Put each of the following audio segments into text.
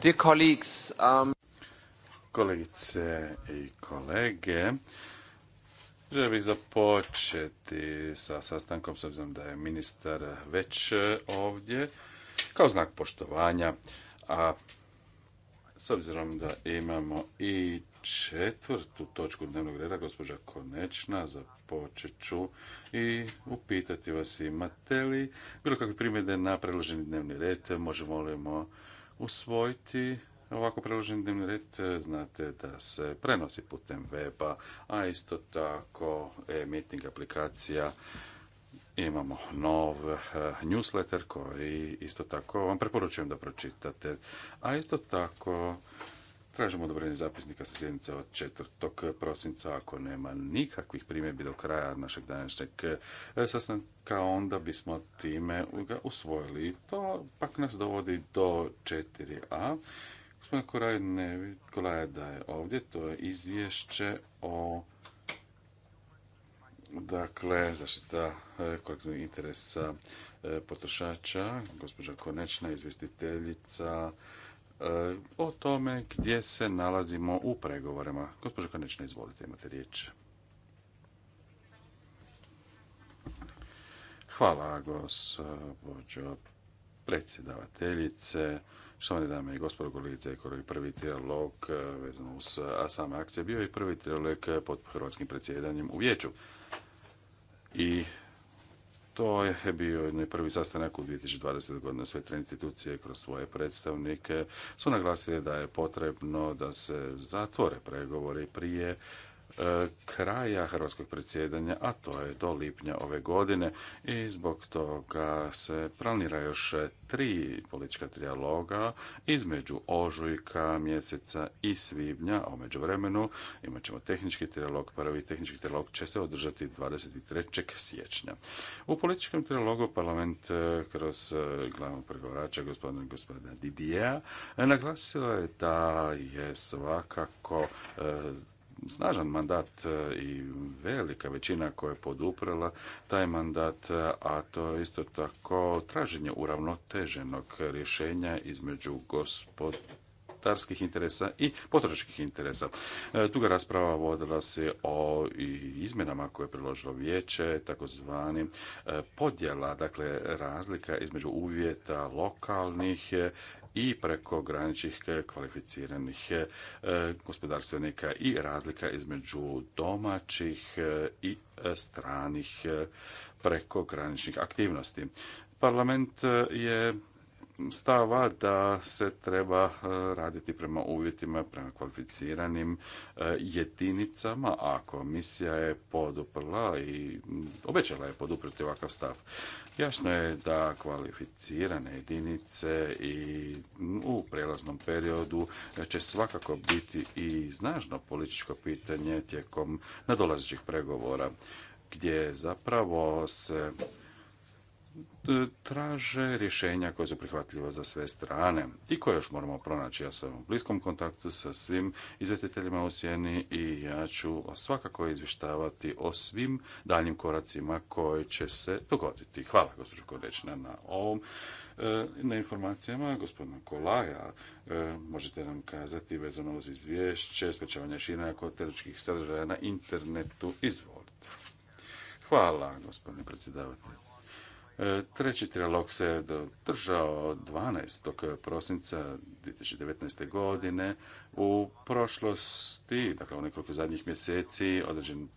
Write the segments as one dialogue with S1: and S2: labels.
S1: Dear colleagues, um, Kolegice i kolege, želim bih započeti sa sastankom, s obzirom da je ministar već e, ovdje, kao znak poštovanja, a s obzirom da imamo i četvrtu točku dnevnog reda, gospođa Konečna, započet ću i upitati vas imate li bilo kakve primjede na predloženi dnevni red, možemo li usvojiti ovako preloženi dnevni red e, znate da se prenosi putem weba, a isto tako e-meeting aplikacija imamo nov e, newsletter koji isto tako vam preporučujem da pročitate, a isto tako Tražimo odobrenje zapisnika sa sjednice od 4. prosinca. Ako nema nikakvih primjedbi do kraja našeg današnjeg e, sastanka, onda bismo time ga usvojili. To pak nas dovodi do 4a. Gospodin Koraj ne je da je ovdje. To je izvješće o dakle, zaštita e, kolektivnih interesa e, potrošača. Gospođa Konečna, izvjestiteljica o tome gdje se nalazimo u pregovorima. Gospođo Konečna, izvolite, imate riječ. Hvala, gospođo predsjedavateljice. Štovane dame i gospodo, kolegice i kolege, prvi trilog eh, vezano uz same akcije bio je prvi trilog pod hrvatskim predsjedanjem u vijeću. I to je bio prvi sastanak u 2020. godine. Sve tre institucije kroz svoje predstavnike su naglasili da je potrebno da se zatvore pregovori prije E, kraja hrvatskog predsjedanja, a to je do lipnja ove godine i zbog toga se planira još tri politička trijaloga između ožujka mjeseca i svibnja, a umeđu vremenu imat ćemo tehnički trijalog, prvi tehnički trijalog će se održati 23. siječnja. U političkom trijalogu parlament e, kroz e, glavnog pregovarača gospodina gospodina Didija naglasila je da je svakako snažan mandat e, i velika većina koja je poduprala taj mandat, e, a to je isto tako traženje uravnoteženog rješenja između gospod gospodarskih interesa i potrošačkih interesa. Tuga e, rasprava vodila se o izmjenama koje je priložilo vijeće, takozvani podjela, dakle razlika između uvjeta lokalnih i preko graničnih kvalificiranih e, gospodarstvenika i razlika između domaćih e, i e, stranih prekograničnih aktivnosti. Parlament je stava da se treba e, raditi prema uvjetima, prema kvalificiranim e, jedinicama, a komisija je poduprla i obećala je podupriti ovakav stav. Jasno je da kvalificirane jedinice i u prijelaznom periodu će svakako biti i znažno političko pitanje tijekom nadolazećih pregovora gdje zapravo se traže rješenja koja su prihvatljiva za sve strane i koje još moramo pronaći. Ja sam u bliskom kontaktu sa svim izvjestiteljima u Sjeni i ja ću svakako izvještavati o svim daljim koracima koji će se dogoditi. Hvala, gospođo Kodečna, na ovom e, na informacijama gospodina Kolaja. E, možete nam kazati vezano uz izvješće šina širenja teričkih sadržaja na internetu. Izvolite. Hvala, gospodine predsjedavatelju. E, treći trilog se držao 12. prosinca 2019. godine. U prošlosti, dakle u nekoliko zadnjih mjeseci, određen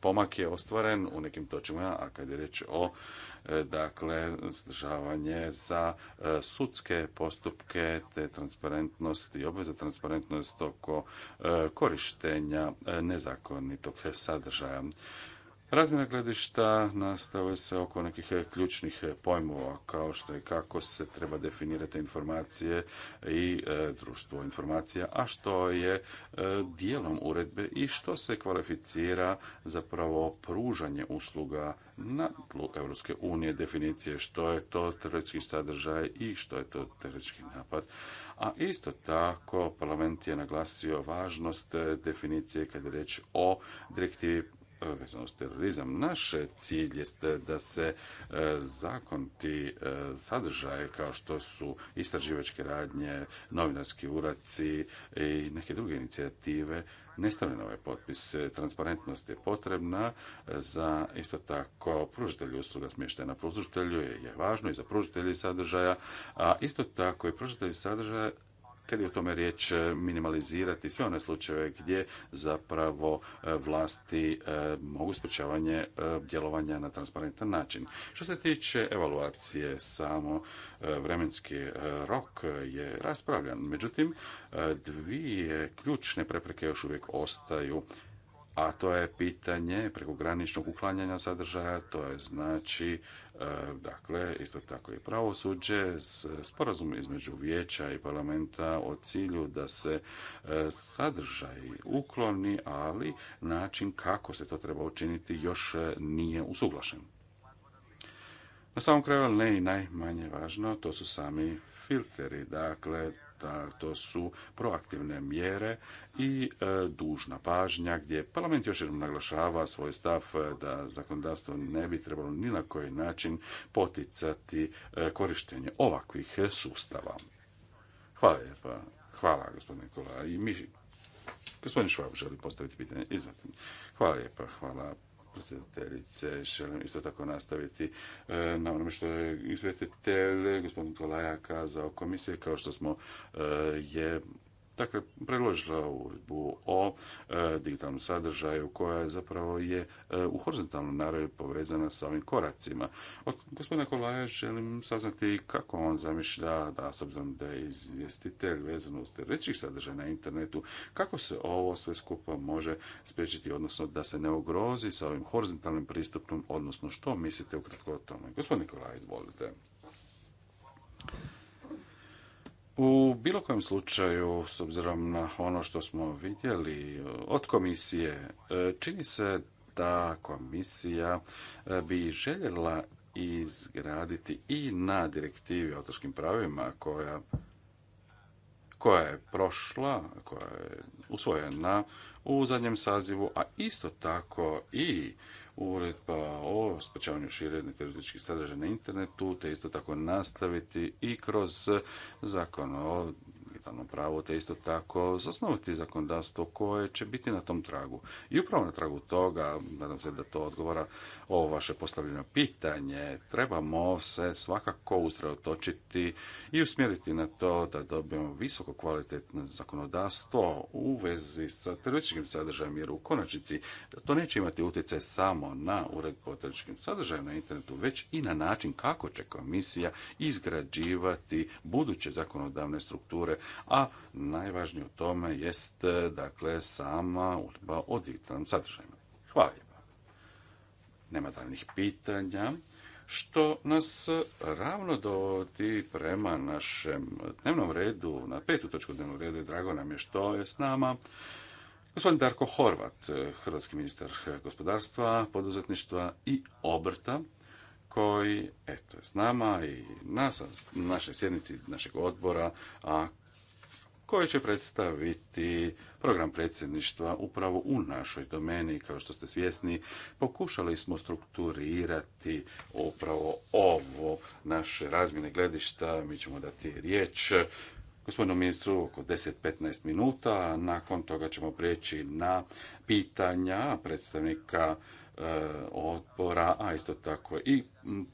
S1: pomak je ostvaren u nekim točima, a kad je riječ o e, dakle zadržavanje za e, sudske postupke te transparentnost i obveza transparentnost oko korištenja nezakonitog sadržaja. Razmjena gledišta nastave se oko nekih e, ključnih e, pojmova kao što je kako se treba definirati informacije i e, društvo informacija, a što je dijelom uredbe i što se kvalificira zapravo pružanje usluga na tlu Europske unije, definicije što je to teroristički sadržaj i što je to teroristički napad. A isto tako parlament je naglasio važnost definicije kada je riječ o direktivi vezano s terorizam. Naš cilj je da se e, zakon ti e, sadržaje kao što su istraživačke radnje, novinarski uraci i neke druge inicijative ne stavljene ovaj potpis. Transparentnost je potrebna za isto tako pružitelju usluga smještena pružitelju je, je važno i za pružitelji sadržaja, a isto tako i pružitelji sadržaja kad je o tome riječ e, minimalizirati sve one slučajeve gdje zapravo e, vlasti e, mogu sprečavanje djelovanja na transparentan način. Što se tiče evaluacije, samo vremenski rok je raspravljan. Međutim, dvije ključne prepreke još uvijek ostaju a to je pitanje prekograničnog uklanjanja sadržaja, to je znači e, dakle, isto tako i pravosuđe, sporazum između vijeća i parlamenta o cilju da se e, sadržaj ukloni, ali način kako se to treba učiniti još nije usuglašen. Na samom kraju, ne i najmanje važno, to su sami filteri. Dakle, to su proaktivne mjere i e, dužna pažnja gdje parlament još jednom naglašava svoj stav e, da zakonodavstvo ne bi trebalo ni na koji način poticati e, korištenje ovakvih sustava. Hvala lijepa. Hvala gospodine Nikola. I mi Gospodin Švab želi postaviti pitanje. Hvala lijepa, hvala predsjedateljice. Želim isto tako nastaviti e, na onome što je izvjestitelj gospodin Tolaja kazao komisije, kao što smo e, je dakle, predložila uredbu o e, digitalnom sadržaju koja je zapravo je e, u horizontalnom naravi povezana sa ovim koracima. Od gospodina Kolaja želim saznati kako on zamišlja da, s obzirom da je izvjestitelj vezano uz sadržaja na internetu, kako se ovo sve skupa može spriječiti, odnosno da se ne ugrozi sa ovim horizontalnim pristupom, odnosno što mislite ukratko o tome. Gospodin Kolaj, izvolite. U bilo kojem slučaju, s obzirom na ono što smo vidjeli od komisije, e, čini se da komisija e, bi željela izgraditi i na direktivi o autorskim pravima koja koja je prošla, koja je usvojena u zadnjem sazivu, a isto tako i uredba o sprečavanju širenja terorističkih sadržaja na internetu, te isto tako nastaviti i kroz zakon o horizontalnom pravu, te isto tako zasnovati zakonodavstvo koje će biti na tom tragu. I upravo na tragu toga, nadam se da to odgovara ovo vaše postavljeno pitanje, trebamo se svakako usredotočiti i usmjeriti na to da dobijemo visoko kvalitetno zakonodavstvo u vezi sa terorističkim sadržajem, jer u konačnici to neće imati utjecaj samo na uredbu o terorističkim sadržajem na internetu, već i na način kako će komisija izgrađivati buduće zakonodavne strukture a najvažnije u tome jest e, dakle sama uredba o digitalnom sadržajima. Hvala lijepa. Nema daljnih pitanja što nas ravno dovodi prema našem dnevnom redu, na petu točku dnevnog reda drago nam je što je s nama. Gospodin Darko Horvat, hrvatski ministar gospodarstva, poduzetništva i obrta, koji eto, je s nama i na našoj sjednici našeg odbora, a koji će predstaviti program predsjedništva upravo u našoj domeni. Kao što ste svjesni, pokušali smo strukturirati upravo ovo naše razmjene gledišta. Mi ćemo dati riječ gospodinu ministru oko 10-15 minuta. Nakon toga ćemo prijeći na pitanja predstavnika e, odbora, a isto tako i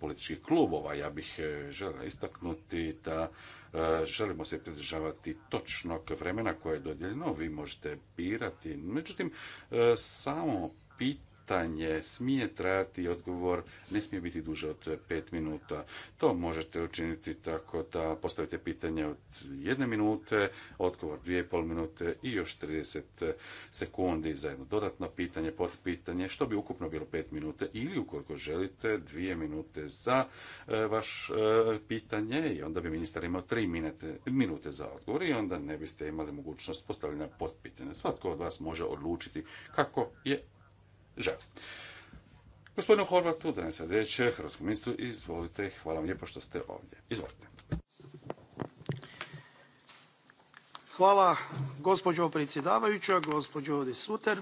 S1: političkih klubova. Ja bih e, želio istaknuti da E, želimo se pridržavati točnog vremena koje je dodijeljeno, vi možete birati. Međutim, e, samo pitanje pitanje smije trajati odgovor, ne smije biti duže od pet minuta. To možete učiniti tako da postavite pitanje od jedne minute, odgovor dvije i pol minute i još 30 sekundi za jedno dodatno pitanje, potpitanje, što bi ukupno bilo pet minute ili ukoliko želite dvije minute za e, vaš e, pitanje i onda bi ministar imao tri minute, minute za odgovor i onda ne biste imali mogućnost postavljanja potpitanja. Svatko od vas može odlučiti kako je želi. Gospodinu Horvatu, ne sad riječ Hrvatskom ministru,
S2: izvolite, hvala vam lijepo
S1: što ste ovdje. Izvolite.
S2: Hvala gospođo predsjedavajuća, gospođo de Suter.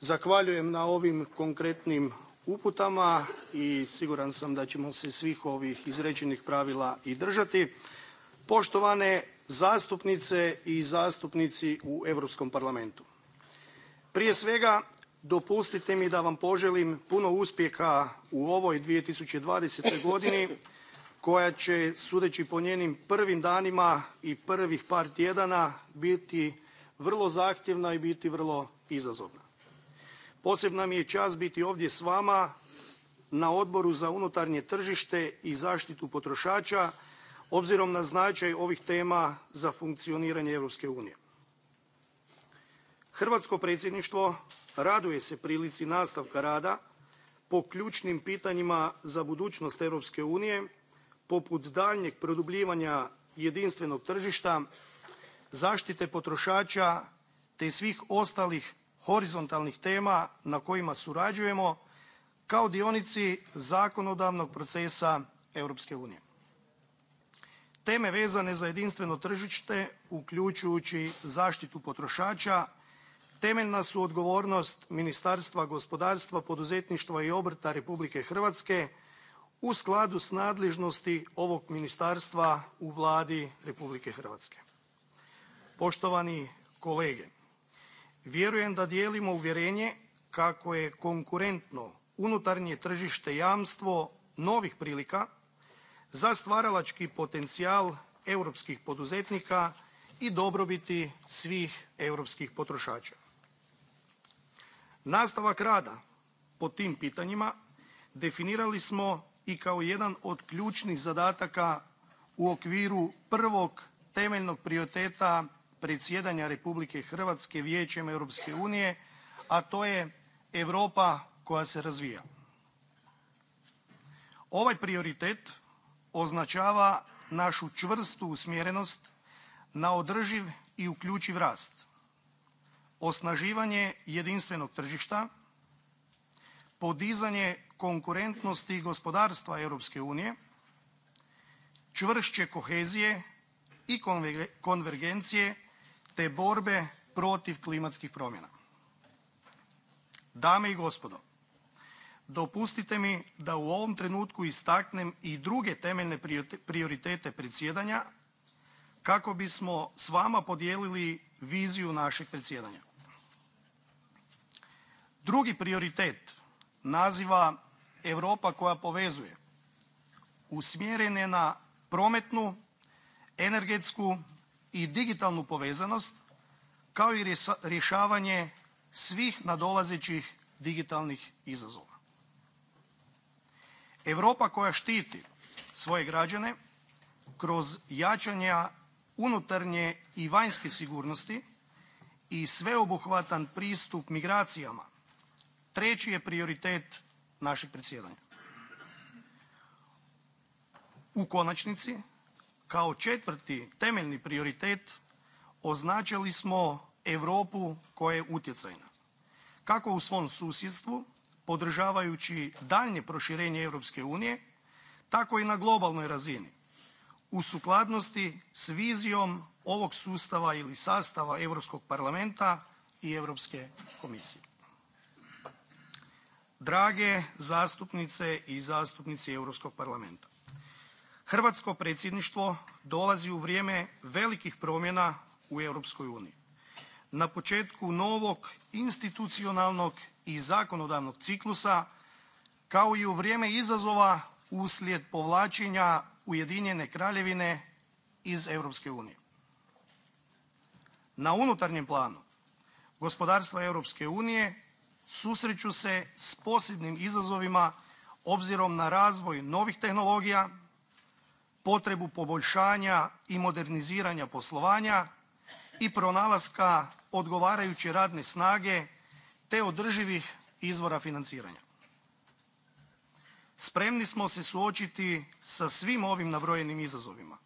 S2: Zahvaljujem na ovim konkretnim uputama i siguran sam da ćemo se svih ovih izrečenih pravila i držati. Poštovane zastupnice i zastupnici u Europskom parlamentu. Prije svega Dopustite mi da vam poželim puno uspjeha u ovoj 2020. godini koja će sudeći po njenim prvim danima i prvih par tjedana biti vrlo zahtjevna i biti vrlo izazovna. Posebna mi je čast biti ovdje s vama na Odboru za unutarnje tržište i zaštitu potrošača obzirom na značaj ovih tema za funkcioniranje Europske unije. Hrvatsko predsjedništvo raduje se prilici nastavka rada po ključnim pitanjima za budućnost Europske unije, poput daljnjeg produbljivanja jedinstvenog tržišta, zaštite potrošača te svih ostalih horizontalnih tema na kojima surađujemo kao dionici zakonodavnog procesa Europske unije. Teme vezane za jedinstveno tržište uključujući zaštitu potrošača temeljna su odgovornost Ministarstva gospodarstva, poduzetništva i obrta Republike Hrvatske u skladu s nadležnosti ovog ministarstva u Vladi Republike Hrvatske. Poštovani kolege, vjerujem da dijelimo uvjerenje kako je konkurentno unutarnje tržište jamstvo novih prilika za stvaralački potencijal europskih poduzetnika i dobrobiti svih europskih potrošača. Nastavak rada po tim pitanjima definirali smo i kao jedan od ključnih zadataka u okviru prvog temeljnog prioriteta predsjedanja Republike Hrvatske Vijećem Europske unije, a to je Europa koja se razvija. Ovaj prioritet označava našu čvrstu usmjerenost na održiv i uključiv rast osnaživanje jedinstvenog tržišta, podizanje konkurentnosti gospodarstva Europske unije, čvršće kohezije i konvergencije te borbe protiv klimatskih promjena. Dame i gospodo, dopustite mi da u ovom trenutku istaknem i druge temeljne prioritete predsjedanja kako bismo s vama podijelili viziju našeg predsjedanja. Drugi prioritet naziva Europa koja povezuje usmjeren na prometnu, energetsku i digitalnu povezanost kao i rješavanje svih nadolazećih digitalnih izazova. Europa koja štiti svoje građane kroz jačanja unutarnje i vanjske sigurnosti i sveobuhvatan pristup migracijama treći je prioritet našeg predsjedanja. U konačnici kao četvrti temeljni prioritet označili smo Europu koja je utjecajna, kako u svom susjedstvu podržavajući daljnje proširenje Europske unije, tako i na globalnoj razini u sukladnosti s vizijom ovog sustava ili sastava Europskog parlamenta i Europske komisije drage zastupnice i zastupnici Europskog parlamenta. Hrvatsko predsjedništvo dolazi u vrijeme velikih promjena u Europskoj uniji. Na početku novog institucionalnog i zakonodavnog ciklusa kao i u vrijeme izazova uslijed povlačenja Ujedinjene Kraljevine iz Europske unije. Na unutarnjem planu gospodarstva Europske unije susreću se s posebnim izazovima obzirom na razvoj novih tehnologija, potrebu poboljšanja i moderniziranja poslovanja i pronalaska odgovarajuće radne snage te održivih izvora financiranja. Spremni smo se suočiti sa svim ovim nabrojenim izazovima,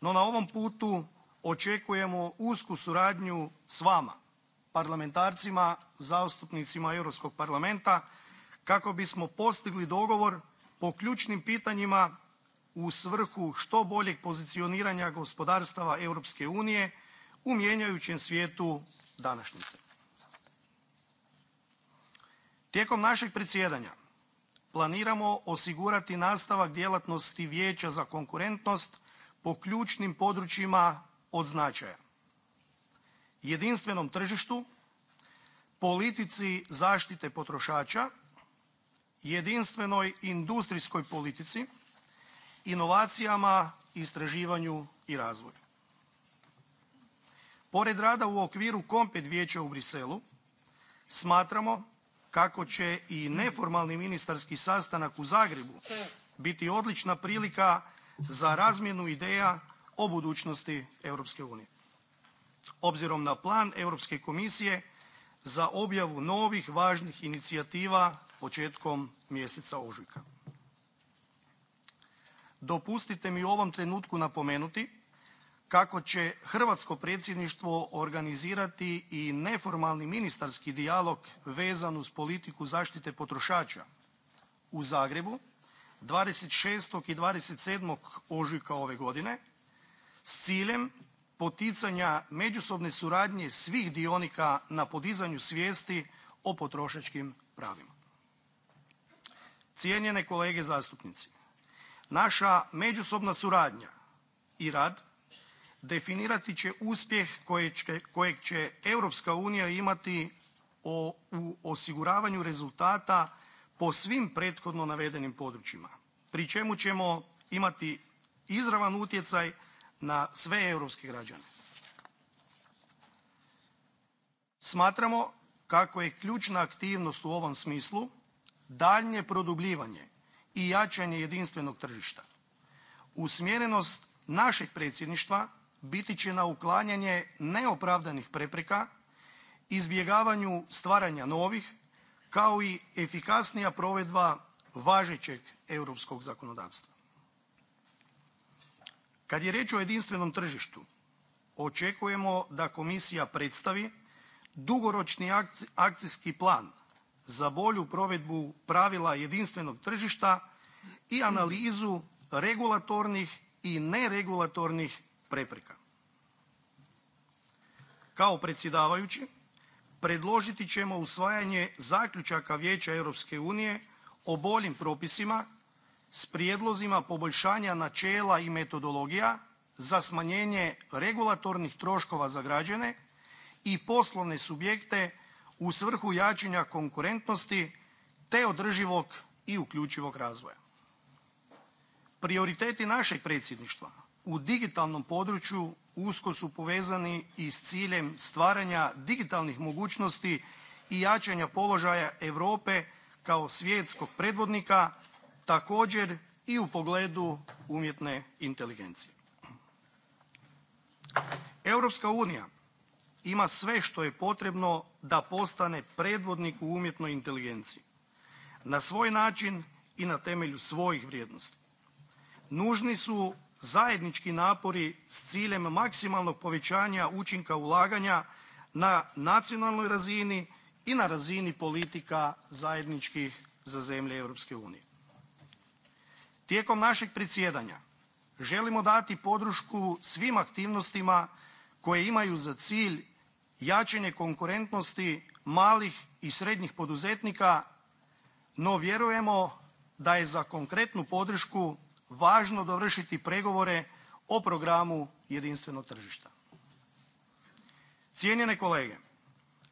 S2: no na ovom putu očekujemo usku suradnju s vama parlamentarcima zastupnicima Europskog parlamenta kako bismo postigli dogovor po ključnim pitanjima u svrhu što boljeg pozicioniranja gospodarstava Europske unije u mijenjajućem svijetu današnjice. Tijekom našeg predsjedanja planiramo osigurati nastavak djelatnosti Vijeća za konkurentnost po ključnim područjima od značaja jedinstvenom tržištu, politici zaštite potrošača, jedinstvenoj industrijskoj politici, inovacijama, istraživanju i razvoju. Pored rada u okviru Kompet vijeća u Briselu, smatramo kako će i neformalni ministarski sastanak u Zagrebu biti odlična prilika za razmjenu ideja o budućnosti EU obzirom na plan Europske komisije za objavu novih važnih inicijativa početkom mjeseca ožujka. Dopustite mi u ovom trenutku napomenuti kako će hrvatsko predsjedništvo organizirati i neformalni ministarski dijalog vezan uz politiku zaštite potrošača u Zagrebu 26. i 27. ožujka ove godine s ciljem poticanja međusobne suradnje svih dionika na podizanju svijesti o potrošačkim pravima. Cijenjene kolege zastupnici, naša međusobna suradnja i rad definirati će uspjeh kojeg će Europska unija imati u osiguravanju rezultata po svim prethodno navedenim područjima pri čemu ćemo imati izravan utjecaj na sve europske građane. Smatramo kako je ključna aktivnost u ovom smislu daljnje produbljivanje i jačanje jedinstvenog tržišta. Usmjerenost našeg predsjedništva biti će na uklanjanje neopravdanih prepreka, izbjegavanju stvaranja novih kao i efikasnija provedba važećeg europskog zakonodavstva. Kad je riječ o jedinstvenom tržištu očekujemo da komisija predstavi dugoročni akcijski plan za bolju provedbu pravila jedinstvenog tržišta i analizu regulatornih i neregulatornih prepreka. Kao predsjedavajući predložiti ćemo usvajanje zaključaka Vijeća Europske unije o boljim propisima s prijedlozima poboljšanja načela i metodologija za smanjenje regulatornih troškova za građane i poslovne subjekte u svrhu jačanja konkurentnosti te održivog i uključivog razvoja. Prioriteti našeg predsjedništva u digitalnom području usko su povezani i s ciljem stvaranja digitalnih mogućnosti i jačanja položaja Europe kao svjetskog predvodnika također i u pogledu umjetne inteligencije. Europska unija ima sve što je potrebno da postane predvodnik u umjetnoj inteligenciji na svoj način i na temelju svojih vrijednosti. Nužni su zajednički napori s ciljem maksimalnog povećanja učinka ulaganja na nacionalnoj razini i na razini politika zajedničkih za zemlje Europske unije. Tijekom našeg predsjedanja želimo dati podršku svim aktivnostima koje imaju za cilj jačanje konkurentnosti malih i srednjih poduzetnika, no vjerujemo da je za konkretnu podršku važno dovršiti pregovore o programu jedinstvenog tržišta. Cijenjene kolege,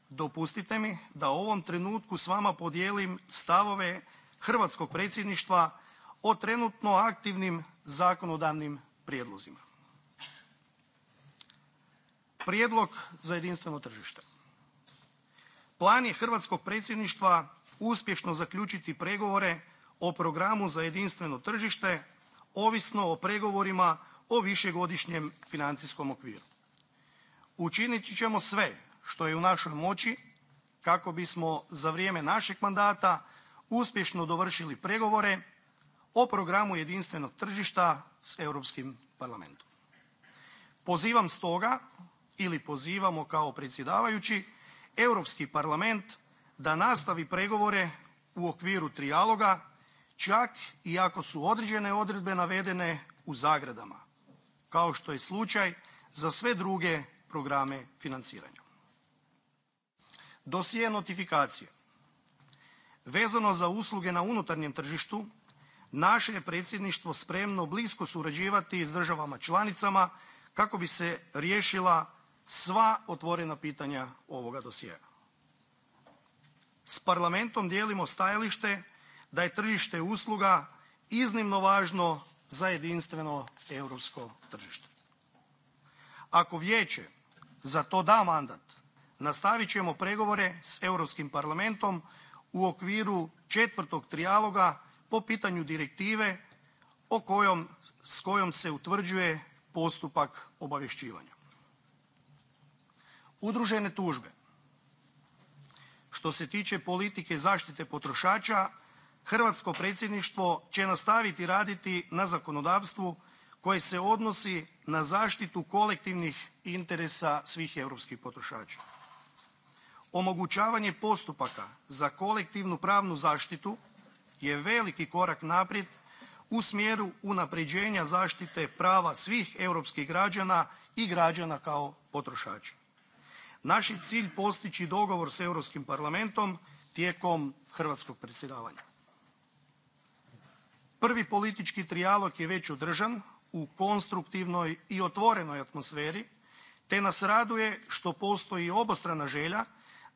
S2: dopustite mi da u ovom trenutku s vama podijelim stavove hrvatskog predsjedništva o trenutno aktivnim zakonodavnim prijedlozima. Prijedlog za jedinstveno tržište. Plan je hrvatskog predsjedništva uspješno zaključiti pregovore o programu za jedinstveno tržište ovisno o pregovorima o višegodišnjem financijskom okviru. Učinit ćemo sve što je u našoj moći kako bismo za vrijeme našeg mandata uspješno dovršili pregovore o programu jedinstvenog tržišta s Europskim parlamentom. Pozivam stoga ili pozivamo kao predsjedavajući Europski parlament da nastavi pregovore u okviru trijaloga čak i ako su određene odredbe navedene u zagradama kao što je slučaj za sve druge programe financiranja. Dosije notifikacije. Vezano za usluge na unutarnjem tržištu naše je predsjedništvo spremno blisko surađivati s državama članicama kako bi se riješila sva otvorena pitanja ovoga dosjea. S parlamentom dijelimo stajalište da je tržište usluga iznimno važno za jedinstveno europsko tržište. Ako vijeće za to da mandat, nastavit ćemo pregovore s Europskim parlamentom u okviru četvrtog trijaloga po pitanju direktive s kojom se utvrđuje postupak obavješćivanja. Udružene tužbe. Što se tiče politike zaštite potrošača, hrvatsko predsjedništvo će nastaviti raditi na zakonodavstvu koje se odnosi na zaštitu kolektivnih interesa svih europskih potrošača. Omogućavanje postupaka za kolektivnu pravnu zaštitu je veliki korak naprijed u smjeru unapređenja zaštite prava svih europskih građana i građana kao potrošača. Naš je cilj postići dogovor s Europskim parlamentom tijekom hrvatskog predsjedavanja. Prvi politički trijalog je već održan u konstruktivnoj i otvorenoj atmosferi te nas raduje što postoji obostrana želja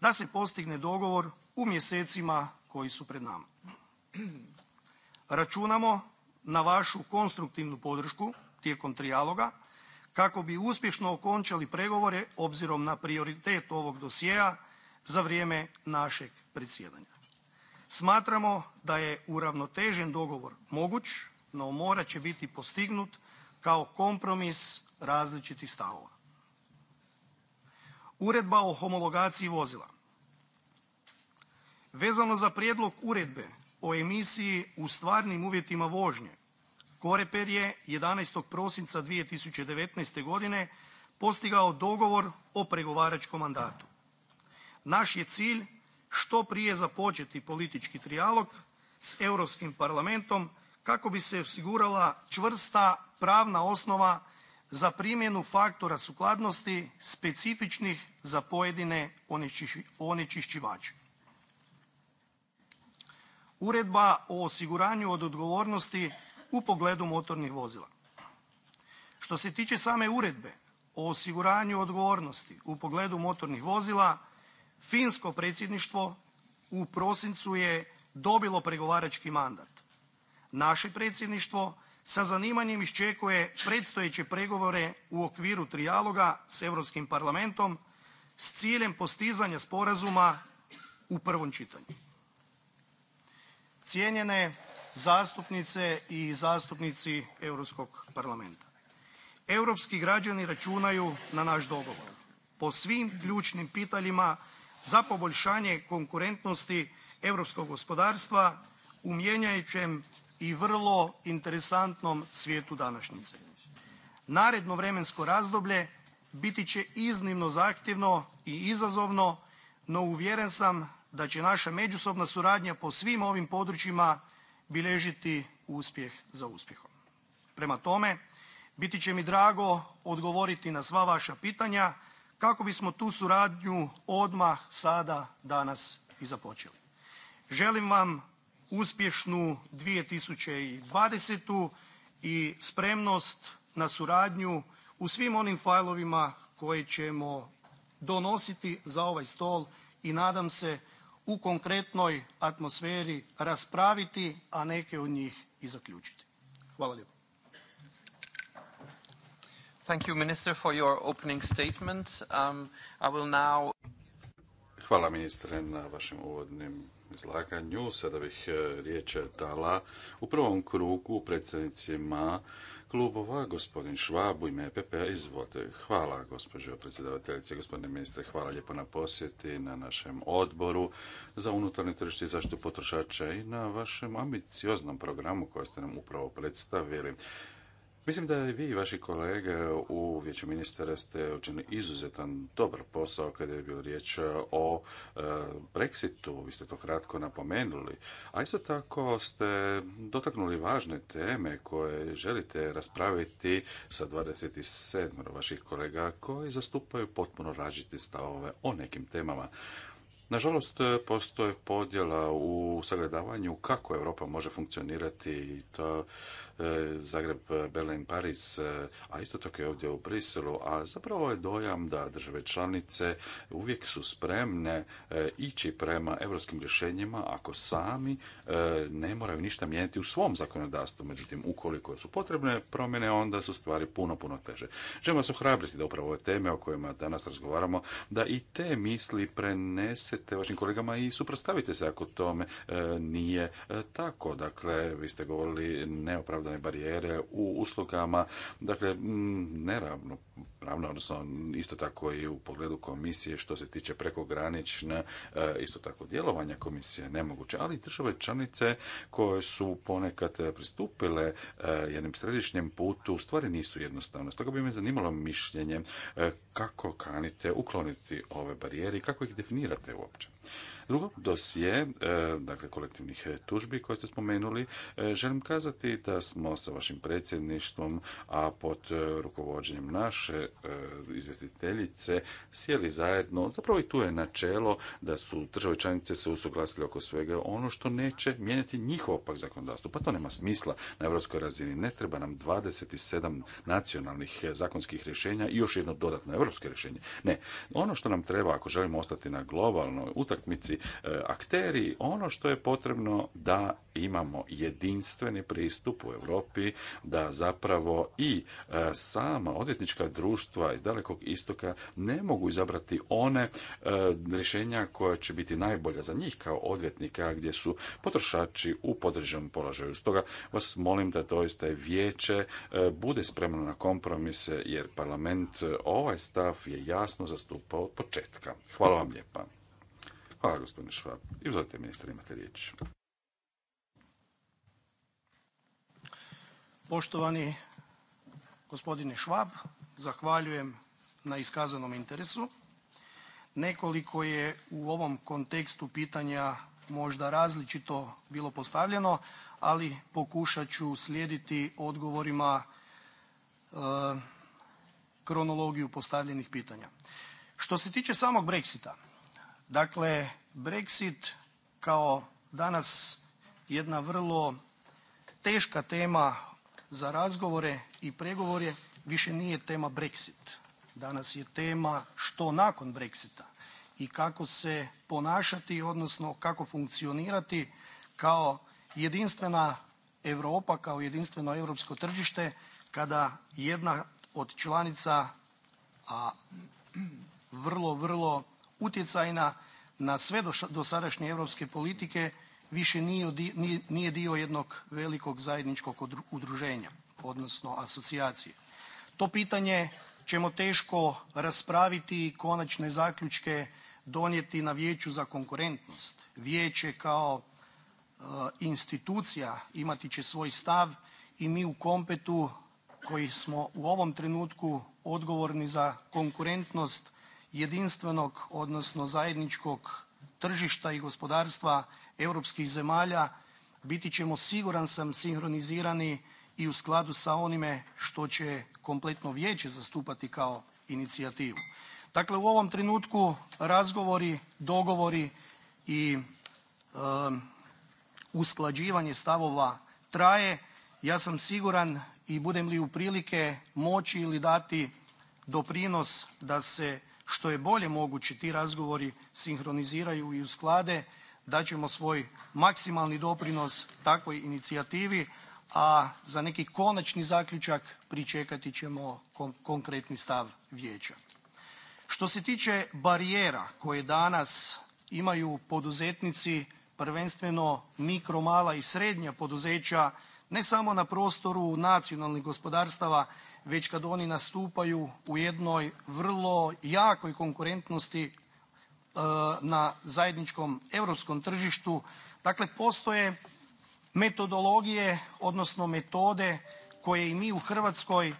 S2: da se postigne dogovor u mjesecima koji su pred nama. Računamo na vašu konstruktivnu podršku tijekom trijaloga kako bi uspješno okončali pregovore obzirom na prioritet ovog dosjea za vrijeme našeg predsjedanja. Smatramo da je uravnotežen dogovor moguć, no morat će biti postignut kao kompromis različitih stavova. Uredba o homologaciji vozila. Vezano za prijedlog uredbe o emisiji u stvarnim uvjetima vožnje Koreper je 11. prosinca 2019. godine postigao dogovor o pregovaračkom mandatu. Naš je cilj što prije započeti politički trijalog s Europskim parlamentom kako bi se osigurala čvrsta pravna osnova za primjenu faktora sukladnosti specifičnih za pojedine onečišćivače. Uredba o osiguranju od odgovornosti u pogledu motornih vozila. Što se tiče same Uredbe o osiguranju odgovornosti u pogledu motornih vozila, finsko predsjedništvo u prosincu je dobilo pregovarački mandat. Naše predsjedništvo sa zanimanjem iščekuje predstojeće pregovore u okviru trijaloga s Europskim parlamentom s ciljem postizanja sporazuma u prvom čitanju cijenjene zastupnice i zastupnici Europskog parlamenta. Europski građani računaju na naš dogovor po svim ključnim pitanjima za poboljšanje konkurentnosti europskog gospodarstva u mijenjajućem i vrlo interesantnom svijetu današnjice. Naredno vremensko razdoblje biti će iznimno zahtjevno i izazovno, no uvjeren sam da će naša međusobna suradnja po svim ovim područjima bilježiti uspjeh za uspjehom. Prema tome, biti će mi drago odgovoriti na sva vaša pitanja kako bismo tu suradnju odmah sada, danas i započeli. Želim vam uspješnu 2020. i spremnost na suradnju u svim onim fajlovima koje ćemo donositi za ovaj stol i nadam se u konkretnoj atmosferi raspraviti, a neke od njih i zaključiti. Hvala lijepo. Thank you, Minister, for your opening
S3: statement. Um, I will now...
S1: Hvala ministre na vašem uvodnim izlaganju. Sada bih eh, riječ dala u prvom krugu predsjednicima klubova, gospodin Švab u ime EPP, izvolite. Hvala, gospođo predsjedavateljice, gospodine ministre, hvala lijepo na posjeti, na našem odboru za unutarnje tržište i zaštitu potrošača i na vašem ambicioznom programu koji ste nam upravo predstavili. Mislim da i vi i vaši kolege u Vijeću ministara ste učinili izuzetan dobar posao kada je bilo riječ o e, Brexitu. Vi ste to kratko napomenuli. A isto tako ste dotaknuli važne teme koje želite raspraviti sa 27 vaših kolega koji zastupaju potpuno različite stavove o nekim temama. Nažalost, postoje podjela u sagledavanju kako Europa može funkcionirati i to E, Zagreb, e, Berlin, Paris, e, a isto tako je ovdje u Briselu, a zapravo je dojam da države članice uvijek su spremne ići prema europskim rješenjima ako sami ne moraju ništa mijenjati u svom zakonodavstvu. Međutim, ukoliko su potrebne promjene, onda su stvari puno, puno teže. Želimo vas ohrabriti da upravo ove teme o kojima danas razgovaramo, da i te misli prenesete vašim kolegama i suprotstavite se ako tome nije tako. Dakle, vi ste govorili neopravdano barijere u uslugama, dakle neravno pravno, odnosno isto tako i u pogledu komisije što se tiče prekogranične, e, isto tako djelovanja komisije nemoguće, ali države članice koje su ponekad pristupile e, jednim središnjem putu, u stvari nisu jednostavne. Stoga bi me zanimalo mišljenje e, kako kanite ukloniti ove barijere i kako ih definirate uopće. Drugo, dosije, e, dakle kolektivnih tužbi koje ste spomenuli, e, želim kazati da smo sa vašim predsjedništvom, a pod e, rukovođenjem naše izvjestiteljice, sjeli zajedno. Zapravo i tu je načelo da su države članice se usuglasile oko svega ono što neće mijenjati njihovo pak zakonodavstvo. Pa to nema smisla na europskoj razini. Ne treba nam 27 nacionalnih zakonskih rješenja i još jedno dodatno europsko rješenje. Ne, ono što nam treba ako želimo ostati na globalnoj utakmici E, akteri, ono što je potrebno da imamo jedinstveni pristup u Europi, da zapravo i e, sama odvjetnička društva iz dalekog istoka ne mogu izabrati one e, rješenja koja će biti najbolja za njih kao odvjetnika gdje su potrošači u podređenom položaju. Stoga vas molim da doista vijeće bude spremno na kompromise jer parlament ovaj stav je jasno zastupao od početka. Hvala vam lijepa. Hvala gospodine Švab. I ministar, imate riječ.
S2: Poštovani gospodine Švab, zahvaljujem na iskazanom interesu. Nekoliko je u ovom kontekstu pitanja možda različito bilo postavljeno, ali pokušat ću slijediti odgovorima e, kronologiju postavljenih pitanja. Što se tiče samog Brexita, Dakle, Brexit kao danas jedna vrlo teška tema za razgovore i pregovore više nije tema Brexit. Danas je tema što nakon Brexita i kako se ponašati odnosno kako funkcionirati kao jedinstvena Europa, kao jedinstveno europsko tržište kada jedna od članica, a vrlo, vrlo utjecajna na sve dosadašnje europske politike više nije dio jednog velikog zajedničkog udruženja odnosno asocijacije. To pitanje ćemo teško raspraviti i konačne zaključke donijeti na Vijeću za konkurentnost. Vijeće kao e, institucija imati će svoj stav i mi u Kompetu koji smo u ovom trenutku odgovorni za konkurentnost jedinstvenog odnosno zajedničkog tržišta i gospodarstva europskih zemalja biti ćemo siguran sam sinhronizirani i u skladu sa onime što će kompletno vijeće zastupati kao inicijativu. Dakle, u ovom trenutku razgovori, dogovori i usklađivanje stavova traje. Ja sam siguran i budem li u prilike moći ili dati doprinos da se što je bolje moguće ti razgovori sinkroniziraju i usklade dat ćemo svoj maksimalni doprinos takvoj inicijativi, a za neki konačni zaključak pričekati ćemo konkretni stav vijeća. Što se tiče barijera koje danas imaju poduzetnici, prvenstveno mikro, mala i srednja poduzeća ne samo na prostoru nacionalnih gospodarstava već kad oni nastupaju u jednoj vrlo jakoj konkurentnosti e, na zajedničkom europskom tržištu. Dakle, postoje metodologije odnosno metode koje i mi u Hrvatskoj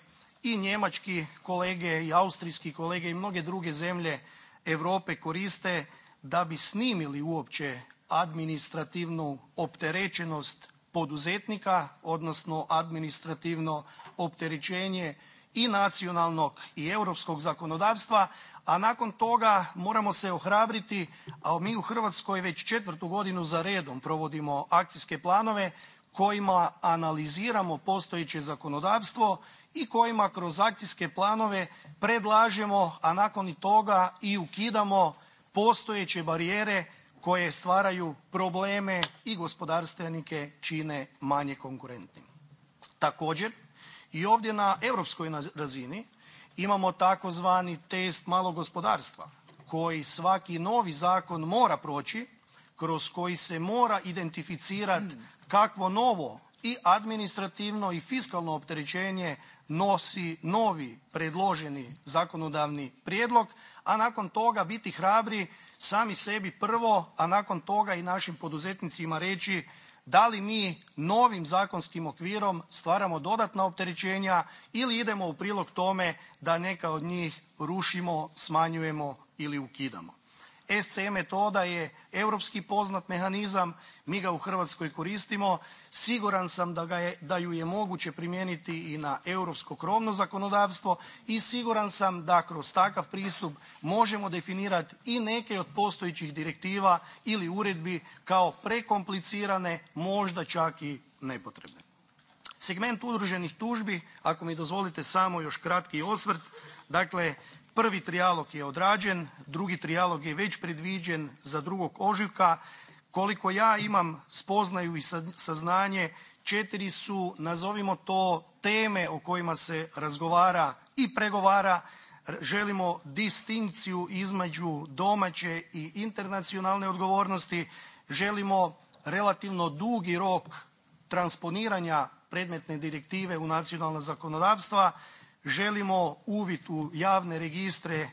S2: i njemački kolege i austrijski kolege i mnoge druge zemlje Europe koriste da bi snimili uopće administrativnu opterećenost poduzetnika odnosno administrativno opterećenje i nacionalnog i europskog zakonodavstva, a nakon toga moramo se ohrabriti, a mi u Hrvatskoj već četvrtu godinu za redom provodimo akcijske planove kojima analiziramo postojeće zakonodavstvo i kojima kroz akcijske planove predlažemo, a nakon toga i ukidamo postojeće barijere koje stvaraju probleme i gospodarstvenike čine manje konkurentnim. Također, i ovdje na europskoj razini imamo takozvani test malog gospodarstva koji svaki novi zakon mora proći, kroz koji se mora identificirati hmm. kakvo novo i administrativno i fiskalno opterećenje nosi novi predloženi zakonodavni prijedlog, a nakon toga biti hrabri sami sebi prvo, a nakon toga i našim poduzetnicima reći da li mi novim zakonskim okvirom stvaramo dodatna opterećenja ili idemo u prilog tome da neka od njih rušimo, smanjujemo ili ukidamo. SC e metoda je europski poznat mehanizam, mi ga u Hrvatskoj koristimo. Siguran sam da ju je moguće primijeniti i na europsko krovno zakonodavstvo i siguran sam da kroz takav pristup možemo definirati i neke od postojećih direktiva ili uredbi kao prekomplicirane, možda čak i nepotrebne. Segment udruženih tužbi, ako mi dozvolite samo još kratki osvrt. Dakle, Prvi trijalog je odrađen, drugi trijalog je već predviđen za drugog oživka. Koliko ja imam spoznaju i saznanje četiri su nazovimo to teme o kojima se razgovara i pregovara. Želimo distinkciju između domaće i internacionalne odgovornosti, želimo relativno dugi rok transponiranja predmetne direktive u nacionalna zakonodavstva, želimo uvid u javne registre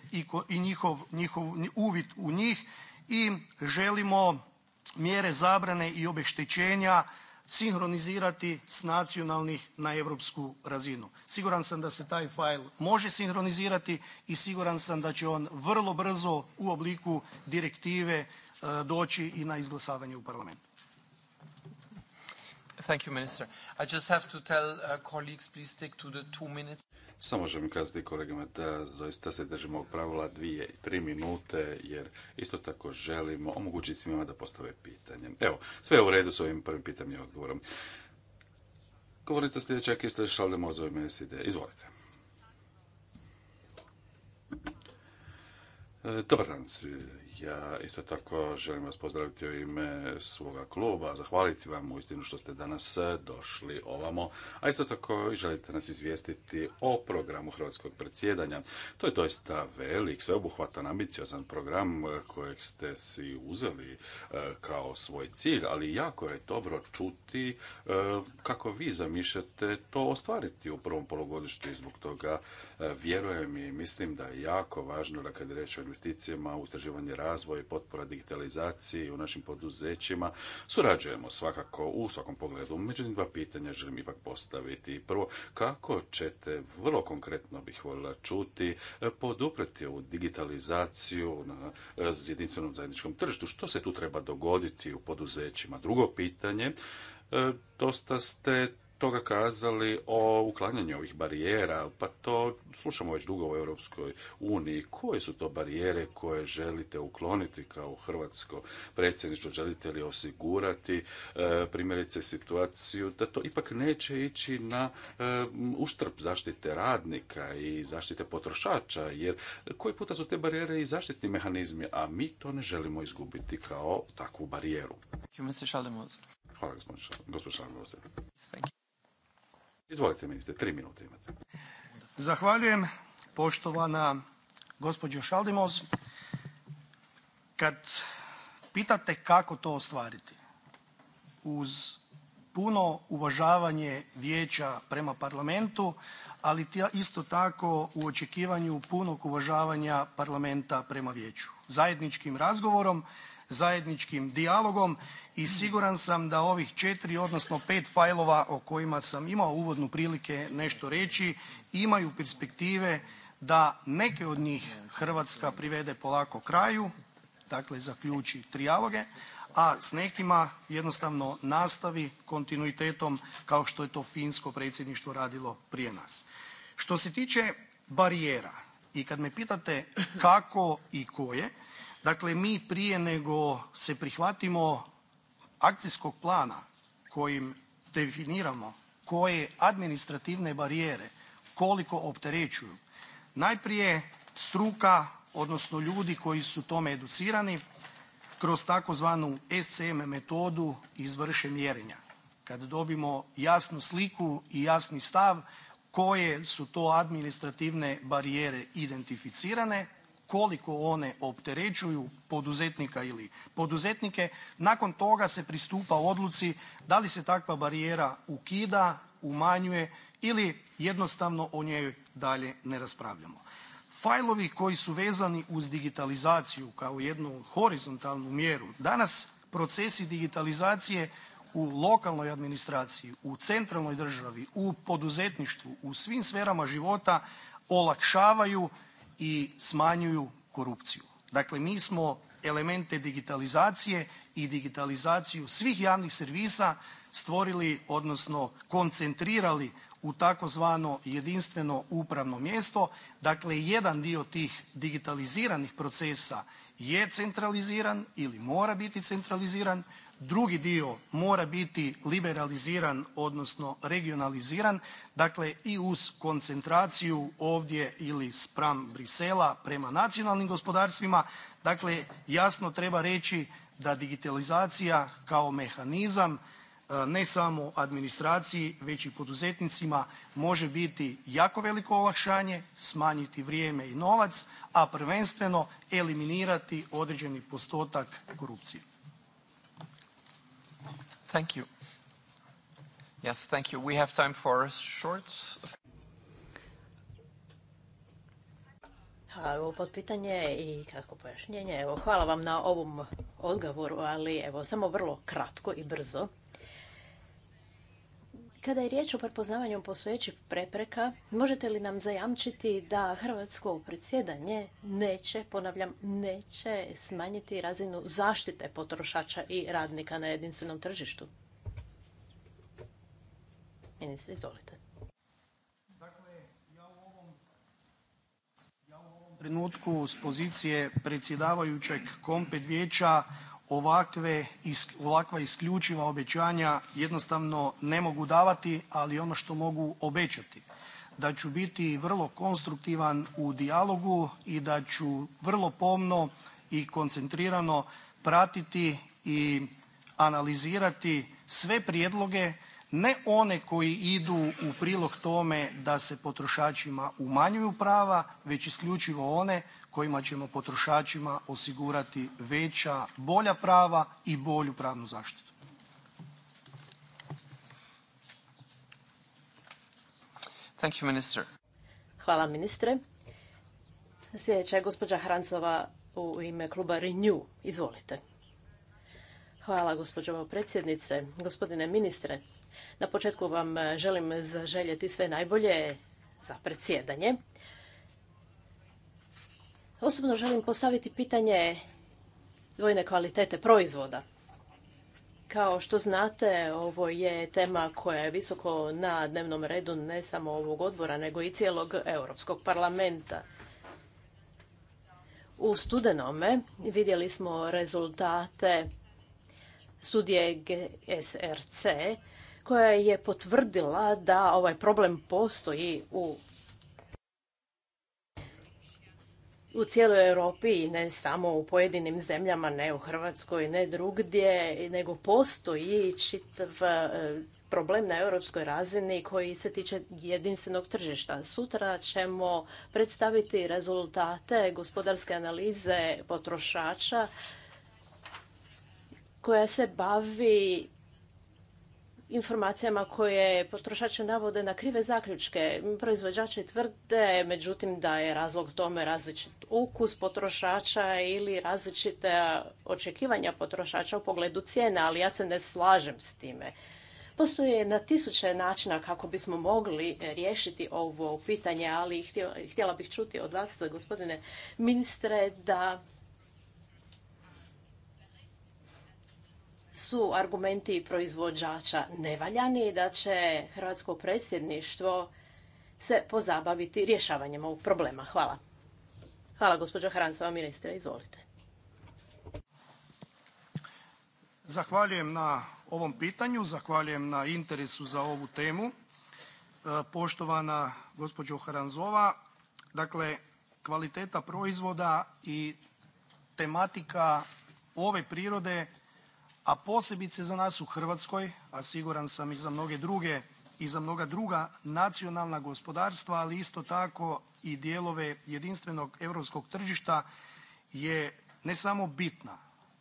S2: i njihov uvid u njih i želimo mjere zabrane i obeštećenja sinhronizirati s nacionalnih na europsku razinu. Siguran sam da se taj fail može sinhronizirati i siguran sam da će on vrlo brzo u obliku direktive e, doći i na izglasavanje u parlamentu. Thank you, Minister. I just have to tell uh, colleagues, please stick to the two minutes.
S1: Samo želim kazati kolegama da zaista se držimo ovog pravila dvije i tri minute, jer isto tako želimo omogućiti svima da postave pitanje. Evo, sve je u redu s ovim prvim pitanjem i odgovorom. Govorite sljedeća ste Šalde Mozove SID. Izvolite. E, dobar dan ja isto tako želim vas pozdraviti u ime svoga kluba, zahvaliti vam u istinu što ste danas e, došli ovamo, a isto tako želite nas izvijestiti o programu Hrvatskog predsjedanja. To je doista velik, sveobuhvatan, ambiciozan program e, kojeg ste si uzeli e, kao svoj cilj, ali jako je dobro čuti kako vi zamišljate to ostvariti u prvom polugodištu i zbog toga vjerujem i mislim da je jako važno da kad je riječ o investicijama, u istraživanje rada, razvoj, potpora digitalizaciji u našim poduzećima. Surađujemo svakako u svakom pogledu. Međutim, dva pitanja želim ipak postaviti. Prvo, kako ćete, vrlo konkretno bih voljela čuti, podupreti ovu digitalizaciju na s jedinstvenom zajedničkom tržištu? Što se tu treba dogoditi u poduzećima? Drugo pitanje, e, dosta ste toga kazali o uklanjanju ovih barijera, pa to slušamo već dugo u Europskoj uniji. Koje su to barijere koje želite ukloniti kao hrvatsko predsjedništvo? Želite li osigurati e, primjerice situaciju da to ipak neće ići na e, uštrb zaštite radnika i zaštite potrošača, jer koji puta su te barijere i zaštitni mehanizmi, a mi to ne želimo izgubiti kao takvu barijeru.
S2: Hvala, gospodin
S1: Izvolite ministre, tri minute imate.
S2: Zahvaljujem poštovana gospođo Šaldimoz. Kad pitate kako to ostvariti, uz puno uvažavanje vijeća prema parlamentu, ali isto tako u očekivanju punog uvažavanja parlamenta prema vijeću. Zajedničkim razgovorom zajedničkim dijalogom i siguran sam da ovih četiri odnosno pet fajlova o kojima sam imao uvodnu prilike nešto reći imaju perspektive da neke od njih Hrvatska privede polako kraju, dakle zaključi trijaloge, a s nekima jednostavno nastavi kontinuitetom kao što je to finsko predsjedništvo radilo prije nas. Što se tiče barijera i kad me pitate kako i koje, Dakle, mi prije nego se prihvatimo akcijskog plana kojim definiramo koje administrativne barijere koliko opterećuju, najprije struka odnosno ljudi koji su tome educirani kroz takozvanu SCM metodu izvrše mjerenja. Kad dobimo jasnu sliku i jasni stav koje su to administrativne barijere identificirane koliko one opterećuju poduzetnika ili poduzetnike, nakon toga se pristupa odluci da li se takva barijera ukida, umanjuje ili jednostavno o njoj dalje ne raspravljamo. Fajlovi koji su vezani uz digitalizaciju kao jednu horizontalnu mjeru, danas procesi digitalizacije u lokalnoj administraciji, u centralnoj državi, u poduzetništvu, u svim sferama života olakšavaju i smanjuju korupciju. Dakle, mi smo elemente digitalizacije i digitalizaciju svih javnih servisa stvorili odnosno koncentrirali u tzv. jedinstveno upravno mjesto. Dakle, jedan dio tih digitaliziranih procesa je centraliziran ili mora biti centraliziran. Drugi dio mora biti liberaliziran odnosno regionaliziran, dakle i uz koncentraciju ovdje ili spram Bruxellesa prema nacionalnim gospodarstvima, dakle jasno treba reći da digitalizacija kao mehanizam e, ne samo administraciji već i poduzetnicima može biti jako veliko olakšanje, smanjiti vrijeme i novac, a prvenstveno eliminirati određeni postotak korupcije. Thank you.
S3: Yes, thank you. We have time for shorts.
S4: pitanje i kratko pojašnjenje. Evo, hvala vam na ovom odgovoru, ali evo, samo vrlo kratko i brzo. Kada je riječ o prepoznavanju postojećih prepreka, možete li nam zajamčiti da hrvatsko predsjedanje neće, ponavljam, neće smanjiti razinu zaštite potrošača i radnika na jedinstvenom tržištu? Ministre, izvolite.
S2: Dakle, ja u ovom, ja u ovom trenutku s pozicije predsjedavajućeg kompet vijeća ovakva isključiva obećanja jednostavno ne mogu davati, ali ono što mogu obećati da ću biti vrlo konstruktivan u dijalogu i da ću vrlo pomno i koncentrirano pratiti i analizirati sve prijedloge ne one koji idu u prilog tome da se potrošačima umanjuju prava već isključivo one kojima ćemo potrošačima osigurati veća, bolja prava i bolju pravnu zaštitu.
S3: Thank
S4: Hvala ministre. Sljedeća je gospođa Hrancova u ime kluba Renew. Izvolite. Hvala gospođo predsjednice, gospodine ministre. Na početku vam e, želim zaželjeti sve najbolje za predsjedanje. Osobno želim postaviti pitanje dvojne kvalitete proizvoda. Kao što znate, ovo je tema koja je visoko na dnevnom redu ne samo ovog odbora, nego i cijelog Europskog parlamenta. U studenome vidjeli smo rezultate studije GSRC koja je potvrdila da ovaj problem postoji u u cijeloj Europi i ne samo u pojedinim zemljama, ne u Hrvatskoj, ne drugdje, nego postoji čitav e, problem na europskoj razini koji se tiče jedinstvenog tržišta. Sutra ćemo predstaviti rezultate gospodarske analize potrošača koja se bavi informacijama koje potrošače navode na krive zaključke. Proizvođači tvrde, međutim, da je razlog tome različit ukus potrošača ili različite očekivanja potrošača u pogledu cijena, ali ja se ne slažem s time. Postoje na tisuće načina kako bismo mogli riješiti ovo pitanje, ali htjela bih čuti od vas, gospodine ministre, da su argumenti proizvođača nevaljani i da će hrvatsko predsjedništvo se pozabaviti rješavanjem ovog problema. Hvala. Hvala, gospođo Hrancova, ministra, izvolite.
S2: Zahvaljujem na ovom pitanju, zahvaljujem na interesu za ovu temu. E, poštovana gospođo Hranzova, dakle, kvaliteta proizvoda i tematika ove prirode a posebice za nas u Hrvatskoj, a siguran sam i za mnoge druge i za mnoga druga nacionalna gospodarstva, ali isto tako i dijelove jedinstvenog europskog tržišta je ne samo bitna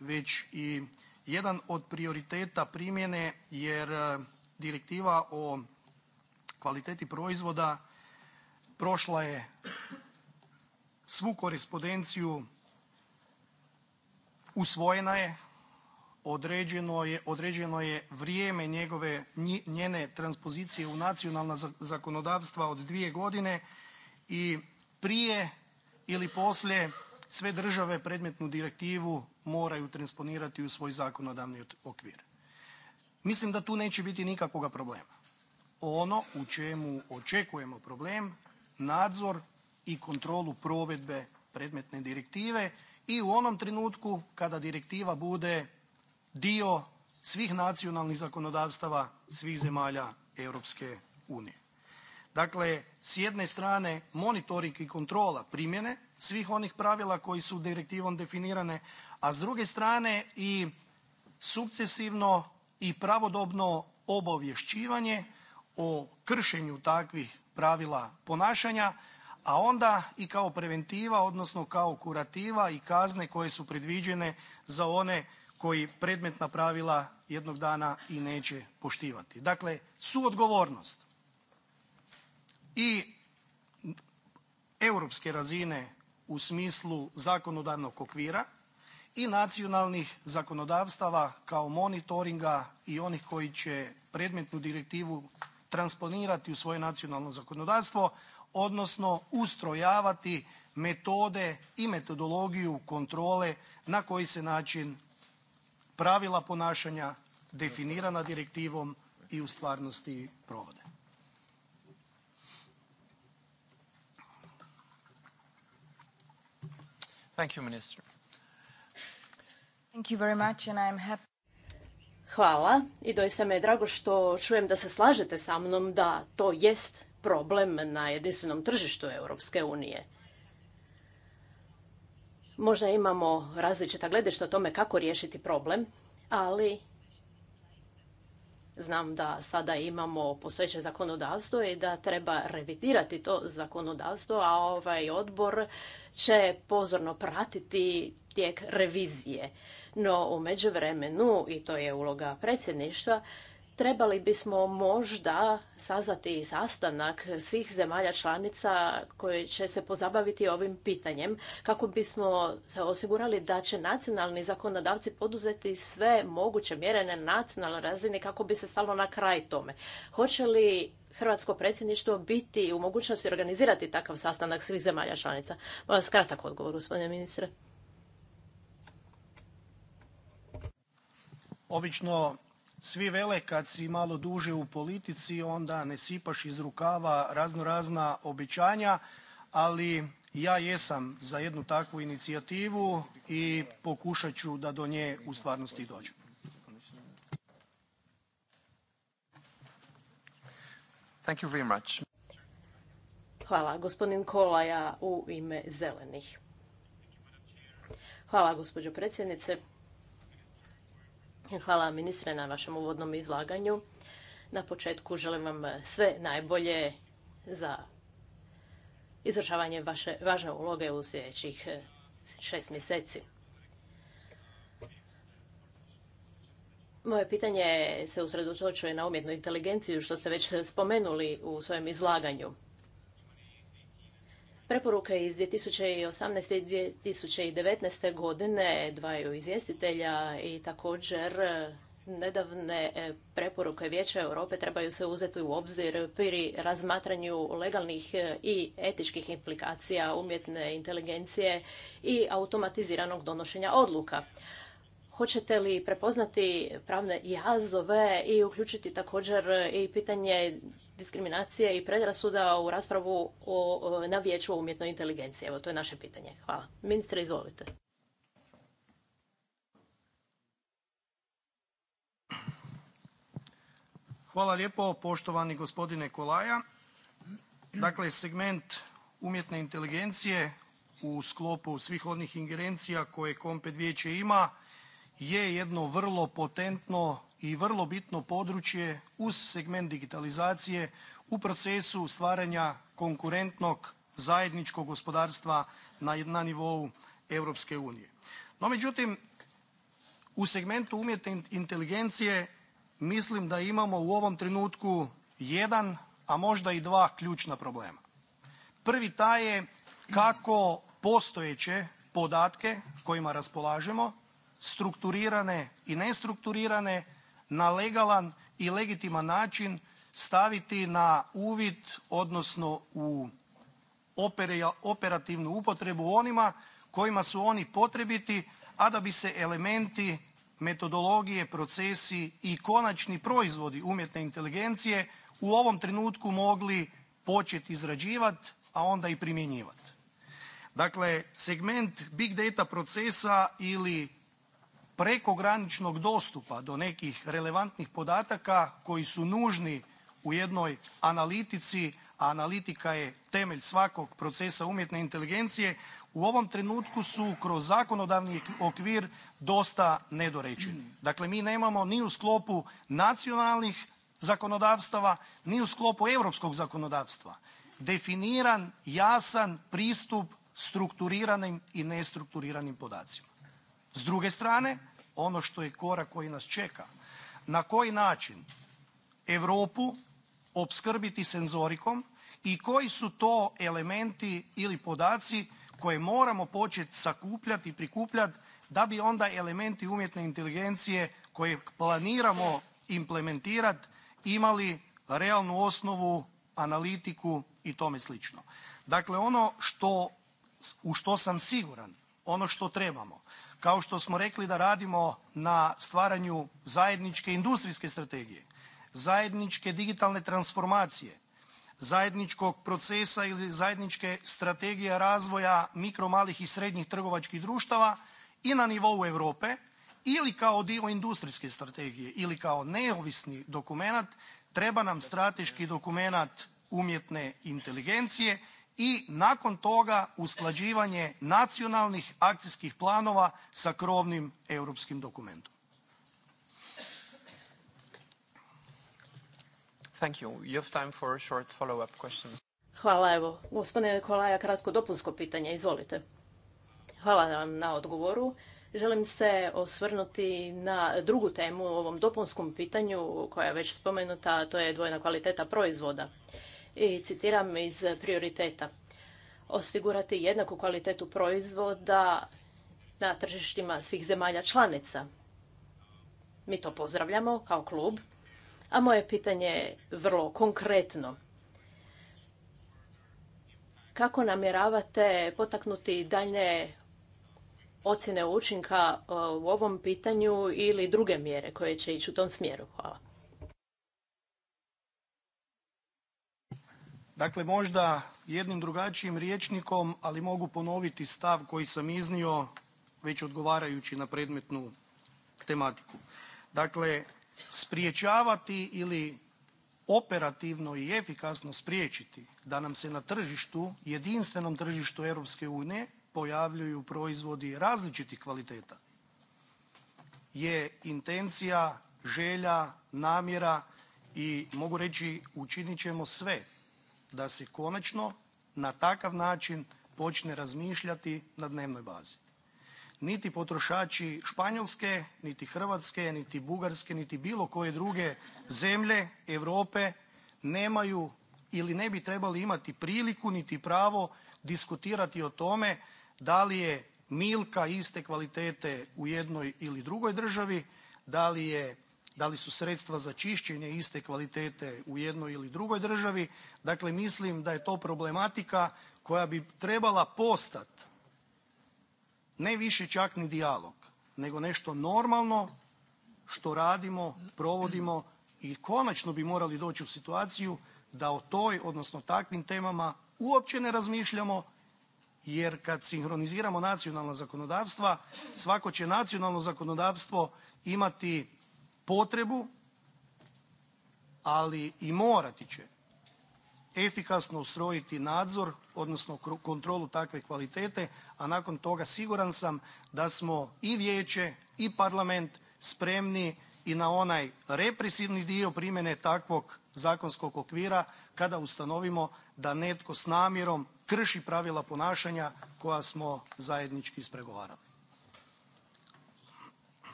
S2: već i jedan od prioriteta primjene jer e, Direktiva o kvaliteti proizvoda prošla je svu korespondenciju, usvojena je određeno je vrijeme njegove njene transpozicije u nacionalna zakonodavstva od dvije godine i prije ili poslije sve države predmetnu direktivu moraju transponirati u svoj zakonodavni okvir. Mislim da tu neće biti nikakvoga problema. Ono u čemu očekujemo problem, nadzor i kontrolu provedbe predmetne direktive i u onom trenutku kada direktiva bude dio svih nacionalnih zakonodavstava svih zemalja Europske unije. Dakle, s jedne strane monitoring i kontrola primjene svih onih pravila koji su direktivom definirane, a s druge strane i sukcesivno i pravodobno obavješćivanje o kršenju takvih pravila ponašanja, a onda i kao preventiva odnosno kao kurativa i kazne koje su predviđene za one koji predmetna pravila jednog dana i neće poštivati. Dakle, suodgovornost i europske razine u smislu zakonodavnog okvira i nacionalnih zakonodavstava kao monitoringa i onih koji će predmetnu direktivu transponirati u svoje nacionalno zakonodavstvo, odnosno ustrojavati metode i metodologiju kontrole na koji se način pravila ponašanja definirana direktivom i u stvarnosti provode.
S3: Thank you,
S5: Thank you very much and happy.
S4: Hvala i doista me je drago što čujem da se slažete sa mnom da to jest problem na jedinstvenom tržištu Europske unije. Možda imamo različita gledešta o tome kako riješiti problem, ali znam da sada imamo postojeće zakonodavstvo i da treba revidirati to zakonodavstvo, a ovaj odbor će pozorno pratiti tijek revizije. No, u međuvremenu, i to je uloga predsjedništva, trebali bismo možda sazvati sastanak svih zemalja članica koje će se pozabaviti ovim pitanjem kako bismo se osigurali da će nacionalni zakonodavci poduzeti sve moguće mjere na nacionalnoj razini kako bi se stalo na kraj tome. Hoće li Hrvatsko predsjedništvo biti u mogućnosti organizirati takav sastanak svih zemalja članica? Molim vas kratak odgovor, gospodine ministre.
S2: Obično svi vele kad si malo duže u politici onda ne sipaš iz rukava razno razna obećanja, ali ja jesam za jednu takvu inicijativu i pokušat ću da do nje u stvarnosti i dođe. Thank you very much.
S4: Hvala, gospodin Kolaja u ime Zelenih. Hvala, gospođo predsjednice. Hvala ministre na vašem uvodnom izlaganju. Na početku želim vam sve najbolje za izvršavanje vaše važne uloge u sljedećih eh, šest mjeseci. Moje pitanje se usredotočuje na umjetnu inteligenciju, što ste već spomenuli u svojem izlaganju. Preporuke iz 2018. i 2019. godine dvaju izvjestitelja i također e, nedavne e, preporuke Vijeća Europe trebaju se uzeti u obzir pri razmatranju legalnih e, i etičkih implikacija umjetne inteligencije i automatiziranog donošenja odluka. Hoćete li prepoznati pravne jazove i uključiti također i pitanje diskriminacije i predrasuda u raspravu o, na vijeću o umjetnoj inteligenciji? Evo, to je naše pitanje. Hvala. Ministre, izvolite.
S2: Hvala lijepo, poštovani gospodine Kolaja. Dakle, segment umjetne inteligencije u sklopu svih onih ingerencija koje Kompet vijeće ima je jedno vrlo potentno i vrlo bitno područje uz segment digitalizacije u procesu stvaranja konkurentnog zajedničkog gospodarstva na nivou unije. No međutim, u segmentu umjetne inteligencije mislim da imamo u ovom trenutku jedan, a možda i dva ključna problema. Prvi taj je kako postojeće podatke kojima raspolažemo strukturirane i nestrukturirane na legalan i legitiman način staviti na uvid odnosno u operativnu upotrebu onima kojima su oni potrebiti, a da bi se elementi metodologije, procesi i konačni proizvodi umjetne inteligencije u ovom trenutku mogli početi izrađivati, a onda i primjenjivati. Dakle, segment big data procesa ili prekograničnog dostupa do nekih relevantnih podataka koji su nužni u jednoj analitici, a analitika je temelj svakog procesa umjetne inteligencije, u ovom trenutku su kroz zakonodavni okvir dosta nedorečeni. Dakle, mi nemamo ni u sklopu nacionalnih zakonodavstava, ni u sklopu europskog zakonodavstva definiran jasan pristup strukturiranim i nestrukturiranim podacima. S druge strane, ono što je korak koji nas čeka, na koji način Europu opskrbiti senzorikom i koji su to elementi ili podaci koje moramo početi sakupljati i prikupljati da bi onda elementi umjetne inteligencije koje planiramo implementirati imali realnu osnovu, analitiku i tome slično. Dakle, ono u što sam siguran, ono što trebamo kao što smo rekli da radimo na stvaranju zajedničke industrijske strategije, zajedničke digitalne transformacije, zajedničkog procesa ili zajedničke strategije razvoja mikro, malih i srednjih trgovačkih društava i na nivou Europe ili kao dio industrijske strategije ili kao neovisni dokumenat treba nam strateški dokumenat umjetne inteligencije i nakon toga usklađivanje nacionalnih akcijskih planova sa krovnim europskim dokumentom. Thank
S3: you. You have time for a short follow-up question.
S4: Hvala, evo. Gospodine Nikolaja, kratko dopunsko pitanje, izvolite. Hvala vam na odgovoru. Želim se osvrnuti na drugu temu u ovom dopunskom pitanju koja je već spomenuta, a to je dvojna kvaliteta proizvoda i citiram iz prioriteta osigurati jednaku kvalitetu proizvoda na tržištima svih zemalja članica. Mi to pozdravljamo kao klub, a moje pitanje je vrlo konkretno. Kako namjeravate potaknuti dalje ocjene učinka uh, u ovom pitanju ili druge mjere koje će ići u tom smjeru? Hvala.
S2: Dakle, možda jednim drugačijim rječnikom, ali mogu ponoviti stav koji sam iznio već odgovarajući na predmetnu tematiku. Dakle, spriječavati ili operativno i efikasno spriječiti da nam se na tržištu, jedinstvenom tržištu Europske unije pojavljuju proizvodi različitih kvaliteta je intencija, želja, namjera i mogu reći učinit ćemo sve da se konačno na takav način počne razmišljati na dnevnoj bazi. Niti potrošači Španjolske, niti Hrvatske, niti Bugarske, niti bilo koje druge zemlje Europe nemaju ili ne bi trebali imati priliku niti pravo diskutirati o tome da li je Milka iste kvalitete u jednoj ili drugoj državi, da li je da li su sredstva za čišćenje iste kvalitete u jednoj ili drugoj državi. Dakle, mislim da je to problematika koja bi trebala postati ne više čak ni dijalog, nego nešto normalno što radimo, provodimo i konačno bi morali doći u situaciju da o toj, odnosno takvim temama uopće ne razmišljamo jer kad sinhroniziramo nacionalna zakonodavstva svako će nacionalno zakonodavstvo imati potrebu, ali i morati će efikasno ustrojiti nadzor, odnosno kontrolu takve kvalitete, a nakon toga siguran sam da smo i vijeće i parlament spremni i na onaj represivni dio primjene takvog zakonskog okvira kada ustanovimo da netko s namjerom krši pravila ponašanja koja smo zajednički ispregovarali.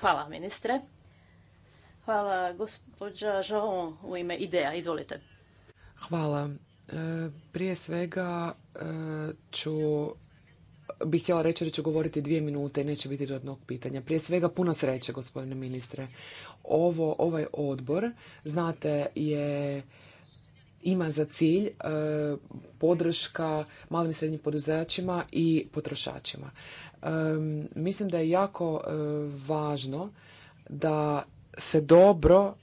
S4: Hvala ministre. Hvala gospođa Žao u ime IDEA. Izvolite.
S3: Hvala. E, prije svega e, ću bih htjela reći da ću govoriti dvije minute i neće biti radnog pitanja. Prije svega puno sreće, gospodine ministre. Ovo, ovaj odbor, znate, je ima za cilj e, podrška malim i srednjim poduzećima i potrošačima. E, mislim da je jako e, važno da se dobro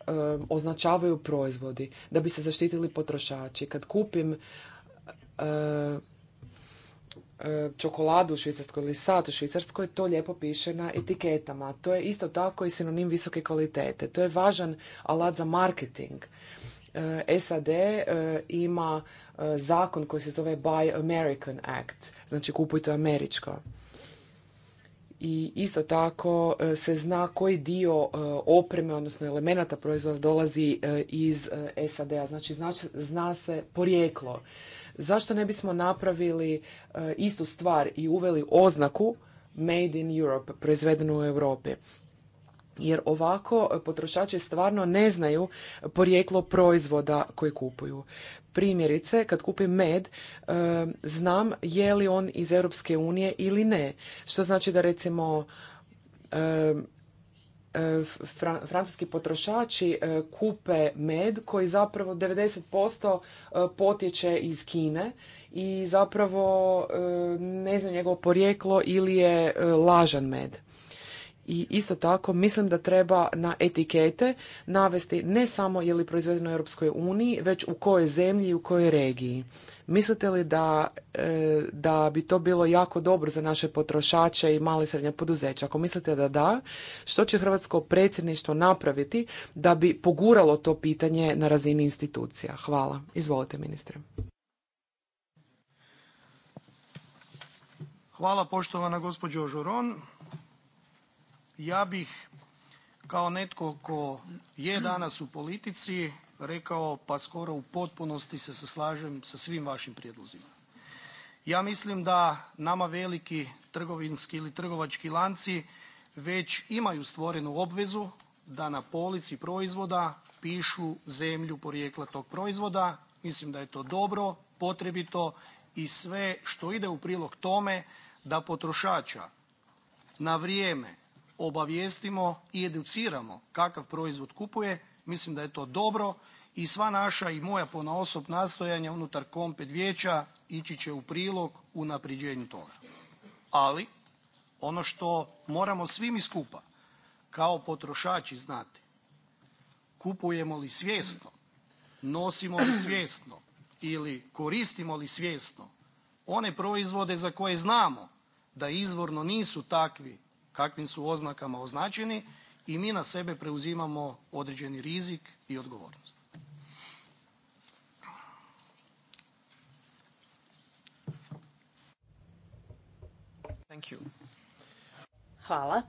S3: označavaju proizvodi da bi se zaštitili potrošači. Kad kupim čokoladu u Švicarskoj ili sat u Švicarskoj, to lijepo piše na etiketama. To je isto tako i sinonim visoke kvalitete. To je važan alat za marketing. E, SAD e, ima e, zakon koji se zove Buy American Act, znači kupujte američko. I isto tako se zna koji dio opreme, odnosno elemenata proizvoda dolazi iz SAD-a, znači zna se porijeklo. Zašto ne bismo napravili istu stvar i uveli oznaku Made in Europe, proizvedenu u Europi? jer ovako e, potrošači stvarno ne znaju porijeklo proizvoda koji kupuju. Primjerice, kad kupim med, e, znam je li on iz Europske unije ili ne. Što znači da recimo e, francuski potrošači kupe med koji zapravo 90% potječe iz Kine i zapravo ne znam njegovo porijeklo ili je lažan med. I isto tako mislim da treba na etikete navesti ne samo je li proizvedeno u Europskoj uniji, već u kojoj zemlji i u kojoj regiji. Mislite li da, e, da bi to bilo jako dobro za naše potrošače i male i srednje poduzeća? Ako mislite da da, što će Hrvatsko predsjedništvo napraviti da bi poguralo to pitanje na razini institucija? Hvala. Izvolite, ministre.
S2: Hvala poštovana gospođo Žuron. Ja bih kao netko tko je danas u politici rekao pa skoro u potpunosti se slažem sa svim vašim prijedlozima. Ja mislim da nama veliki trgovinski ili trgovački lanci već imaju stvorenu obvezu da na polici proizvoda pišu zemlju porijekla tog proizvoda. Mislim da je to dobro, potrebito i sve što ide u prilog tome da potrošača na vrijeme obavijestimo i educiramo kakav proizvod kupuje. Mislim da je to dobro i sva naša i moja ponaosob nastojanja unutar KOMPET vijeća ići će u prilog napriđenju toga. Ali ono što moramo svimi skupa kao potrošači znati, kupujemo li svjesno, nosimo li svjesno ili koristimo li svjesno one proizvode za koje znamo da izvorno nisu takvi kakvim su oznakama označeni i mi na sebe preuzimamo određeni rizik i odgovornost.
S5: Thank you. Hvala.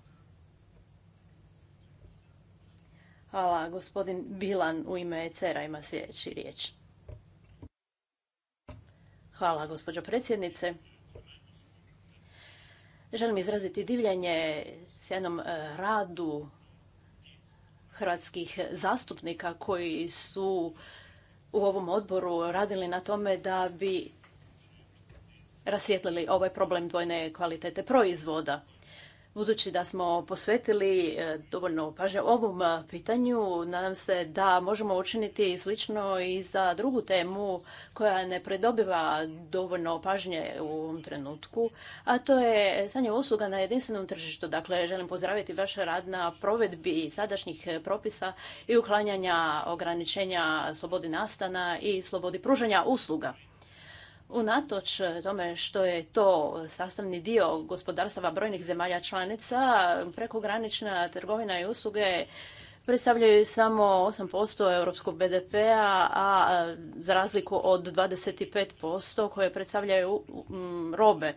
S4: Hvala, gospodin Bilan u ime ecr ima sljedeći riječ. Hvala, gospođo predsjednice. Želim izraziti divljenje jednom e, radu hrvatskih zastupnika koji su u ovom odboru radili na tome da bi rasvijetlili ovaj problem dvojne kvalitete proizvoda. Budući da smo posvetili e, dovoljno pažnje ovom e, pitanju, nadam se da možemo učiniti slično i za drugu temu koja ne predobiva dovoljno pažnje u ovom trenutku, a to je stanje usluga na jedinstvenom tržištu. Dakle, želim pozdraviti vaš rad na provedbi sadašnjih propisa i uklanjanja ograničenja slobodi nastana i slobodi pružanja usluga. Unatoč tome što je to sastavni dio gospodarstva brojnih zemalja članica, prekogranična trgovina i usluge predstavljaju samo 8% europskog BDP-a, a za razliku od 25% koje predstavljaju mm, robe.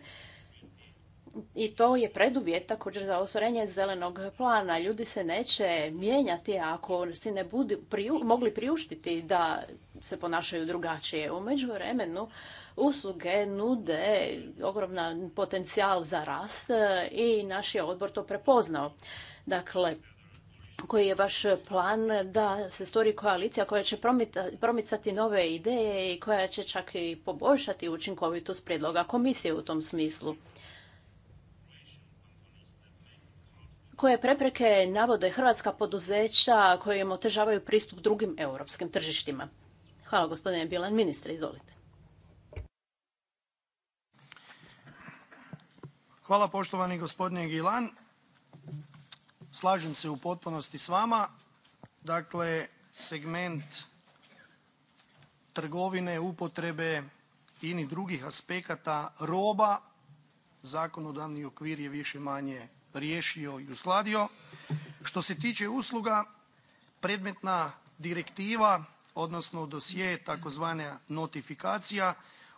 S4: I to je preduvjet također za osvorenje zelenog plana. Ljudi se neće mijenjati ako si ne budu mogli priuštiti da se ponašaju drugačije. U međuvremenu usluge nude ogromna potencijal za rast e, i naš je odbor to prepoznao. Dakle, koji je vaš plan da se stvori koalicija koja će promicati nove ideje i koja će čak i poboljšati učinkovitost prijedloga komisije u tom smislu? koje prepreke navode hrvatska poduzeća koje im otežavaju pristup drugim europskim tržištima? Hvala gospodine Bilan. Ministre, izvolite.
S2: Hvala poštovani gospodine Gilan. Slažem se u potpunosti s vama. Dakle, segment trgovine, upotrebe i ni drugih aspekata roba zakonodavni okvir je više-manje riješio i uskladio. Što se tiče usluga predmetna direktiva odnosno dosje takozvana notifikacija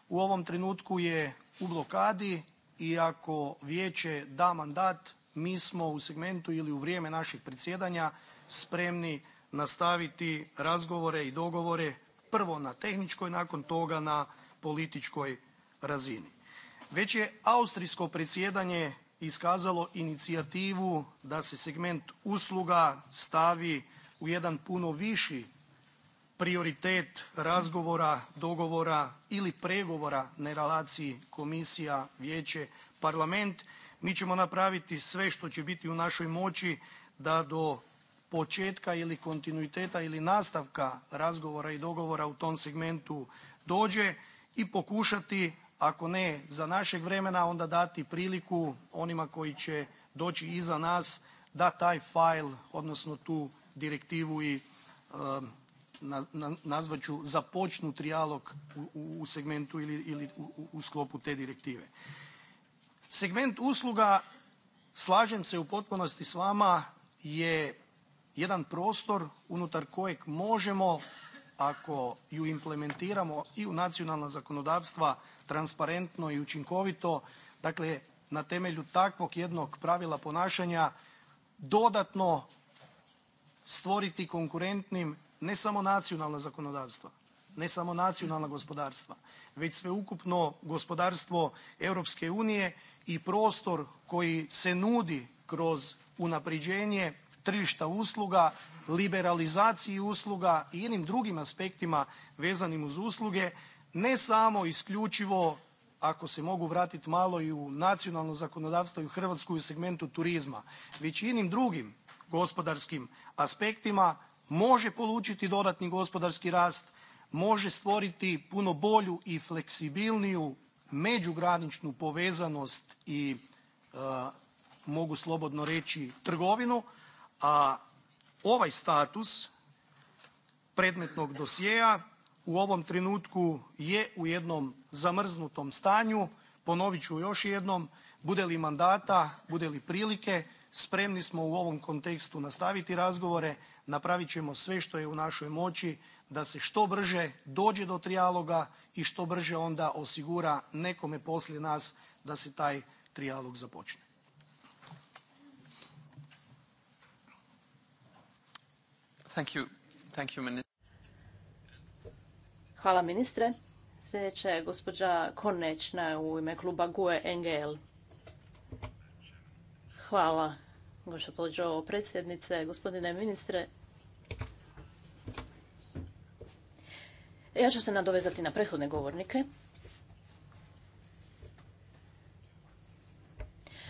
S2: u ovom trenutku je u blokadi i ako vijeće da mandat mi smo u segmentu ili u vrijeme našeg predsjedanja spremni nastaviti razgovore i dogovore prvo na tehničkoj, nakon toga na političkoj razini. Već je austrijsko predsjedanje iskazalo inicijativu da se segment usluga stavi u jedan puno viši prioritet razgovora, dogovora ili pregovora na relaciji Komisija, Vijeće, Parlament, mi ćemo napraviti sve što će biti u našoj moći da do početka ili kontinuiteta ili nastavka razgovora i dogovora u tom segmentu dođe i pokušati, ako ne za našeg vremena, onda dati priliku onima koji će doći iza nas da taj file, odnosno tu direktivu i nazvat ću započnu trijalog u segmentu ili u sklopu te direktive. Segment usluga slažem se u potpunosti s vama je jedan prostor unutar kojeg možemo ako ju implementiramo i u nacionalna zakonodavstva transparentno i učinkovito, dakle na temelju takvog jednog pravila ponašanja dodatno stvoriti konkurentnim ne samo nacionalna zakonodavstva, ne samo nacionalna gospodarstva već sveukupno gospodarstvo Europske unije i prostor koji se nudi kroz unapređenje tržišta usluga, liberalizaciji usluga i inim drugim aspektima vezanim uz usluge ne samo isključivo ako se mogu vratiti malo i u nacionalno zakonodavstvo i u Hrvatsku u segmentu turizma već i inim drugim gospodarskim aspektima može polučiti dodatni gospodarski rast, može stvoriti puno bolju i fleksibilniju međugraničnu povezanost i e, mogu slobodno reći trgovinu, a ovaj status predmetnog dosjea u ovom trenutku je u jednom zamrznutom stanju. Ponovit ću još jednom, bude li mandata, bude li prilike spremni smo u ovom kontekstu nastaviti razgovore, napravit ćemo sve što je u našoj moći da se što brže dođe do trijaloga i što brže onda osigura nekome poslije nas da se taj trijalog započne.
S5: Thank you. Thank you,
S4: Hvala ministre. Sljedeća je gospođa Konečna u ime kluba GUE NGL. Hvala gospođo predsjednice, gospodine ministre. Ja ću se nadovezati na prethodne govornike.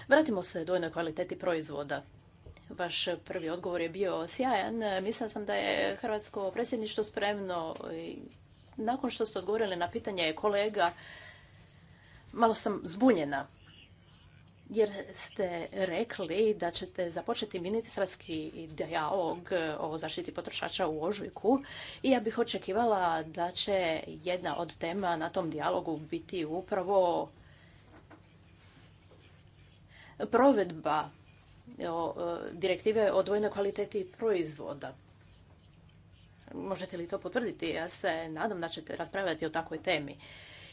S4: Vratimo se dojnoj kvaliteti proizvoda. Vaš prvi odgovor je bio sjajan. Mislila sam da je Hrvatsko predsjedništvo spremno. Nakon što ste odgovorili na pitanje kolega, malo sam zbunjena jer ste rekli da ćete započeti ministarski dijalog o zaštiti potrošača u ožujku i ja bih očekivala da će jedna od tema na tom dijalogu biti upravo provedba direktive o dvojnoj kvaliteti proizvoda. Možete li to potvrditi? Ja se nadam da ćete raspravljati o takvoj temi.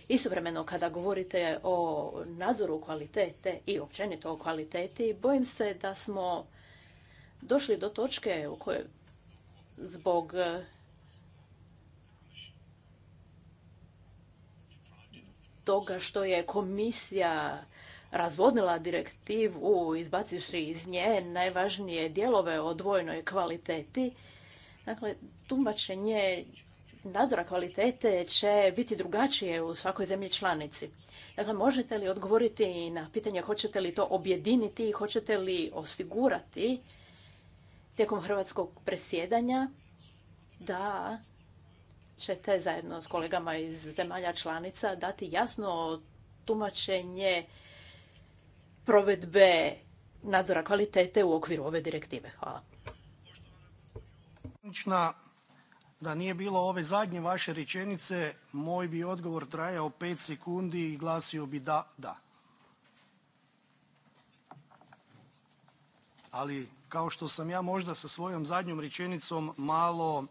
S4: Istovremeno kada govorite o nadzoru kvalitete i općenito o kvaliteti, bojim se da smo došli do točke u kojoj zbog toga što je komisija razvodnila direktivu izbacivši iz nje najvažnije dijelove o dvojnoj kvaliteti. Dakle, tumačenje nadzora kvalitete će biti drugačije u svakoj zemlji članici. Dakle, možete li odgovoriti na pitanje hoćete li to objediniti i hoćete li osigurati tijekom hrvatskog presjedanja da ćete zajedno s kolegama iz zemalja članica dati jasno tumačenje provedbe nadzora kvalitete u okviru ove direktive. Hvala.
S2: Da nije bilo ove zadnje vaše rečenice moj bi odgovor trajao pet sekundi i glasio bi da, da. Ali kao što sam ja možda sa svojom zadnjom rečenicom malo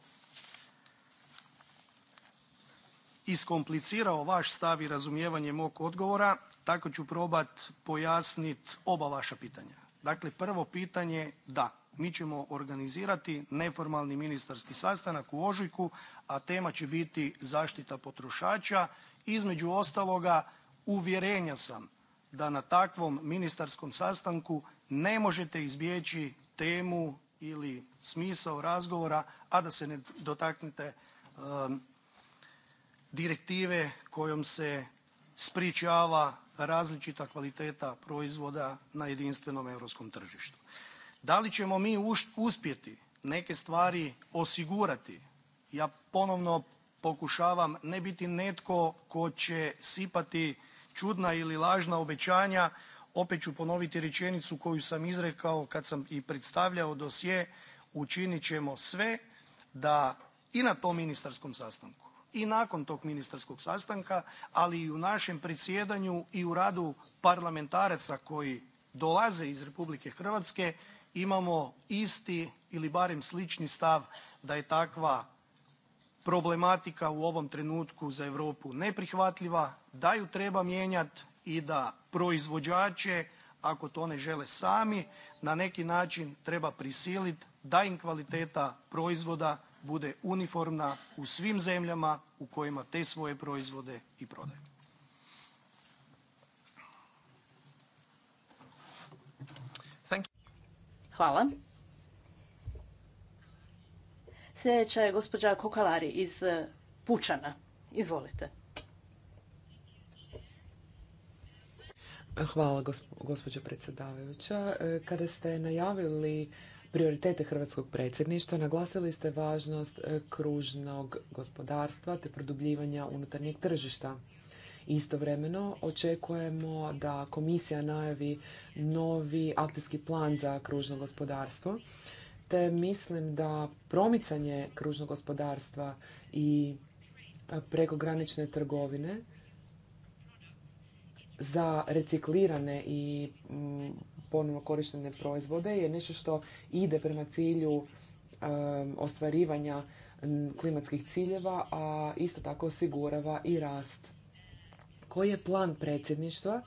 S2: iskomplicirao vaš stav i razumijevanje mog odgovora, tako ću probat pojasnit oba vaša pitanja. Dakle, prvo pitanje da mi ćemo organizirati neformalni ministarski sastanak u ožujku, a tema će biti zaštita potrošača. Između ostaloga uvjerenja sam da na takvom ministarskom sastanku ne možete izbjeći temu ili smisao razgovora, a da se ne dotaknete um, direktive kojom se spričava različita kvaliteta proizvoda na jedinstvenom europskom tržištu. Da li ćemo mi uspjeti neke stvari osigurati, ja ponovno pokušavam ne biti netko ko će sipati čudna ili lažna obećanja, opet ću ponoviti rečenicu koju sam izrekao kad sam i predstavljao dosje, učinit ćemo sve da i na tom ministarskom sastanku i nakon tog ministarskog sastanka, ali i u našem predsjedanju i u radu parlamentaraca koji dolaze iz Republike Hrvatske, imamo isti ili barem slični stav da je takva problematika u ovom trenutku za Europu neprihvatljiva, da ju treba mijenjati i da proizvođače ako to ne žele sami na neki način treba prisiliti da im kvaliteta proizvoda bude uniformna u svim zemljama u kojima te svoje proizvode i prodaju.
S4: Hvala. Sljedeća je gospođa Kokalari iz e, Pučana. Izvolite.
S3: Hvala gospođo predsjedavajuća. E, kada ste najavili prioritete hrvatskog predsjedništva, naglasili ste važnost e, kružnog gospodarstva te produbljivanja unutarnjeg tržišta. Istovremeno očekujemo da komisija najavi novi akcijski plan za kružno gospodarstvo, te mislim da promicanje kružnog gospodarstva i prekogranične trgovine za reciklirane i mm, ponovno korištene proizvode je nešto što ide prema cilju ostvarivanja klimatskih ciljeva, a isto tako osigurava i rast koji je plan predsjedništva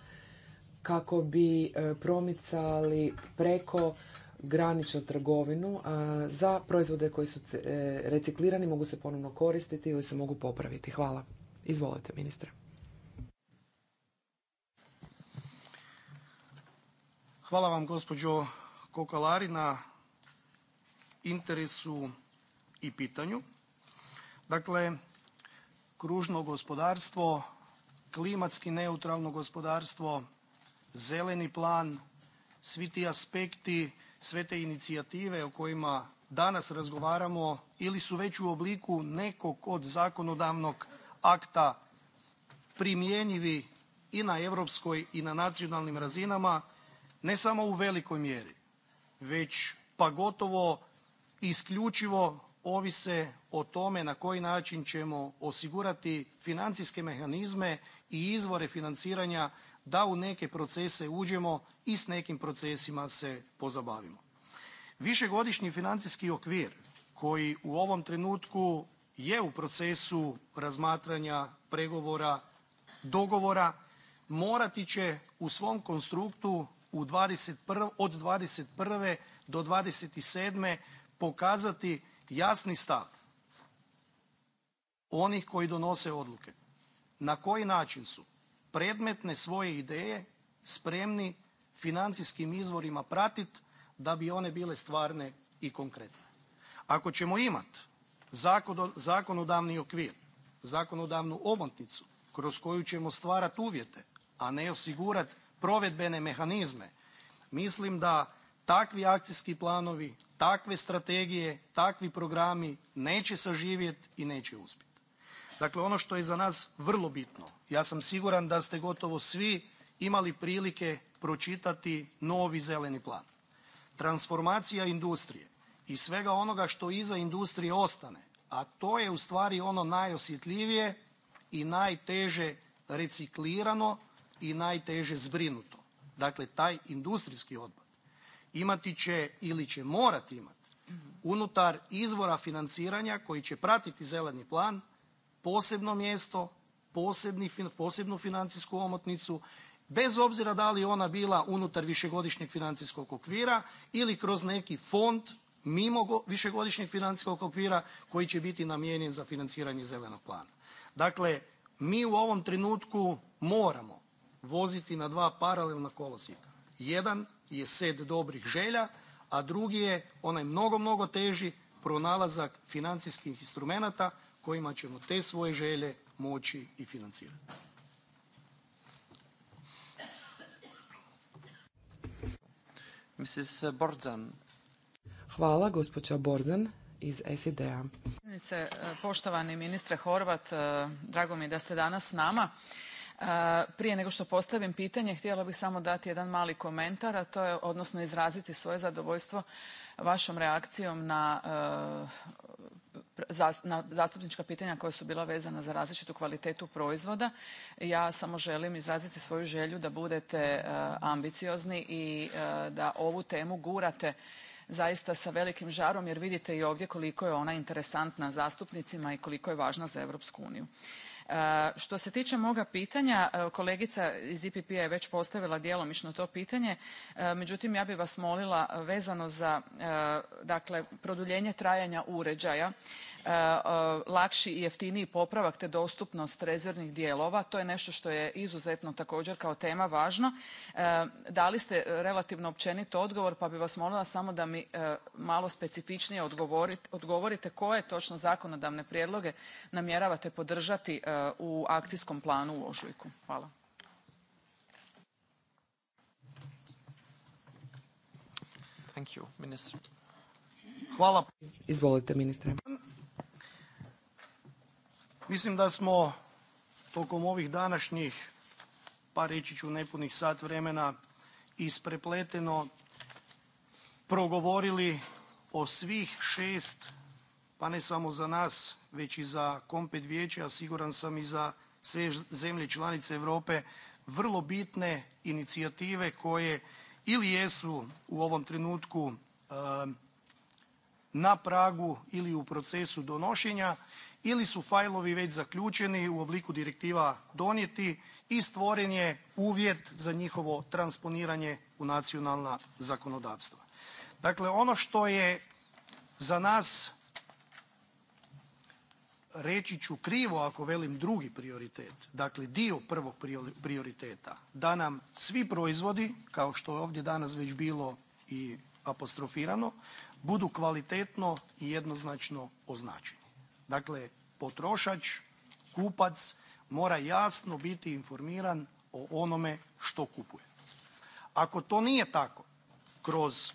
S3: kako bi e, promicali preko graničnu trgovinu za proizvode koji su e, reciklirani, mogu se ponovno koristiti ili se mogu popraviti? Hvala. Izvolite, ministre.
S2: Hvala vam, gospođo Kokalari, na interesu i pitanju. Dakle, kružno gospodarstvo klimatski neutralno gospodarstvo, zeleni plan, svi ti aspekti, sve te inicijative o kojima danas razgovaramo ili su već u obliku nekog od zakonodavnog akta primjenjivi i na europskoj i na nacionalnim razinama, ne samo u velikoj mjeri, već pa gotovo isključivo ovise o tome na koji način ćemo osigurati financijske mehanizme i izvore financiranja da u neke procese uđemo i s nekim procesima se pozabavimo. Višegodišnji financijski okvir koji u ovom trenutku je u procesu razmatranja pregovora, dogovora, morati će u svom konstruktu od 21. do 27. pokazati jasni stav onih koji donose odluke na koji način su predmetne svoje ideje spremni financijskim izvorima pratiti da bi one bile stvarne i konkretne. Ako ćemo imati zakonodavni okvir, zakonodavnu omotnicu kroz koju ćemo stvarati uvjete, a ne osigurati provedbene mehanizme, mislim da takvi akcijski planovi, takve strategije, takvi programi neće saživjeti i neće uspjeti. Dakle, ono što je za nas vrlo bitno, ja sam siguran da ste gotovo svi imali prilike pročitati novi zeleni plan. Transformacija industrije i svega onoga što iza industrije ostane, a to je ustvari ono najosjetljivije i najteže reciklirano i najteže zbrinuto. Dakle, taj industrijski otpad imati će ili će morati imati unutar izvora financiranja koji će pratiti zeleni plan posebno mjesto, posebnu financijsku omotnicu bez obzira da li ona bila unutar višegodišnjeg financijskog okvira ili kroz neki fond mimo višegodišnjeg financijskog okvira koji će biti namijenjen za financiranje zelenog plana. Dakle, mi u ovom trenutku moramo voziti na dva paralelna kolosijeka. Jedan je set dobrih želja, a drugi je onaj mnogo, mnogo teži pronalazak financijskih instrumenata kojima ćemo te svoje želje moći i financirati.
S3: Hvala, Borzan iz
S5: Poštovani ministre Horvat, e, drago mi je da ste danas s nama. E, prije nego što postavim pitanje, htjela bih samo dati jedan mali komentar, a to je, odnosno izraziti svoje zadovoljstvo vašom reakcijom na e, na zastupnička pitanja koja su bila vezana za različitu kvalitetu proizvoda. Ja samo želim izraziti svoju želju da budete e, ambiciozni i e, da ovu temu gurate zaista sa velikim žarom jer vidite i ovdje koliko je ona interesantna zastupnicima i koliko je važna za Europsku uniju. Što se tiče moga pitanja, e, kolegica iz ipp je već postavila djelomično to pitanje, e, međutim ja bih vas molila vezano za e, dakle produljenje trajanja uređaja E, e, lakši i jeftiniji popravak te dostupnost rezervnih dijelova. To je nešto što je izuzetno također kao tema važno. E, dali ste relativno općenito odgovor pa bi vas molila samo da mi malo specifičnije odgovorite koje točno zakonodavne prijedloge namjeravate podržati u akcijskom planu u ožujku. Hvala.
S2: Hvala.
S3: Izvolite ministre. Um,
S2: Mislim da smo tokom ovih današnjih pa reći ću nepunih sat vremena isprepleteno progovorili o svih šest, pa ne samo za nas već i za kompet vijeće, a siguran sam i za sve zemlje članice Europe vrlo bitne inicijative koje ili jesu u ovom trenutku eh, na pragu ili u procesu donošenja ili su fajlovi već zaključeni u obliku direktiva donijeti i stvoren je uvjet za njihovo transponiranje u nacionalna zakonodavstva. Dakle, ono što je za nas reći ću krivo ako velim drugi prioritet, dakle dio prvog prioriteta da nam svi proizvodi kao što je ovdje danas već bilo i apostrofirano budu kvalitetno i jednoznačno označeni. Dakle, potrošač, kupac mora jasno biti informiran o onome što kupuje. Ako to nije tako kroz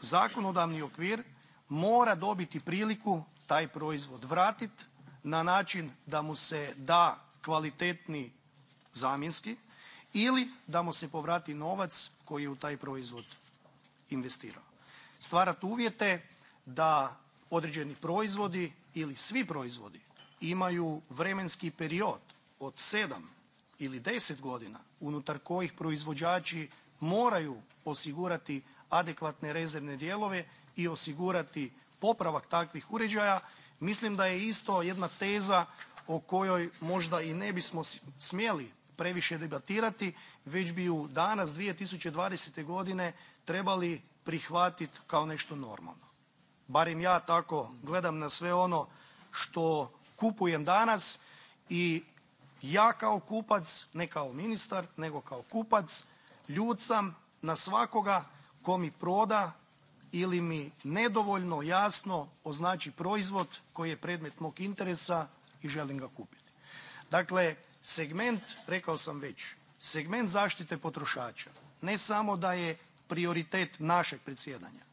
S2: zakonodavni okvir mora dobiti priliku taj proizvod vratiti na način da mu se da kvalitetni zamjenski ili da mu se povrati novac koji je u taj proizvod investirao. Stvarati uvjete da određeni proizvodi ili svi proizvodi imaju vremenski period od sedam ili deset godina unutar kojih proizvođači moraju osigurati adekvatne rezervne dijelove i osigurati popravak takvih uređaja, mislim da je isto jedna teza o kojoj možda i ne bismo smjeli previše debatirati već bi ju danas 2020. godine trebali prihvatiti kao nešto normalno. Barem ja tako gledam na sve ono što kupujem danas i ja kao kupac, ne kao ministar nego kao kupac ljucam sam na svakoga ko mi proda ili mi nedovoljno jasno označi proizvod koji je predmet mog interesa i želim ga kupiti. Dakle, segment, rekao sam već, segment zaštite potrošača ne samo da je prioritet našeg predsjedanja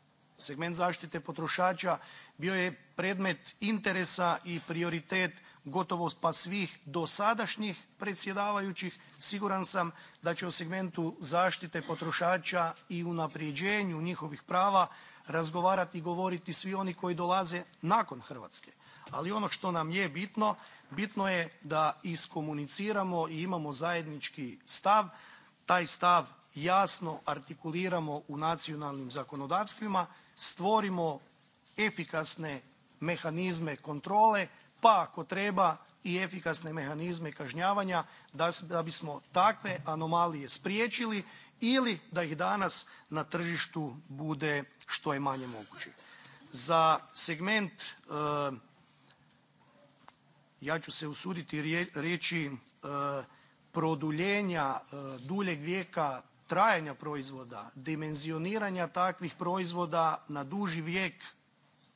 S2: Segment zaštite potrošača bio je predmet interesa i prioritet gotovo pa svih dosadašnjih predsjedavajućih. Siguran sam da će o segmentu zaštite potrošača i unapređenju njihovih prava razgovarati i govoriti svi oni koji dolaze nakon Hrvatske. Ali ono što nam je bitno, bitno je da iskomuniciramo i imamo zajednički stav, taj stav jasno artikuliramo u nacionalnim zakonodavstvima stvorimo efikasne mehanizme kontrole, pa ako treba i efikasne mehanizme kažnjavanja da bismo takve anomalije spriječili ili da ih danas na tržištu bude što je manje moguće. Za segment, e, ja ću se usuditi reći, e, produljenja e, duljeg vijeka trajanja proizvoda, dimenzioniranja takvih proizvoda na duži vijek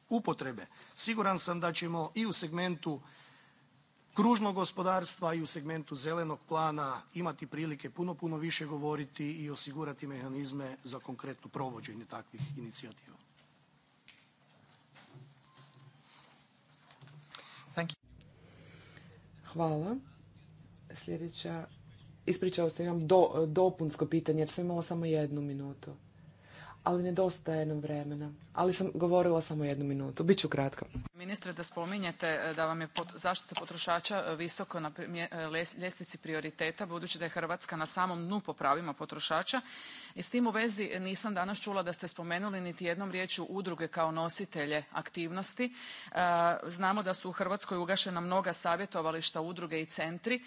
S2: upotrebe, siguran sam da ćemo i u segmentu kružnog gospodarstva i u segmentu zelenog plana imati prilike puno, puno više govoriti i osigurati mehanizme za konkretno provođenje takvih inicijativa.
S3: Hvala. Sljedeća Ispričao se, imam do, dopunsko pitanje jer sam imala samo jednu minutu. Ali nedostaje nam vremena. Ali sam govorila samo jednu minutu. Biću kratka.
S5: Ministre, da spominjete eh, da vam je zaštita potrošača eh, visoko na eh, ljestvici prioriteta, budući da je Hrvatska na samom dnu po pravima potrošača. I s tim u vezi nisam danas čula da ste spomenuli niti jednom riječju udruge kao nositelje aktivnosti. E, znamo da su u Hrvatskoj ugašena mnoga savjetovališta, udruge i centri, e,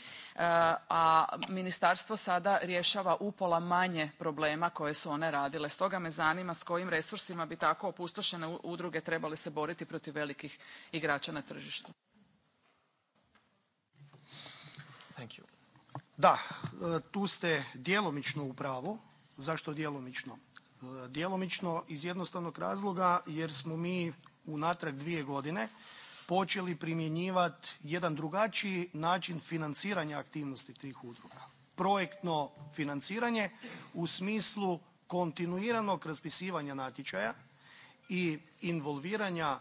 S5: a ministarstvo sada rješava upola manje problema koje su one radile. Stoga me zanima s kojim resursima bi tako opustošene udruge trebale se boriti protiv velikih igrača na tržištu.
S2: Da, e, tu ste djelomično u pravu. Zašto djelomično? E, djelomično iz jednostavnog razloga jer smo mi unatrag dvije godine počeli primjenjivati jedan drugačiji način financiranja aktivnosti tih udruga, projektno financiranje u smislu kontinuiranog raspisivanja natječaja i involviranja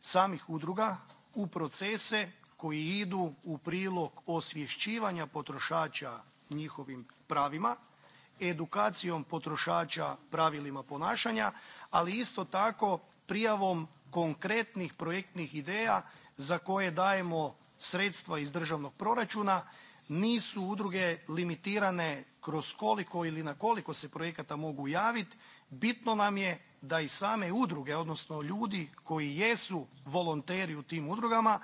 S2: samih udruga u procese koji idu u prilog osvješćivanja potrošača njihovim pravima edukacijom potrošača pravilima ponašanja, ali isto tako prijavom konkretnih projektnih ideja za koje dajemo sredstva iz državnog proračuna. Nisu udruge limitirane kroz koliko ili na koliko se projekata mogu javiti. Bitno nam je da i same udruge, odnosno ljudi koji jesu volonteri u tim udrugama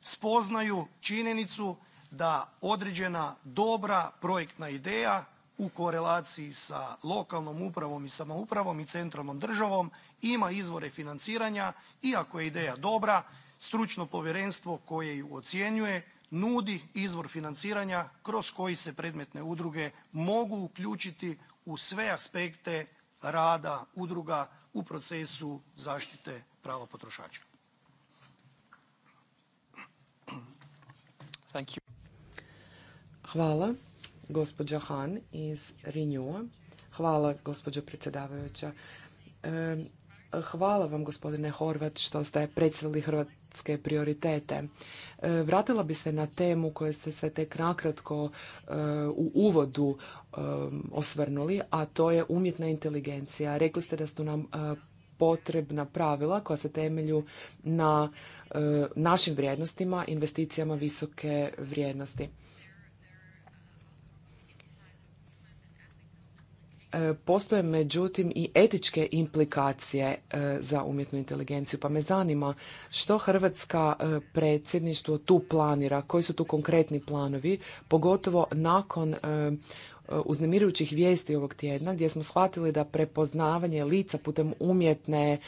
S2: spoznaju činjenicu da određena dobra projektna ideja u korelaciji sa lokalnom upravom i samoupravom i centralnom državom ima izvore financiranja i ako je ideja dobra stručno povjerenstvo koje ju ocjenjuje nudi izvor financiranja kroz koji se predmetne udruge mogu uključiti u sve aspekte rada udruga u procesu zaštite prava potrošača.
S3: Hvala gospođa Han iz Renewa. Hvala, gospođo predsjedavajuća. E, hvala vam, gospodine Horvat, što ste predstavili hrvatske prioritete. E, vratila bi se na temu koju ste se tek nakratko e, u uvodu osvrnuli, a to je umjetna inteligencija. Rekli ste da su nam potrebna pravila koja se temelju na našim vrijednostima, investicijama visoke vrijednosti. E, postoje međutim i etičke implikacije e, za umjetnu inteligenciju, pa me zanima što Hrvatska e, predsjedništvo tu planira, koji su tu konkretni planovi, pogotovo nakon uznemirujućih vijesti ovog tjedna gdje smo shvatili da prepoznavanje lica putem umjetne,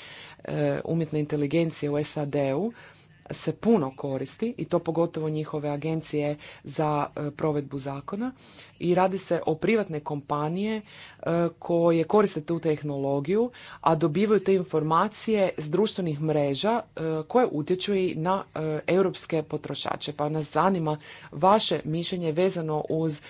S3: umjetne inteligencije u SAD-u se puno koristi i to pogotovo njihove agencije za e, provedbu zakona i radi se o privatne kompanije e, koje koriste tu tehnologiju, a dobivaju te informacije s društvenih mreža e, koje utječu i na europske potrošače. Pa nas zanima vaše mišljenje vezano uz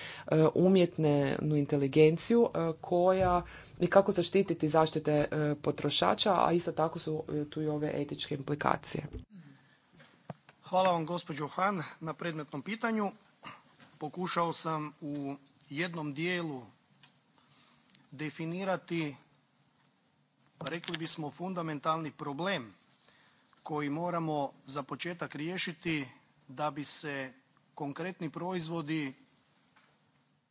S3: umjetnu inteligenciju koja i kako zaštititi zaštite potrošača, a isto tako su tu i ove etičke implikacije.
S2: Hvala vam gospođo Han na predmetnom pitanju. Pokušao sam u jednom dijelu definirati rekli bismo fundamentalni problem koji moramo za početak riješiti da bi se konkretni proizvodi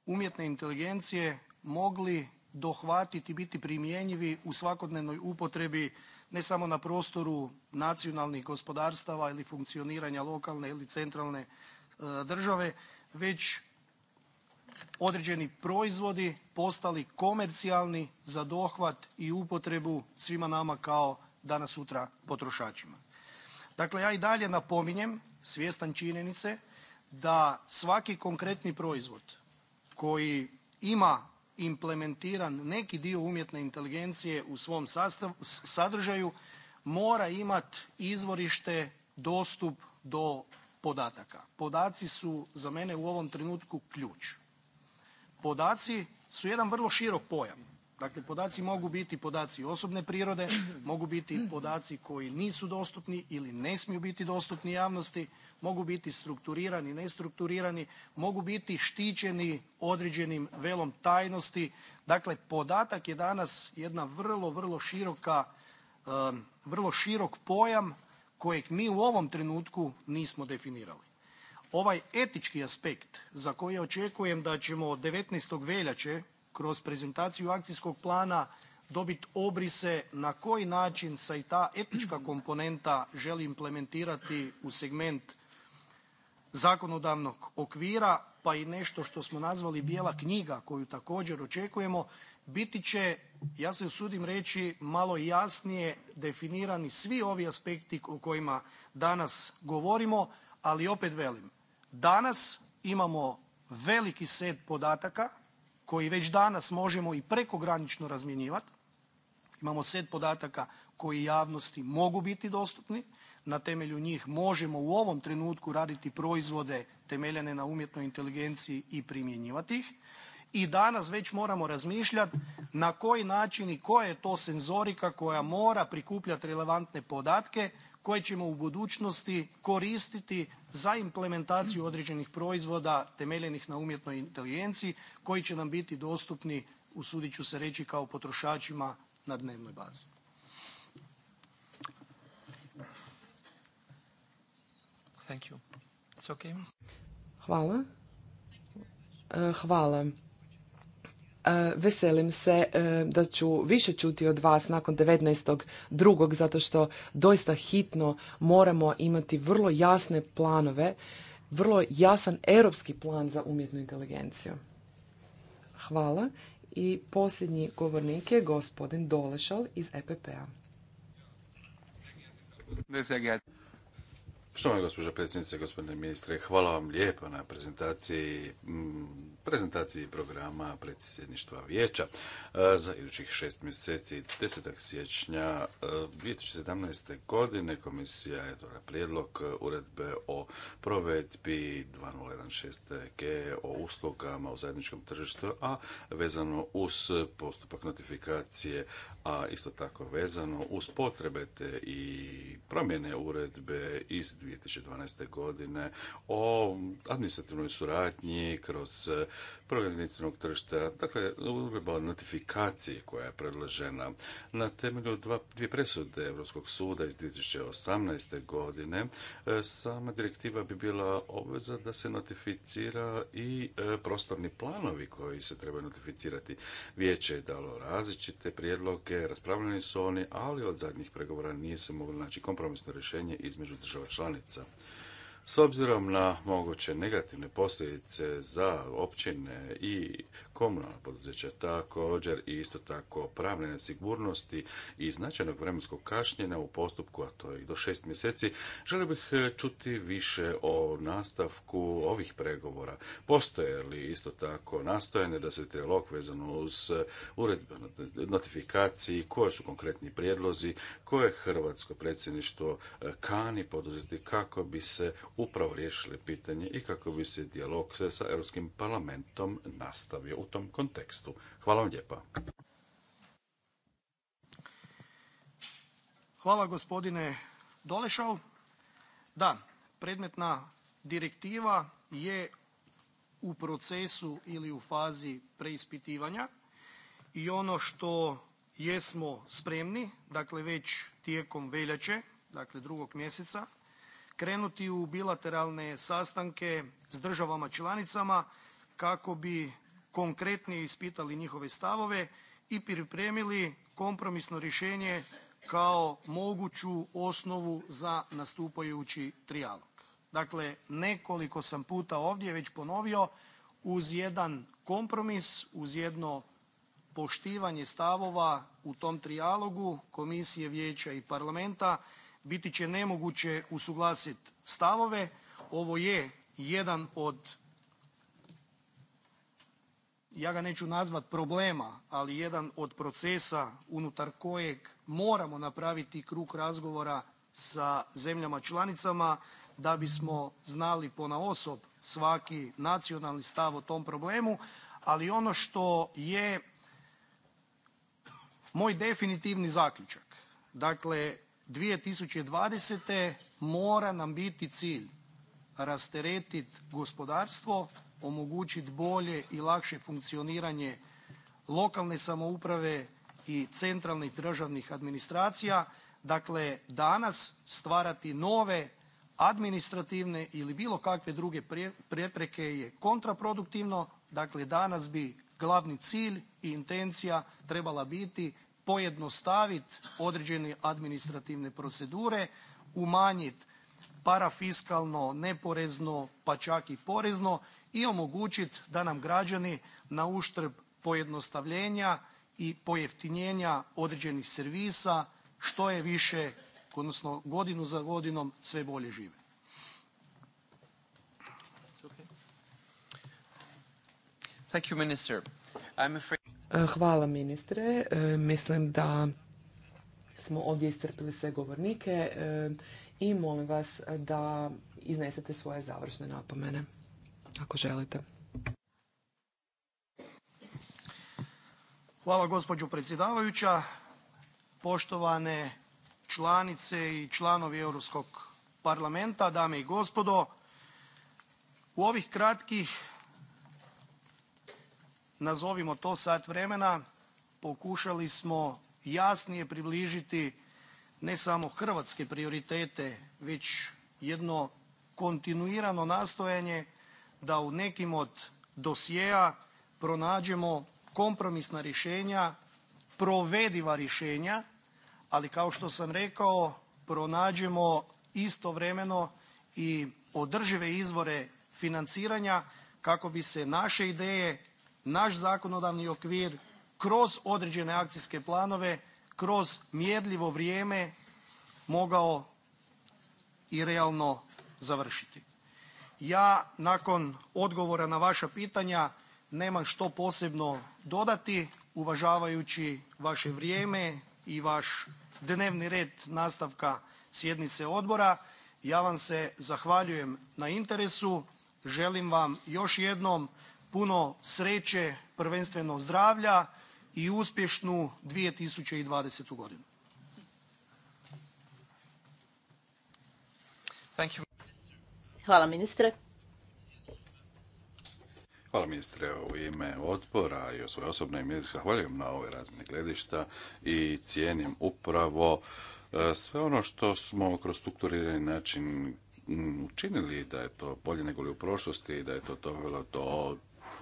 S2: umjetne inteligencije mogli dohvatiti i biti primjenjivi u svakodnevnoj upotrebi ne samo na prostoru nacionalnih gospodarstava ili funkcioniranja lokalne ili centralne e, države već određeni proizvodi postali komercijalni za dohvat i upotrebu svima nama kao danas sutra potrošačima. Dakle, ja i dalje napominjem svjestan činjenice da svaki konkretni proizvod koji ima implementiran neki dio umjetne inteligencije u svom sadržaju mora imati izvorište, dostup do podataka. Podaci su za mene u ovom trenutku ključ. Podaci su jedan vrlo širok pojam. Dakle, podaci mogu biti podaci osobne prirode, mogu biti podaci koji nisu dostupni ili ne smiju biti dostupni javnosti, mogu biti strukturirani, nestrukturirani, mogu biti štićeni određenim velom tajnosti. Dakle, podatak je danas jedna vrlo, vrlo široka, vrlo širok pojam kojeg mi u ovom trenutku nismo definirali. Ovaj etički aspekt za koji očekujem da ćemo 19. veljače kroz prezentaciju akcijskog plana dobiti obrise na koji način se i ta etička komponenta želi implementirati u segment zakonodavnog okvira, pa i nešto što smo nazvali bijela knjiga koju također očekujemo, biti će, ja se usudim reći, malo jasnije definirani svi ovi aspekti o kojima danas govorimo, ali opet velim, danas imamo veliki set podataka koji već danas možemo i prekogranično razmjenjivati. Imamo set podataka koji javnosti mogu biti dostupni na temelju njih možemo u ovom trenutku raditi proizvode temeljene na umjetnoj inteligenciji i primjenjivati ih. I danas već moramo razmišljati na koji način i koja je to senzorika koja mora prikupljati relevantne podatke koje ćemo u budućnosti koristiti za implementaciju određenih proizvoda temeljenih na umjetnoj inteligenciji koji će nam biti dostupni usudit ću se reći kao potrošačima na dnevnoj bazi. Thank
S3: Hvala. E, e, veselim se e, da ću više čuti od vas nakon drugog zato što doista hitno moramo imati vrlo jasne planove, vrlo jasan europski plan za umjetnu inteligenciju. Hvala. I posljednji govornik je gospodin Dolešal iz EPP-a
S1: je, gospođa predsjednice, gospodine ministre, hvala vam lijepo na prezentaciji, mm, prezentaciji programa predsjedništva vijeća e, za idućih šest mjeseci. 10. siječnja 2017. E, godine komisija je dora prijedlog e, uredbe o provedbi 2016G o uslugama u zajedničkom tržištu, a vezano uz postupak notifikacije, a isto tako vezano uz potrebe te i promjene uredbe iz 2012. godine o administrativnoj suradnji kroz programu tržišta, dakle uredba notifikacije koja je predložena na temelju dvije presude Europskog suda iz 2018. godine, e, sama direktiva bi bila obveza da se notificira i e, prostorni planovi koji se trebaju notificirati. Vijeće je dalo različite prijedloge, raspravljeni su oni, ali od zadnjih pregovora nije se moglo naći kompromisno rješenje između država članica. S obzirom na moguće negativne posljedice za općine i komunalna poduzeća, također i isto tako pravne nesigurnosti i značajnog vremenskog kašnjenja u postupku, a to je i do šest mjeseci, želio bih e, čuti više o nastavku ovih pregovora. Postoje li isto tako nastojene da se trilog vezano uz e, ured notifikaciji, koje su konkretni prijedlozi, koje Hrvatsko predsjedništvo e, kani poduzeti kako bi se upravo riješili pitanje i kako bi se dijalog sa Europskim parlamentom nastavio u tom kontekstu. Hvala vam lijepa.
S2: Hvala gospodine Dolešov. Da, predmetna direktiva je u procesu ili u fazi preispitivanja i ono što jesmo spremni, dakle već tijekom veljače, dakle drugog mjeseca, krenuti u bilateralne sastanke s državama članicama kako bi konkretnije ispitali njihove stavove i pripremili kompromisno rješenje kao moguću osnovu za nastupajući trijalog. Dakle, nekoliko sam puta ovdje već ponovio, uz jedan kompromis, uz jedno poštivanje stavova u tom trijalogu Komisije, Vijeća i Parlamenta biti će nemoguće usuglasiti stavove. Ovo je jedan od, ja ga neću nazvati problema, ali jedan od procesa unutar kojeg moramo napraviti krug razgovora sa zemljama članicama da bismo znali osob svaki nacionalni stav o tom problemu. Ali ono što je moj definitivni zaključak, dakle 2020. mora nam biti cilj rasteretiti gospodarstvo, omogućiti bolje i lakše funkcioniranje lokalne samouprave i centralnih državnih administracija. Dakle, danas stvarati nove administrativne ili bilo kakve druge prepreke je kontraproduktivno. Dakle, danas bi glavni cilj i intencija trebala biti pojednostaviti određene administrativne procedure, umanjiti parafiskalno, neporezno pa čak i porezno i omogućiti da nam građani na uštrb pojednostavljenja i pojeftinjenja određenih servisa što je više odnosno godinu za godinom sve bolje žive. Thank you, Minister.
S3: I'm E, hvala ministre. E, mislim da smo ovdje iscrpili sve govornike e, i molim vas da iznesete svoje završne napomene ako želite.
S2: Hvala gospođo predsjedavajuća, poštovane članice i članovi Europskog parlamenta, dame i gospodo. U ovih kratkih nazovimo to sat vremena pokušali smo jasnije približiti ne samo hrvatske prioritete već jedno kontinuirano nastojanje da u nekim od dosjea pronađemo kompromisna rješenja, provediva rješenja, ali kao što sam rekao pronađemo istovremeno i održive izvore financiranja kako bi se naše ideje naš zakonodavni okvir kroz određene akcijske planove, kroz mjerljivo vrijeme mogao i realno završiti. Ja nakon odgovora na vaša pitanja nemam što posebno dodati uvažavajući vaše vrijeme i vaš dnevni red nastavka sjednice odbora. Ja vam se zahvaljujem na interesu, želim vam još jednom puno sreće, prvenstveno zdravlja i uspješnu 2020. godinu.
S4: Hvala ministre.
S1: Hvala ministre u ime odbora i u svoje osobno ime. Zahvaljujem na ovoj razmjeni gledišta i cijenim upravo e, sve ono što smo kroz strukturirani način učinili da je to bolje nego li u prošlosti i da je to dovelo do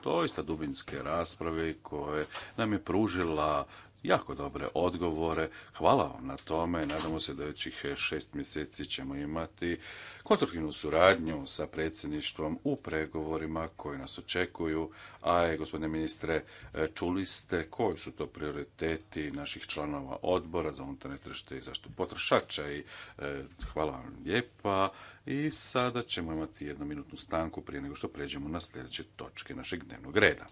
S1: doista dubinske rasprave koje nam je pružila jako dobre odgovore. Hvala vam na tome. Nadamo se da idućih e, šest mjeseci ćemo imati konstruktivnu suradnju sa predsjedništvom u pregovorima koji nas očekuju. A je, gospodine ministre, e, čuli ste koji su to prioriteti naših članova odbora za unutarnje tržište i zašto potrošača i e, hvala vam lijepa. I sada ćemo imati jednominutnu stanku prije nego što pređemo na sljedeće točke našeg dnevnog reda.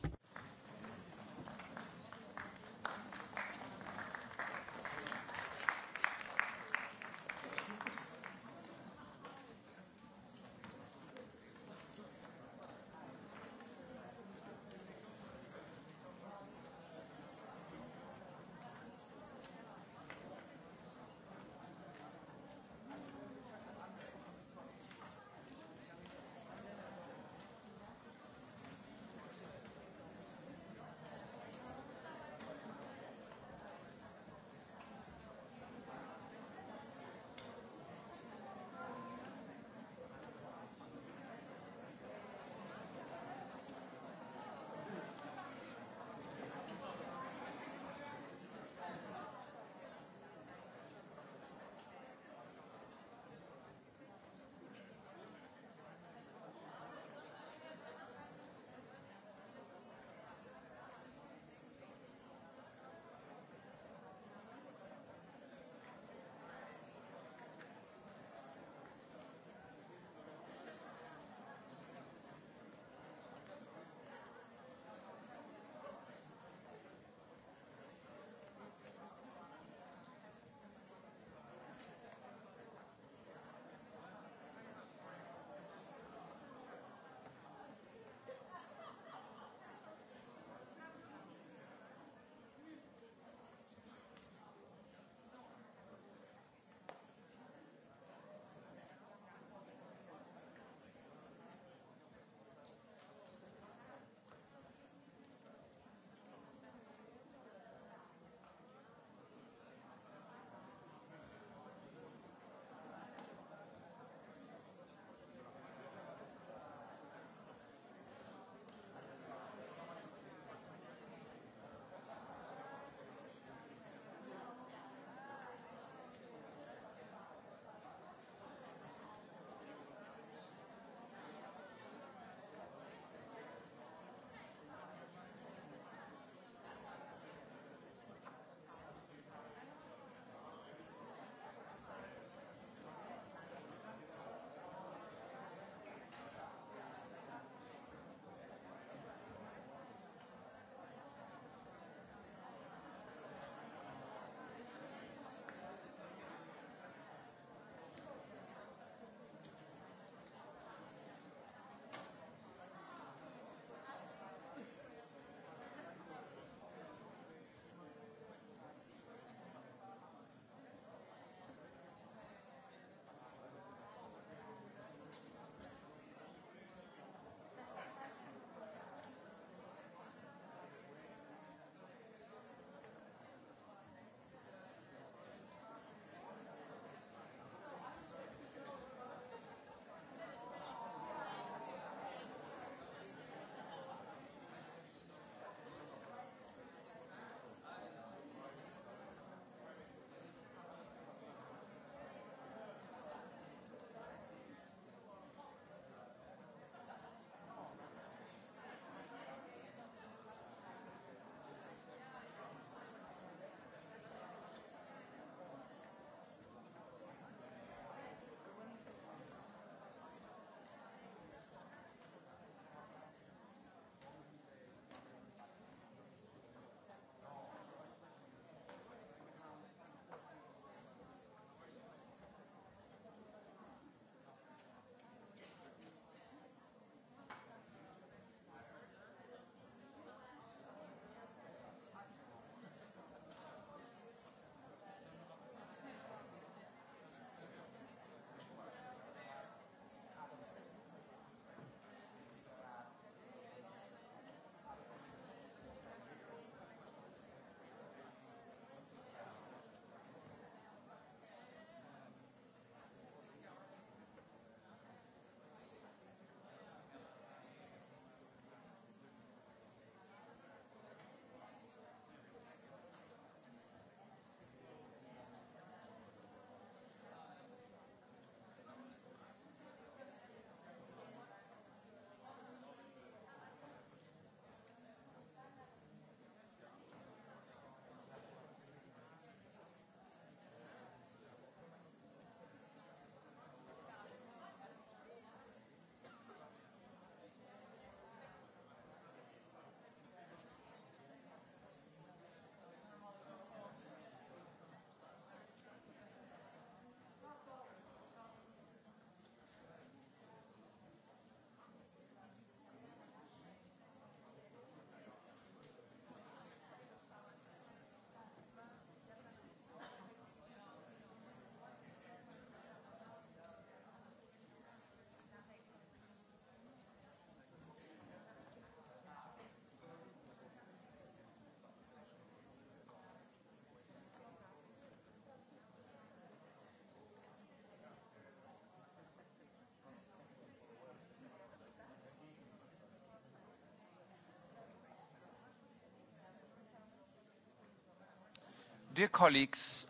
S1: Dear colleagues,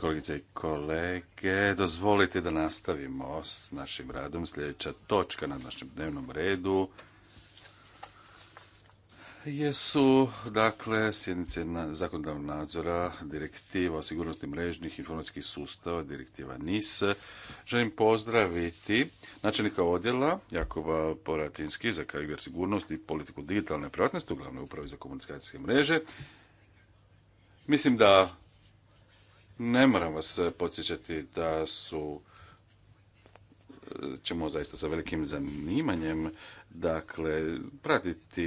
S1: kolegice i kolege, dozvolite da nastavimo s našim radom. Sljedeća točka na našem dnevnom redu jesu, dakle, sjednice na zakonodavnog nadzora, direktiva o sigurnosti mrežnih informacijskih sustava, direktiva NIS. Želim pozdraviti načelnika odjela Jakova Poratinski za karijer sigurnosti i politiku digitalne privatnosti u glavnoj upravi za komunikacijske mreže Mislim da ne moram vas eh, podsjećati da su eh, ćemo zaista sa velikim zanimanjem dakle pratiti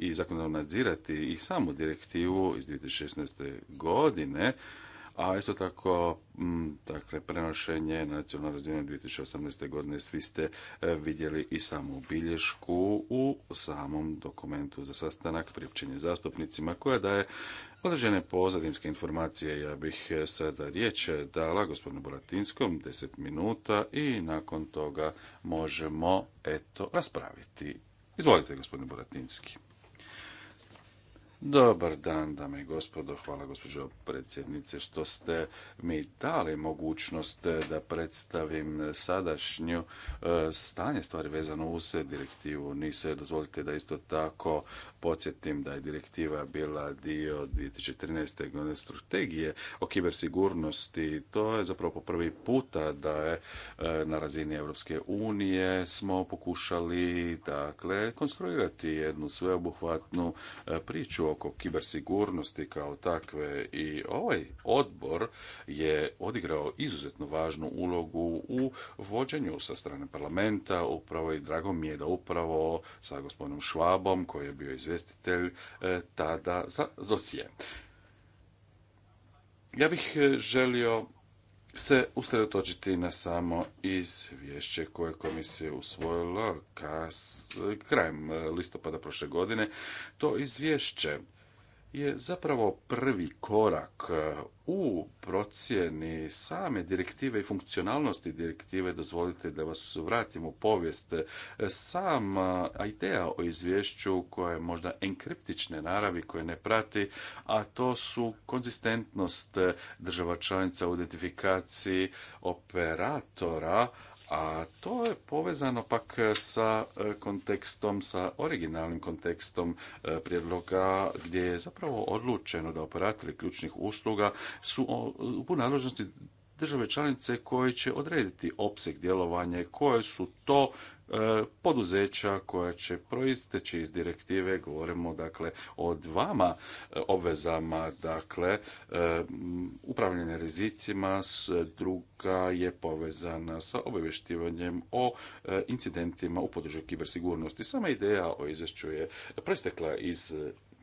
S1: i zakonodavno nadzirati i samu direktivu iz 2016. godine a isto tako mm, dakle, prenošenje nacionalne nacionalnu 2018. godine svi ste e, vidjeli i samu bilješku u samom dokumentu za sastanak priopćenje zastupnicima koja daje određene pozadinske informacije. Ja bih e, sada riječ dala gospodinu Boratinskom 10 minuta i nakon toga možemo eto raspraviti. Izvolite gospodine Boratinski. Dobar dan, dame i gospodo. Hvala, gospođo predsjednice, što ste mi dali mogućnost da predstavim sadašnju e, stanje stvari vezano uz direktivu se Dozvolite da isto tako podsjetim da je direktiva bila dio 2013. godine strategije o kibersigurnosti. To je zapravo po prvi puta da je e, na razini Europske unije smo pokušali dakle, konstruirati jednu sveobuhvatnu e, priču oko kibersigurnosti kao takve i ovaj odbor je odigrao izuzetno važnu ulogu u vođenju sa strane parlamenta upravo i drago mi je da upravo sa gospodinom Švabom koji je bio izvjestitelj e, tada za dosije. Ja bih e, želio se usredotočiti na samo izvješće koje komisija usvojila kas, krajem e, listopada prošle godine. To izvješće je zapravo prvi korak e, u procjeni same direktive i funkcionalnosti direktive, dozvolite da vas vratim u povijest, e, Sam ideja o izvješću koja je možda enkriptične naravi koje ne prati, a to su konzistentnost e, država članica u identifikaciji operatora a to je povezano pak sa e, kontekstom, sa originalnim kontekstom e, prijedloga gdje je zapravo odlučeno da operatori ključnih usluga su u nadležnosti države članice koje će odrediti opseg djelovanja koje su to E, poduzeća koja će proisteći iz direktive, govorimo dakle o dvama e, obvezama, dakle e, upravljanje rizicima, druga je povezana sa obavještivanjem o incidentima u području kibersigurnosti. Sama ideja o izvješću je proistekla iz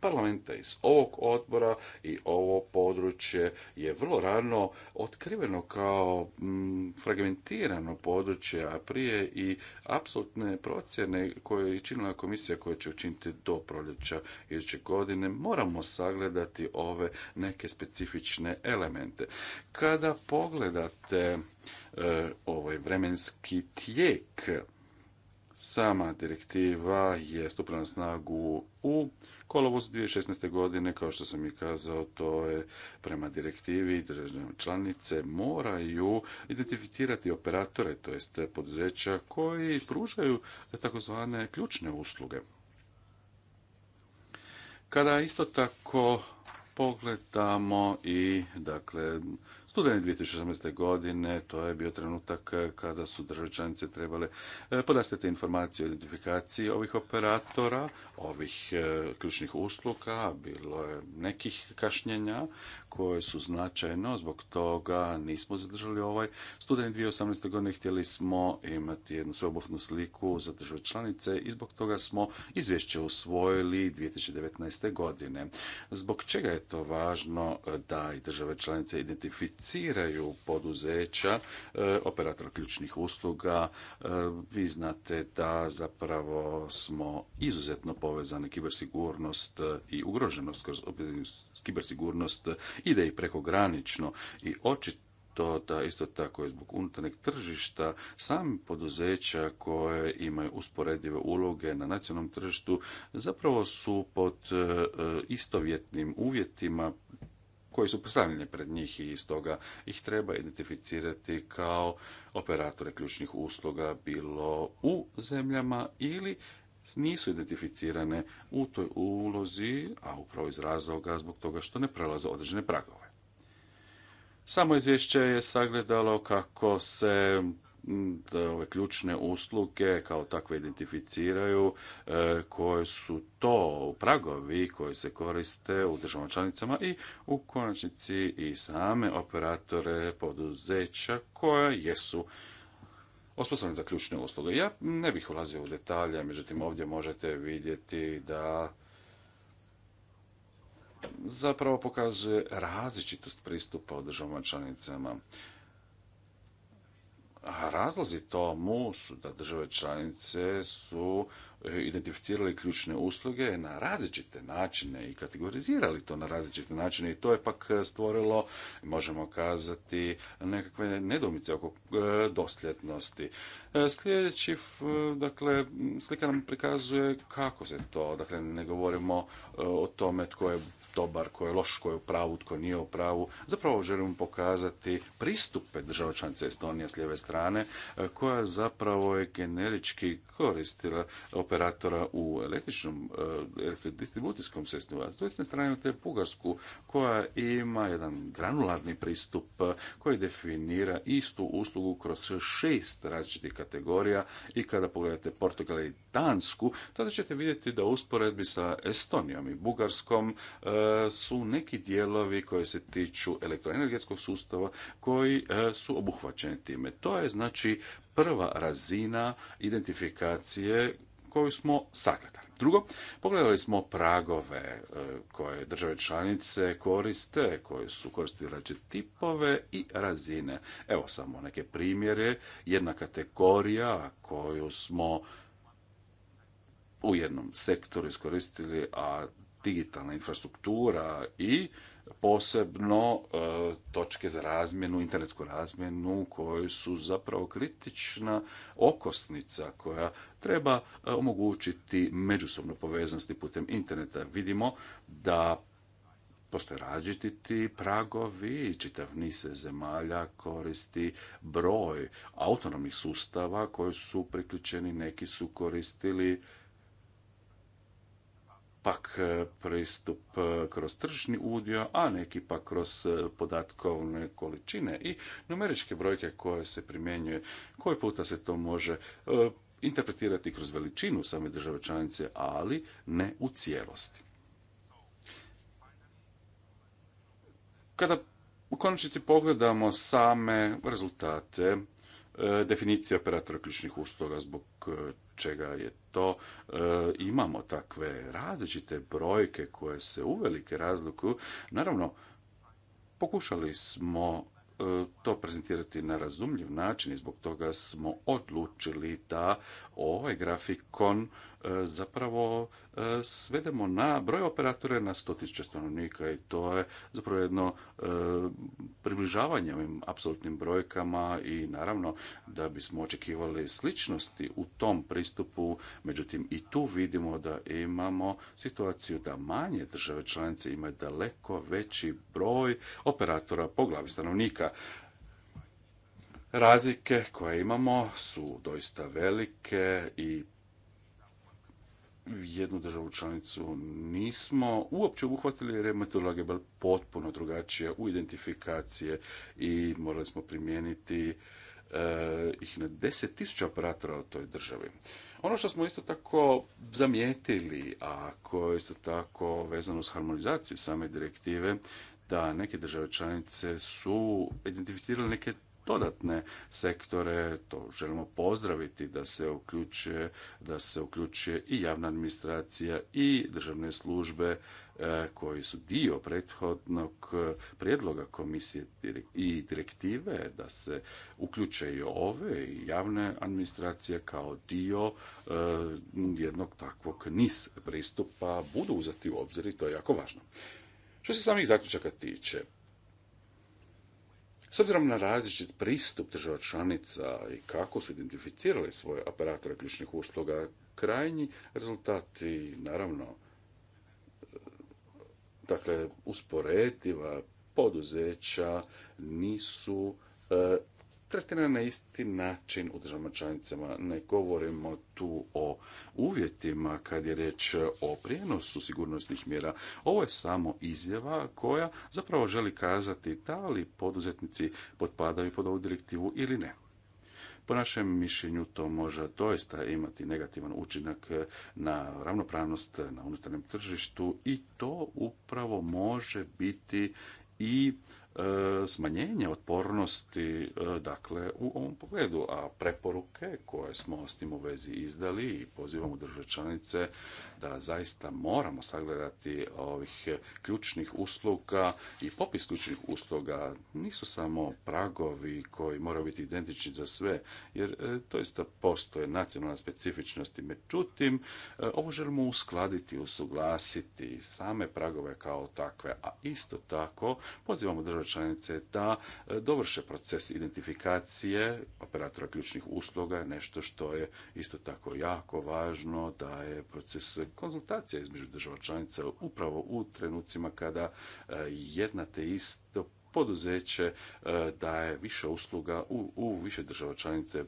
S1: parlamenta, iz ovog odbora i ovo područje je vrlo rano otkriveno kao mm, fragmentirano područje, a prije i apsolutne procjene koje je činila komisija koja će učiniti do proljeća iduće godine, moramo sagledati ove neke specifične elemente. Kada pogledate e, ovaj vremenski tijek sama direktiva je stupila na snagu u kolovozu 2016. godine, kao što sam i kazao, to je prema direktivi državne članice moraju identificirati operatore, to jest poduzeća koji pružaju takozvane ključne usluge. Kada isto tako pogledamo i dakle studeni 2018. godine to je bio trenutak kada su države članice trebale e, podastati informacije o identifikaciji ovih operatora, ovih e, ključnih usluga, bilo je nekih kašnjenja koje su značajno, zbog toga nismo zadržali ovaj. Student 2018. godine htjeli smo imati jednu sveobuhnu sliku za države članice i zbog toga smo izvješće usvojili 2019. godine. Zbog čega je to važno da i države članice identificiraju poduzeća, e, operatora ključnih usluga. E, vi znate da zapravo smo izuzetno povezani kibersigurnost i ugroženost kroz kibersigurnost ide i prekogranično i očito to da isto tako je zbog unutarnjeg tržišta sami poduzeća koje imaju usporedive uloge na nacionalnom tržištu zapravo su pod e, istovjetnim uvjetima koji su postavljeni pred njih i stoga ih treba identificirati kao operatore ključnih usluga bilo u zemljama ili nisu identificirane u toj ulozi, a upravo iz razloga zbog toga što ne prelaze određene pragove. Samo izvješće je sagledalo kako se ove ključne usluge kao takve identificiraju e, koje su to pragovi koji se koriste u državama članicama i u konačnici i same operatore poduzeća koja jesu osposobljen za ključne usluge. Ja ne bih ulazio u detalje, međutim ovdje možete vidjeti da zapravo pokazuje različitost pristupa u državama članicama. A razlozi tomu su da države članice su e, identificirali ključne usluge na različite načine i kategorizirali to na različite načine i to je pak e, stvorilo, možemo kazati, nekakve nedomice oko e, dosljednosti. Sljedeći, dakle, slika nam prikazuje kako se to, dakle, ne govorimo o tome tko je dobar, ko je loš, ko je u pravu, tko nije u pravu. Zapravo želimo pokazati pristupe država članica Estonije s lijeve strane, e, koja zapravo je generički koristila operatora u električnom, e, distribucijskom sestnju. a s druge strane imate Bugarsku, koja ima jedan granularni pristup e, koji definira istu uslugu kroz šest različitih kategorija i kada pogledate Portugal i Dansku, tada ćete vidjeti da u usporedbi sa Estonijom i Bugarskom su neki dijelovi koji se tiču elektroenergetskog sustava koji e, su obuhvaćeni time. To je znači prva razina identifikacije koju smo sagledali. Drugo, pogledali smo pragove e, koje države članice koriste, koje su koristili rađe tipove i razine. Evo samo neke primjere, jedna kategorija koju smo u jednom sektoru iskoristili, a digitalna infrastruktura i posebno e, točke za razmjenu, internetsku razmjenu koju su zapravo kritična okosnica koja treba e, omogućiti međusobnu povezanosti putem interneta. Vidimo da postoje različiti pragovi, čitav niz zemalja koristi broj autonomnih sustava koji su priključeni, neki su koristili pak e, pristup e, kroz tržišni udio, a neki pak kroz e, podatkovne količine i numeričke brojke koje se primjenjuje, koji puta se to može interpretirati kroz veličinu same države članice, ali ne u cijelosti. Kada u konačnici pogledamo same rezultate, definicije operatora ključnih usluga zbog čega je to e, imamo takve različite brojke koje se uvelike razlikuju. Naravno, pokušali smo e, to prezentirati na razumljiv način i zbog toga smo odlučili da ovaj grafikon E, zapravo e, svedemo na broj operatora na 100.000 stanovnika i to je zapravo jedno e, približavanje ovim apsolutnim brojkama i naravno da bismo očekivali sličnosti u tom pristupu, međutim i tu vidimo da imamo situaciju da manje države članice imaju daleko veći broj operatora po glavi stanovnika. Razlike koje imamo su doista velike i jednu državu članicu nismo uopće uhvatili jer je metodologija potpuno drugačija u identifikacije i morali smo primijeniti e, ih na 10.000 operatora u toj državi. Ono što smo isto tako zamijetili, a koje isto tako vezano s harmonizacijom same direktive, da neke države članice su identificirale neke dodatne sektore, to želimo pozdraviti da se uključuje, da se uključuje i javna administracija i državne službe e, koji su dio prethodnog prijedloga komisije i direktive da se uključe i ove i javne administracije kao dio e, jednog takvog niz pristupa budu uzeti u obzir i to je jako važno. Što se samih zaključaka tiče, s obzirom na različit pristup država članica i kako su identificirali svoje operatore ključnih usluga, krajnji rezultati, naravno, dakle, usporediva poduzeća nisu e, tretirane na isti način u državama članicama. Ne govorimo tu o uvjetima kad je riječ o prijenosu sigurnosnih mjera. Ovo je samo izjava koja zapravo želi kazati da li poduzetnici potpadaju pod ovu direktivu ili ne. Po našem mišljenju to može doista imati negativan učinak na ravnopravnost na unutarnjem tržištu i to upravo može biti i E, smanjenje otpornosti e, dakle u ovom pogledu, a preporuke koje smo s tim u vezi izdali i pozivamo države članice da zaista moramo sagledati ovih ključnih usluga i popis ključnih usluga nisu samo pragovi koji moraju biti identični za sve, jer to e, doista postoje nacionalne specifičnosti. Međutim, e, ovo želimo uskladiti, usuglasiti same pragove kao takve, a isto tako pozivamo države članice da e, dovrše proces identifikacije operatora ključnih usluga, nešto što je isto tako jako važno, da je proces konzultacija između država članica upravo u trenucima kada e, jedna te isto poduzeće e, daje više usluga u, više država članice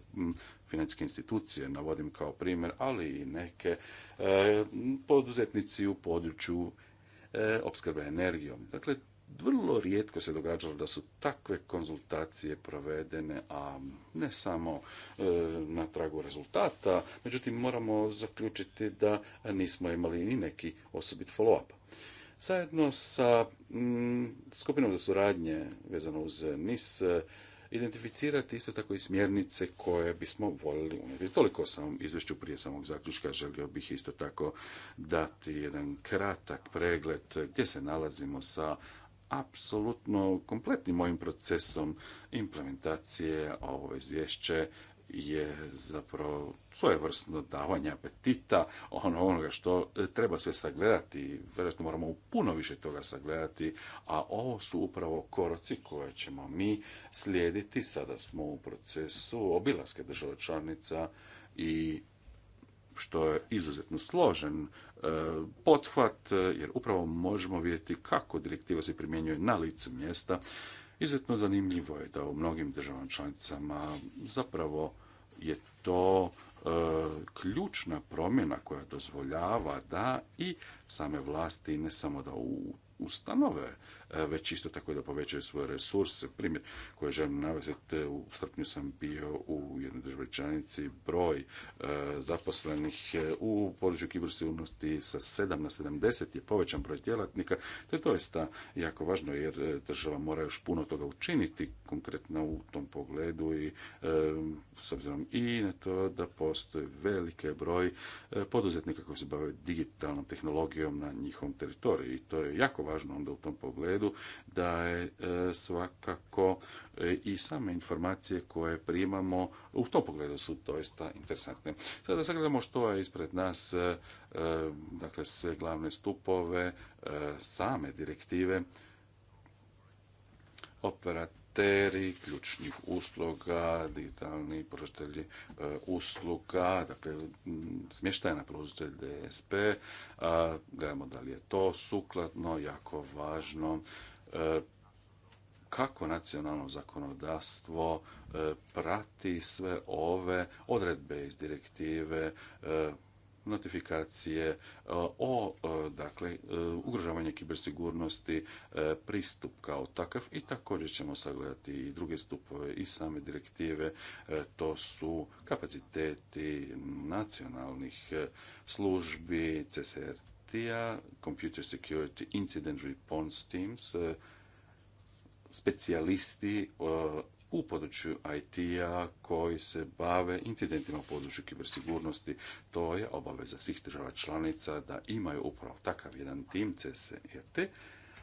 S1: financijske institucije, navodim kao primjer, ali i neke e, poduzetnici u području opskrbe energijom. Dakle, vrlo rijetko se događalo da su takve konzultacije provedene, a ne samo e, na tragu rezultata. Međutim, moramo zaključiti da nismo imali ni neki osobit follow-up. Zajedno sa mm, skupinom za suradnje vezano uz NIS, e, identificirati isto tako i smjernice koje bismo voljeli unijeti. Toliko sam izvešću izvješću prije samog zaključka želio bih isto tako dati jedan kratak pregled gdje se nalazimo sa apsolutno kompletnim mojim procesom implementacije ovo izvješće je zapravo svojevrsno davanje apetita ono onoga što e, treba sve sagledati. Vjerojatno moramo puno više toga sagledati, a ovo su upravo koroci koje ćemo mi slijediti. Sada smo u procesu obilaske država članica i što je izuzetno složen e, pothvat, e, jer upravo možemo vidjeti kako direktiva se primjenjuje na licu mjesta. Izuzetno zanimljivo je da u mnogim državama članicama zapravo je to e, ključna promjena koja dozvoljava da i same vlasti ne samo da u, ustanove već isto tako da povećaju svoje resurse. Primjer koji želim navesti, u srpnju sam bio u jednoj državi članici broj zaposlenih e, u području kibersigurnosti sa 7 na 70 je povećan broj djelatnika. To je doista jako važno jer e, država mora još puno toga učiniti konkretno u tom pogledu i e, s obzirom i na to da postoji velike broj poduzetnika koji se bave digitalnom tehnologijom na njihovom teritoriju i to je jako važno onda u tom pogledu da je e, svakako e, i same informacije koje primamo u tom pogledu su doista interesantne. Sada sagledamo što je ispred nas, e, dakle sve glavne stupove, same direktive, operat operateri ključnih usluga, digitalni pružatelji e, usluga, dakle na pružatelj DSP. Gledamo da li je to sukladno, jako važno e, kako nacionalno zakonodavstvo e, prati sve ove odredbe iz direktive notifikacije e, o e, dakle, e, ugrožavanju kibersigurnosti, pristup kao takav i također ćemo sagledati i druge stupove i same direktive. To su kapaciteti nacionalnih službi CSRT-a, Computer Security Incident Response Teams, specijalisti u području IT-a koji se bave incidentima u području kibersigurnosti. To je obaveza svih država članica da imaju upravo takav jedan tim CSRT, e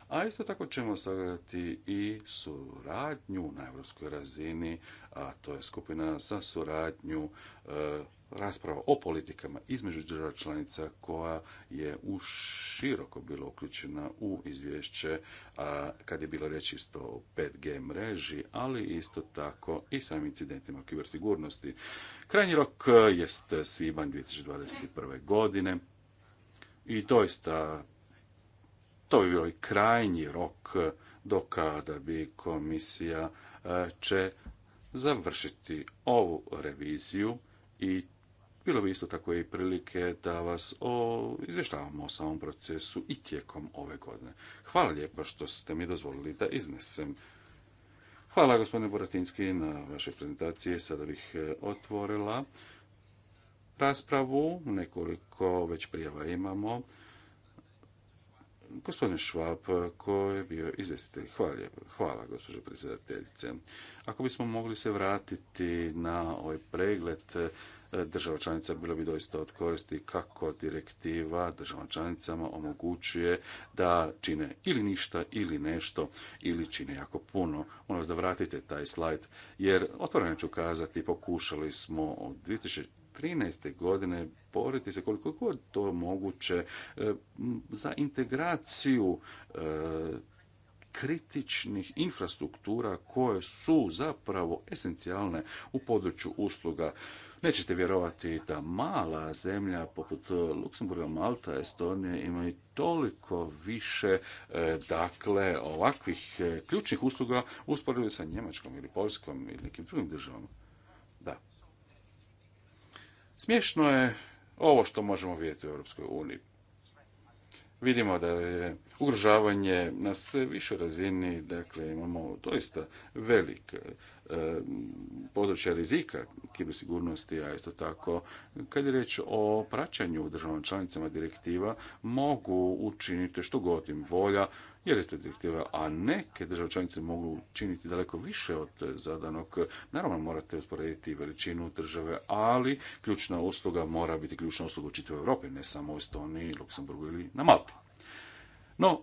S1: a isto tako ćemo sagledati i suradnju na europskoj razini, a to je skupina za suradnju e, rasprava o politikama između država članica koja je u široko bila uključena u izvješće a, kad je bilo reći isto o 5G mreži, ali isto tako i samim incidentima kibersigurnosti. Krajnji rok jest svibanj 2021. godine i doista to bi bilo i krajnji rok do kada bi komisija e, će završiti ovu reviziju i bilo bi isto tako i prilike da vas o, izvještavamo o samom procesu i tijekom ove godine. Hvala lijepo što ste mi dozvolili da iznesem. Hvala gospodine Boratinski na vašoj prezentaciji. Sada bih e, otvorila raspravu. Nekoliko već prijava imamo gospodin Švab eh, koji je bio izvjestitelj. Hvala, hvala gospođo predsjedateljice. Ako bismo mogli se vratiti na ovaj pregled eh, država članica bilo bi doista od koristi kako direktiva država članicama omogućuje da čine ili ništa ili nešto ili čine jako puno. Molim vas da vratite taj slajd jer otvoreno ću kazati pokušali smo od 2000 2013. godine boriti se koliko god to moguće e, za integraciju e, kritičnih infrastruktura koje su zapravo esencijalne u području usluga. Nećete vjerovati da mala zemlja poput Luksemburga, Malta, Estonije imaju toliko više e, dakle ovakvih ključnih usluga usporedbi sa Njemačkom ili Poljskom ili nekim drugim državama. Smiješno je ovo što možemo vidjeti u Europskoj uniji. Vidimo da je ugrožavanje na sve višoj razini, dakle imamo doista velik e, područje rizika kibersigurnosti, a isto tako kad je riječ o praćanju u državama članicama direktiva mogu učiniti što god im volja, jer je to direktiva, a neke države članice mogu činiti daleko više od zadanog. Naravno morate usporediti veličinu države, ali ključna usluga mora biti ključna usluga u čitavoj Europi, ne samo u Estoniji, Luksemburgu ili na Malti. No,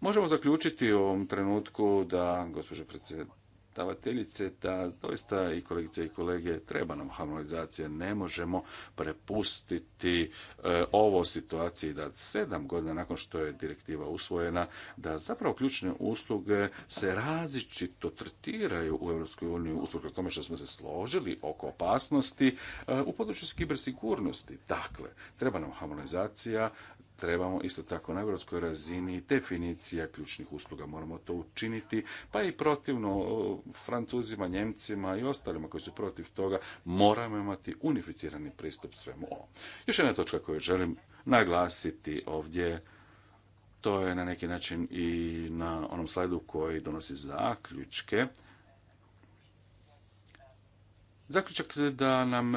S1: Možemo zaključiti u ovom trenutku da predsjednice, davateljice da doista i kolegice i kolege treba nam harmonizacija, ne možemo prepustiti e, ovo situaciji da sedam godina nakon što je direktiva usvojena da zapravo ključne usluge se različito tretiraju u EU usprkos tome što smo se složili oko opasnosti e, u području kibersigurnosti. Dakle, treba nam harmonizacija trebamo isto tako na europskoj razini definicija ključnih usluga. Moramo to učiniti, pa i protivno francuzima, njemcima i ostalima koji su protiv toga, moramo imati unificirani pristup svemu ovom. Još jedna točka koju želim naglasiti ovdje, to je na neki način i na onom slajdu koji donosi zaključke. Zaključak da nam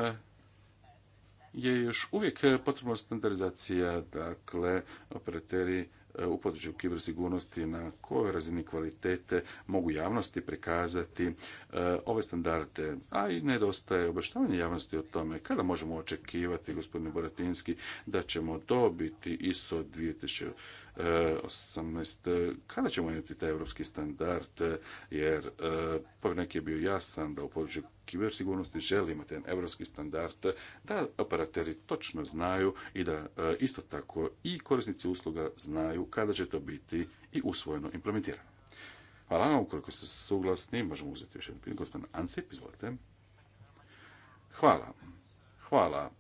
S1: je još uvijek e, potrebna standardizacija, dakle, operateri e, u području kibersigurnosti na kojoj razini kvalitete mogu javnosti prikazati e, ove standarde, a i nedostaje obještavanje javnosti o tome kada možemo očekivati, gospodine Boratinski, da ćemo dobiti ISO 2000 18. Kada ćemo imati taj europski standard? Jer e, povjerenik je bio jasan da u području kibersigurnosti želimo jedan evropski standard da operateri točno znaju i da e, isto tako i korisnici usluga znaju kada će to biti i usvojeno implementirano. Hvala, ukoliko ste suglasni, možemo uzeti još jedan pitanje. Gospodin Ansip, izvolite. Hvala. Hvala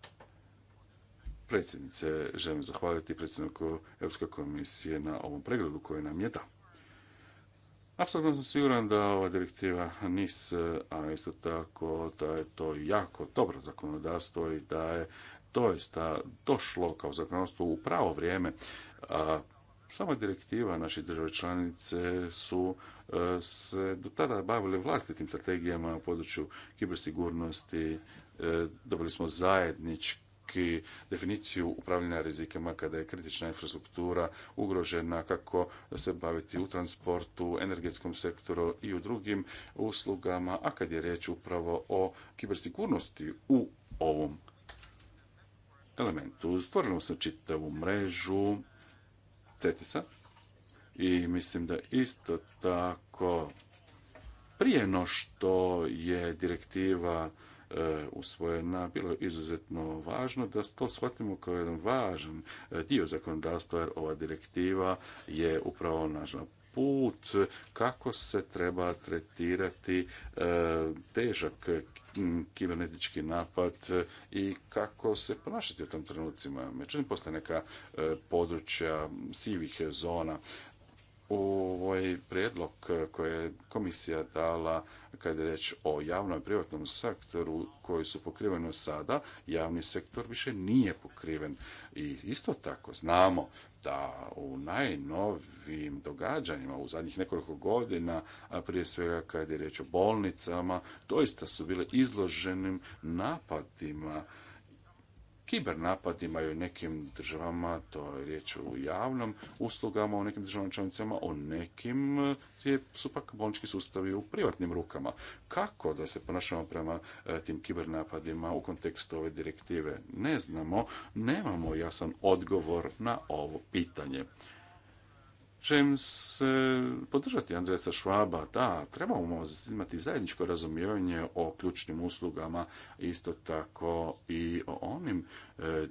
S1: predsjednice. Želim zahvaliti predsjedniku Europske komisije na ovom pregledu koji nam je dao. Apsolutno sam siguran da ova direktiva NIS, a isto tako da je to jako dobro zakonodavstvo i da je doista došlo kao zakonodavstvo u pravo vrijeme. A sama direktiva naše države članice su e, se do tada bavile vlastitim strategijama u području kibersigurnosti. E, dobili smo zajednički definiciju upravljanja rizikama kada je kritična infrastruktura ugrožena, kako se baviti u transportu, energetskom sektoru i u drugim uslugama, a kad je riječ upravo o kibersigurnosti u ovom elementu. Stvorilo sam čitavu mrežu cetis i mislim da isto tako prije no što je direktiva E, usvojena, bilo je izuzetno važno da to shvatimo kao jedan važan e, dio zakonodavstva jer ova direktiva je upravo naš put kako se treba tretirati e, težak kibernetički napad i kako se ponašati u tom trenucima. Međutim, postoje neka područja sivih zona ovaj predlog koje je komisija dala kada je reč o javnom i privatnom sektoru koji su pokriveni sada, javni sektor više nije pokriven. I isto tako znamo da u najnovijim događanjima u zadnjih nekoliko godina, a prije svega kada je riječ o bolnicama, doista su bile izloženim napadima Kibernapad i u nekim državama, to je riječ u javnom uslugama, u nekim državama članicama, o nekim su pak bolnički sustavi u privatnim rukama. Kako da se ponašamo prema e, tim napadima u kontekstu ove direktive? Ne znamo, nemamo jasan odgovor na ovo pitanje želim se podržati Andresa Švaba, da, trebamo imati zajedničko razumijevanje o ključnim uslugama, isto tako i o onim e,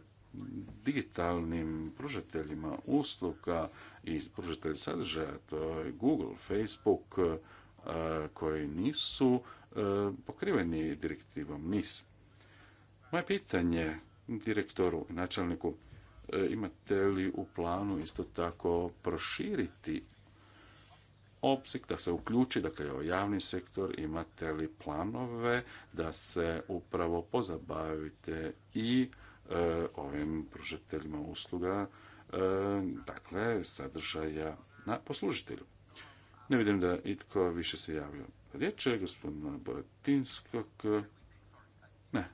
S1: digitalnim pružateljima usluga i pružatelj sadržaja, to je Google, Facebook, e, koji nisu e, pokriveni direktivom NIS. Moje pitanje direktoru i načelniku E, imate li u planu isto tako proširiti opseg da se uključi, dakle, o javni sektor, imate li planove da se upravo pozabavite i e, ovim pružateljima usluga, e, dakle, sadržaja na poslužitelju. Ne vidim da itko više se javio. Riječ je gospodina Boratinskog. Ne.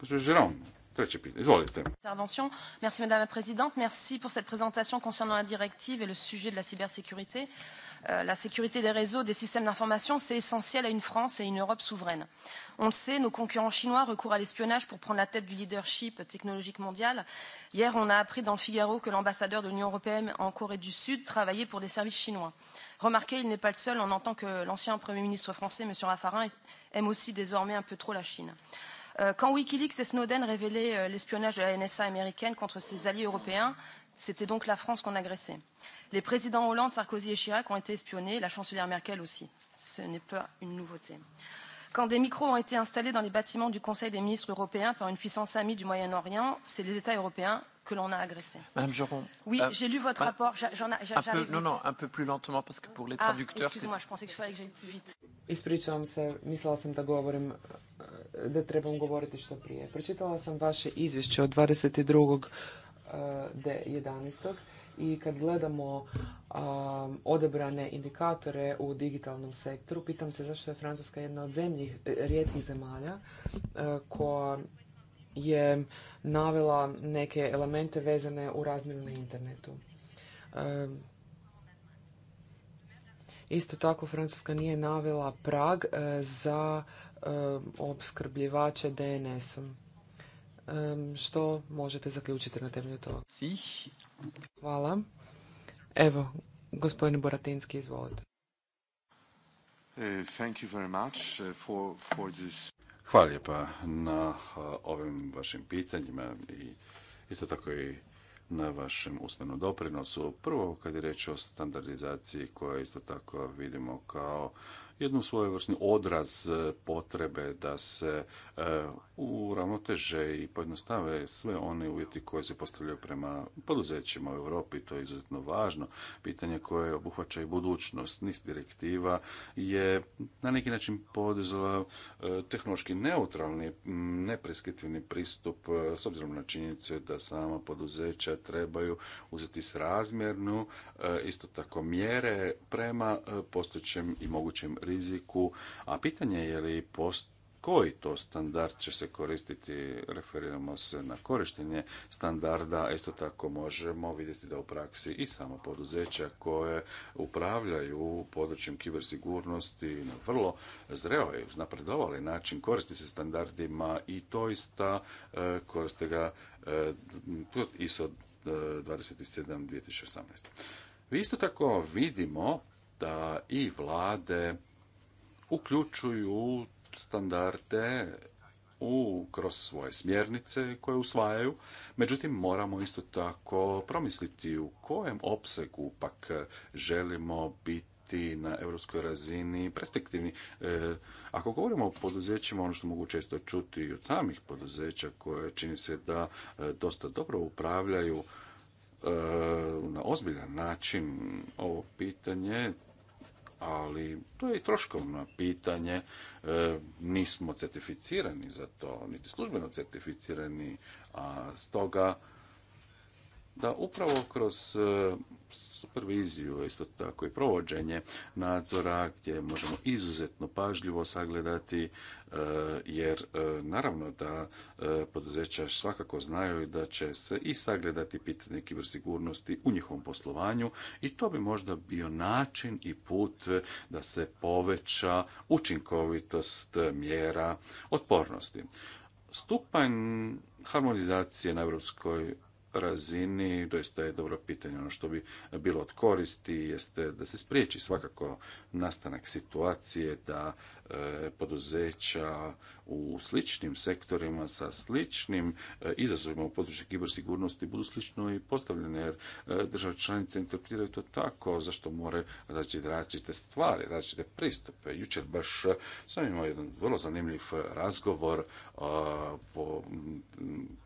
S1: Gospodin Žiron. Treće pitanje, izvolite.
S4: Intervention. Merci madame la présidente, merci pour cette présentation concernant la directive et le sujet de la cybersécurité. Euh, la sécurité des réseaux, des systèmes d'information, c'est essentiel à une France et à une Europe souveraine. On le sait, nos concurrents chinois recourent à l'espionnage pour prendre la tête du leadership technologique mondial. Hier, on a appris dans le Figaro que l'ambassadeur de l'Union européenne en Corée du Sud travaillait pour des services chinois. Remarquez, il n'est pas le seul, on entend que l'ancien Premier ministre français, M. Raffarin, aime aussi désormais un peu trop la Chine. Euh, quand Wikileaks et Snowden révélaient euh, l'espionnage de la NSA américaine contre ses alliés européens, c'était donc la France qu'on agressait. Les présidents Hollande, Sarkozy et Chirac ont été espionnés, la chancelière Merkel aussi. Ce n'est pas une nouveauté. Quand des micros ont été installés dans les bâtiments du Conseil des ministres européens par une puissance amie du Moyen-Orient, c'est les États européens que l'on a agressé.
S3: Madame Geron. Oui, euh, j'ai lu votre bah, rapport.
S4: J'en, un peu, Non, non,
S3: un peu plus lentement parce que pour les ah, Excusez-moi, je
S2: pensais que je fallait que j'aille plus vite.
S3: Ispričavam se, mislila sam da govorim, eh, da trebam govoriti što prije. Pročitala sam vaše izvješće od 22. Eh, de 11. i kad gledamo um, eh, odebrane indikatore u digitalnom sektoru, pitam se zašto je Francuska jedna od zemljih, rijetkih zemalja uh, koja je navela neke elemente vezane u razmjenu na internetu. isto tako Francuska nije navela prag e, za e, opskrbljivače DNS-om. Što možete zaključiti na temelju toga? Hvala. Evo, gospodin Boratinski, izvolite.
S1: Eh, thank you eh, Hvala lijepa na ovim vašim pitanjima i isto tako i na vašem usmenom doprinosu. Prvo, kad je reč o standardizaciji koja isto tako vidimo kao jednu svojevrsni odraz e, potrebe da se e, uravnoteže i pojednostave sve one uvjeti koje se postavljaju prema poduzećima u Europi. To je izuzetno važno pitanje koje obuhvaća i budućnost. Niz direktiva je na neki način poduzela e, tehnološki neutralni, nepreskitivni pristup s obzirom na činjenice da sama poduzeća trebaju uzeti srazmjernu isto tako mjere prema postojećem i mogućem riziku, a pitanje je li koji to standard će se koristiti, referiramo se na korištenje standarda, isto tako možemo vidjeti da u praksi i samo poduzeća koje upravljaju područjem kibersigurnosti na vrlo zreo i napredovali način koristi se standardima i toista e, koriste ga e, ISO 27.2018. E, Vi isto tako vidimo da i vlade uključuju standarde u, kroz svoje smjernice koje usvajaju. Međutim, moramo isto tako promisliti u kojem opsegu pak želimo biti na europskoj razini perspektivni. E, ako govorimo o poduzećima, ono što mogu često čuti i od samih poduzeća koje čini se da e, dosta dobro upravljaju e, na ozbiljan način ovo pitanje, ali to je i troškovno pitanje. E, nismo certificirani za to, niti službeno certificirani, a stoga da upravo kroz e, superviziju, isto tako i provođenje nadzora gdje možemo izuzetno pažljivo sagledati e, jer e, naravno da poduzeća svakako znaju da će se i sagledati pitanje kibersigurnosti u njihovom poslovanju i to bi možda bio način i put da se poveća učinkovitost mjera otpornosti. Stupanj harmonizacije na europskoj razini doista je dobro pitanje. Ono što bi bilo od koristi jeste da se spriječi svakako nastanak situacije da E, poduzeća u sličnim sektorima sa sličnim e, izazovima u području kibersigurnosti budu slično i postavljene jer e, države članice interpretiraju to tako zašto moraju različite, različite stvari, različite pristupe. Jučer baš sam imao jedan vrlo zanimljiv razgovor po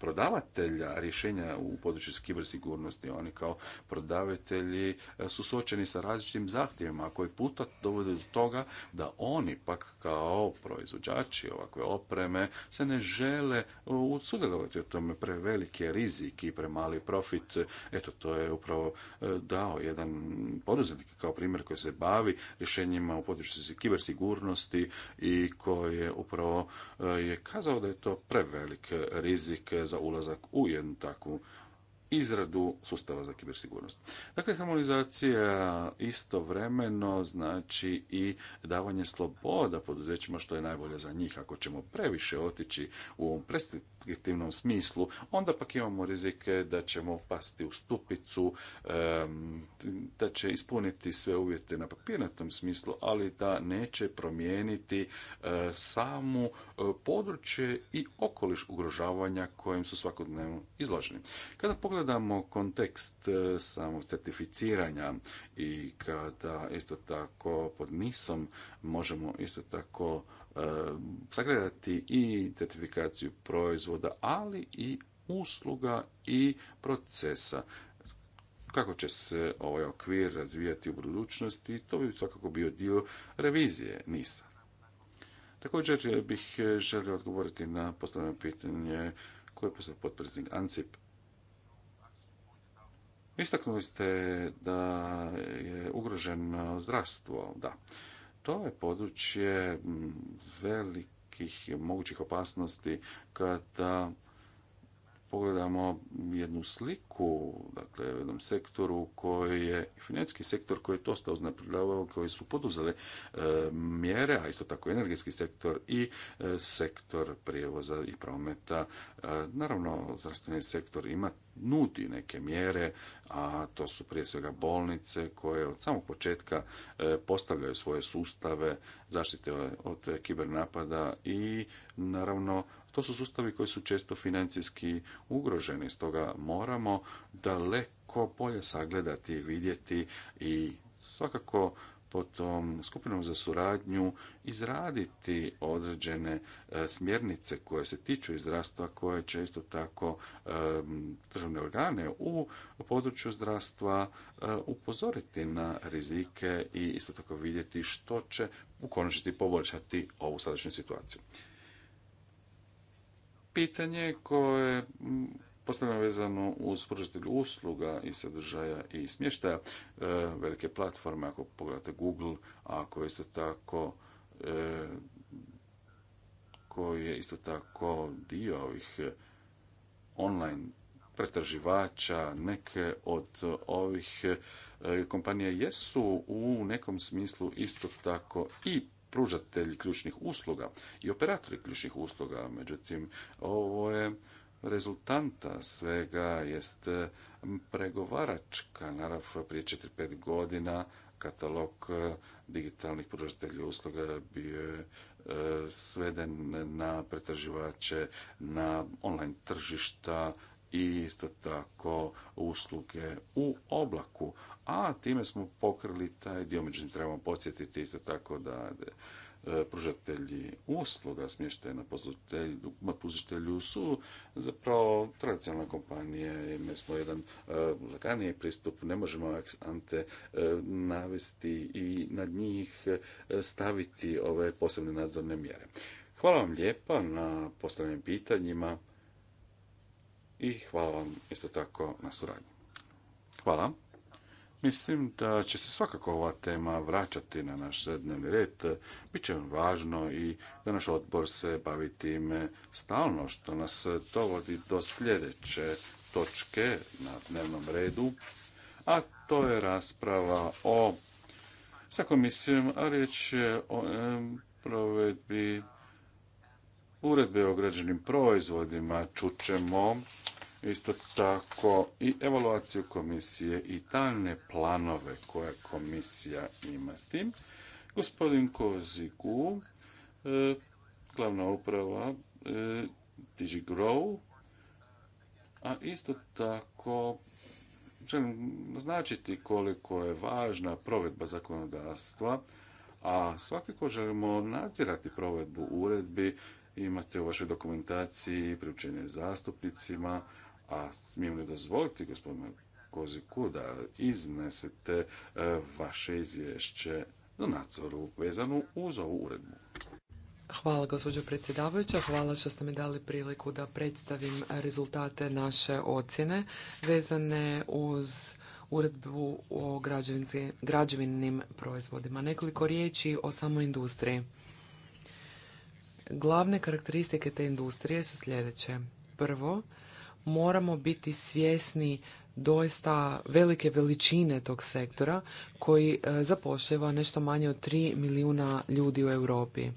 S1: prodavatelja rješenja u području kibersigurnosti. Oni kao prodavatelji su suočeni sa različitim zahtjevima koji puta dovode do toga da oni pak kao proizvođači ovakve opreme se ne žele sudjelovati u tome prevelike rizike rizik i premali profit. Eto, to je upravo e, dao jedan poduzetnik kao primjer koji se bavi rješenjima u području kibersigurnosti i koji je upravo e, je kazao da je to prevelik rizik za ulazak u jednu takvu izradu sustava za kibersigurnost. Dakle, harmonizacija istovremeno znači i davanje sloboda poduzećima što je najbolje za njih. Ako ćemo previše otići u ovom preskriptivnom smislu, onda pak imamo rizike da ćemo pasti u stupicu, da će ispuniti sve uvjete na papirnatom smislu, ali da neće promijeniti e, samu e, područje i okoliš ugrožavanja kojim su svakodnevno izloženi. Kada pogledamo pogledamo kontekst e, samog certificiranja i kada isto tako pod misom možemo isto tako e, sagledati i certifikaciju proizvoda, ali i usluga i procesa kako će se ovaj okvir razvijati u budućnosti, to bi svakako bio dio revizije NISA. Također e, bih želio odgovoriti na postavljeno pitanje koje je postavljeno potpredsjednik Ancip Istaknuli ste da je ugroženo zdravstvo, da. To je područje velikih mogućih opasnosti kada pogledamo jednu sliku, dakle, u jednom sektoru koji je, financijski sektor koji je dosta uznapredavao, koji su poduzeli e, mjere, a isto tako energetski sektor i e, sektor prijevoza i prometa. E, naravno, zdravstveni sektor ima nudi neke mjere, a to su prije svega bolnice koje od samog početka postavljaju svoje sustave zaštite od kibernapada i naravno to su sustavi koji su često financijski ugroženi, stoga moramo daleko bolje sagledati, vidjeti i svakako potom skupinom za suradnju izraditi određene e, smjernice koje se tiču zdravstva, koje će isto tako e, državne organe u području zdravstva e, upozoriti na rizike i isto tako vidjeti što će u konačnici poboljšati ovu sadašnju situaciju pitanje koje postavljeno vezano uz pružatelju usluga i sadržaja i smještaja e, velike platforme, ako pogledate Google, koje isto tako e, koji je isto tako dio ovih e, online pretraživača, neke od ovih kompanija jesu u nekom smislu isto tako i pružatelji ključnih usluga i operatori ključnih usluga. Međutim, ovo je rezultanta svega jest e, pregovaračka narav prije 4-5 godina katalog e, digitalnih pružatelja usluga bio je e, sveden na pretraživače, na online tržišta, i isto tako usluge u oblaku, a time smo pokrili taj dio. Međutim, trebamo podsjetiti isto tako da e, pružatelji usluga smještaje na pozitelju su zapravo tradicionalne kompanije. mi smo jedan e, laganiji pristup, ne možemo ex e, navesti i nad njih staviti ove posebne nadzorne mjere. Hvala vam lijepa na postavljenim pitanjima i hvala vam isto tako na suradnji. Hvala. Mislim da će se svakako ova tema vraćati na naš dnevni red. Biće važno i da naš odbor se bavi time stalno, što nas dovodi do sljedeće točke na dnevnom redu, a to je rasprava o sa komisijom, a riječ je o provedbi uredbe o građenim proizvodima čućemo isto tako i evaluaciju komisije i daljne planove koje komisija ima s tim. Gospodin Koziku, e, glavna uprava e, DigiGrow, a isto tako želim značiti koliko je važna provedba zakonodavstva, a svakako želimo nadzirati provedbu uredbi imate u vašoj dokumentaciji priučenje zastupnicima, a smijem li dozvoliti gospodinu Koziku da iznesete e, vaše izvješće na nadzoru vezano uz ovu uredbu.
S3: Hvala gospođo predsjedavajuća, hvala što ste mi dali priliku da predstavim rezultate naše ocjene vezane uz uredbu o građevinim proizvodima. Nekoliko riječi o samoj industriji. Glavne karakteristike te industrije su sljedeće. Prvo, moramo biti svjesni doista velike veličine tog sektora koji e, zapošljava nešto manje od 3 milijuna ljudi u Europi. E,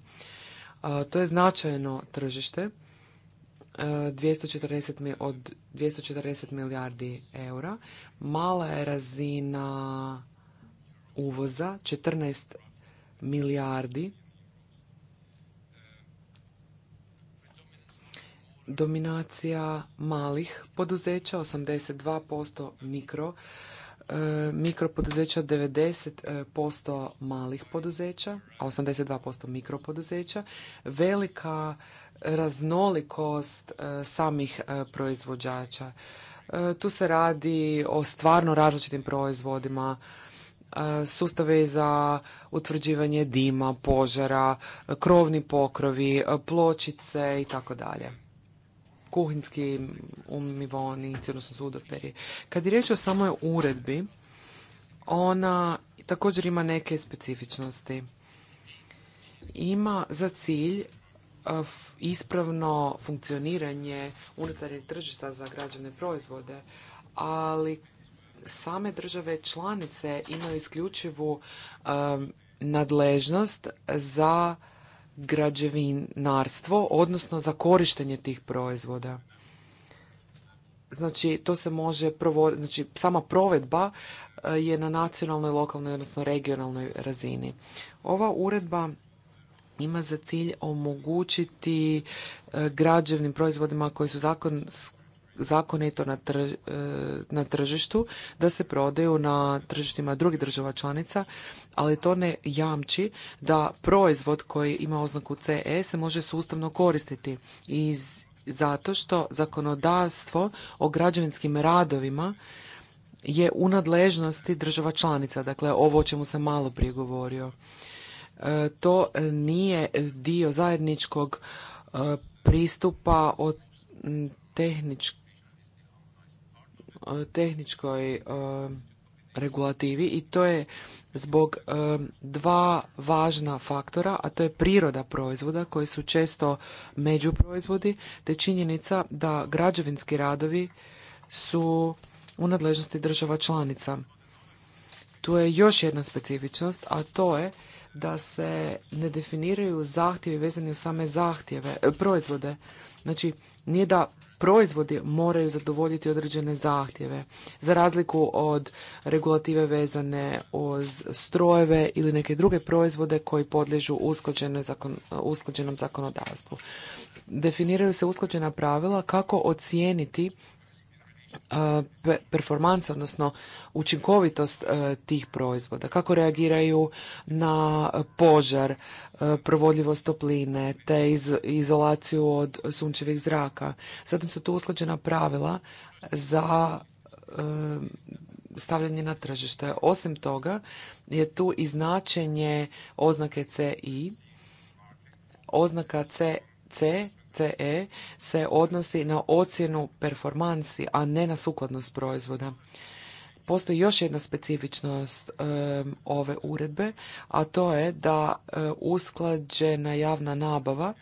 S3: to je značajno tržište 240, e, od 240 milijardi eura. Mala je razina uvoza 14 milijardi dominacija malih poduzeća, 82% mikro, e, mikropoduzeća 90% malih poduzeća, a 82% mikropoduzeća, velika raznolikost e, samih e, proizvođača. Tu se radi o stvarno različitim proizvodima, sustave za utvrđivanje dima, požara, krovni pokrovi, pločice i tako dalje kuhinski umivonici, odnosno sudoperi. Kad je riječ o samoj uredbi, ona također ima neke specifičnosti. Ima za cilj e, ispravno funkcioniranje unutarnjeg tržišta za građane proizvode, ali same države članice imaju isključivu e, nadležnost za građevinarstvo, odnosno za korištenje tih proizvoda. Znači, to se može provoditi, znači, sama provedba eh, je na nacionalnoj, lokalnoj, odnosno regionalnoj razini. Ova uredba ima za cilj omogućiti eh, građevnim proizvodima koji su zakonski zakonito e, na tržištu, da se prodaju na tržištima drugih država članica, ali to ne jamči da proizvod koji ima oznaku CE se može sustavno koristiti iz zato što zakonodavstvo o građevinskim radovima je u nadležnosti država članica, dakle ovo o čemu sam malo prije govorio. E, to nije dio zajedničkog e, pristupa od tehničkog tehničkoj regulativi i to je zbog dva važna faktora, a to je priroda proizvoda koji su često međuproizvodi, te činjenica da građevinski radovi su u nadležnosti država članica. Tu je još jedna specifičnost, a to je da se ne definiraju zahtjevi vezani u same zahtjeve, e, proizvode. Znači, nije da proizvodi moraju zadovoljiti određene zahtjeve, za razliku od regulative vezane uz strojeve ili neke druge proizvode koji podliježu usklađenom zakonodavstvu. Definiraju se usklađena pravila kako ocijeniti performansa, odnosno učinkovitost e, tih proizvoda, kako reagiraju na požar, e, provodljivost topline, te izolaciju od sunčevih zraka. Zatim su tu usklađena pravila za e, stavljanje na tržište. Osim toga je tu i značenje oznake CI, oznaka CC CE se odnosi na ocjenu performansi, a ne na sukladnost proizvoda. Postoji još jedna specifičnost ove uredbe, a to je da e, usklađena javna nabava,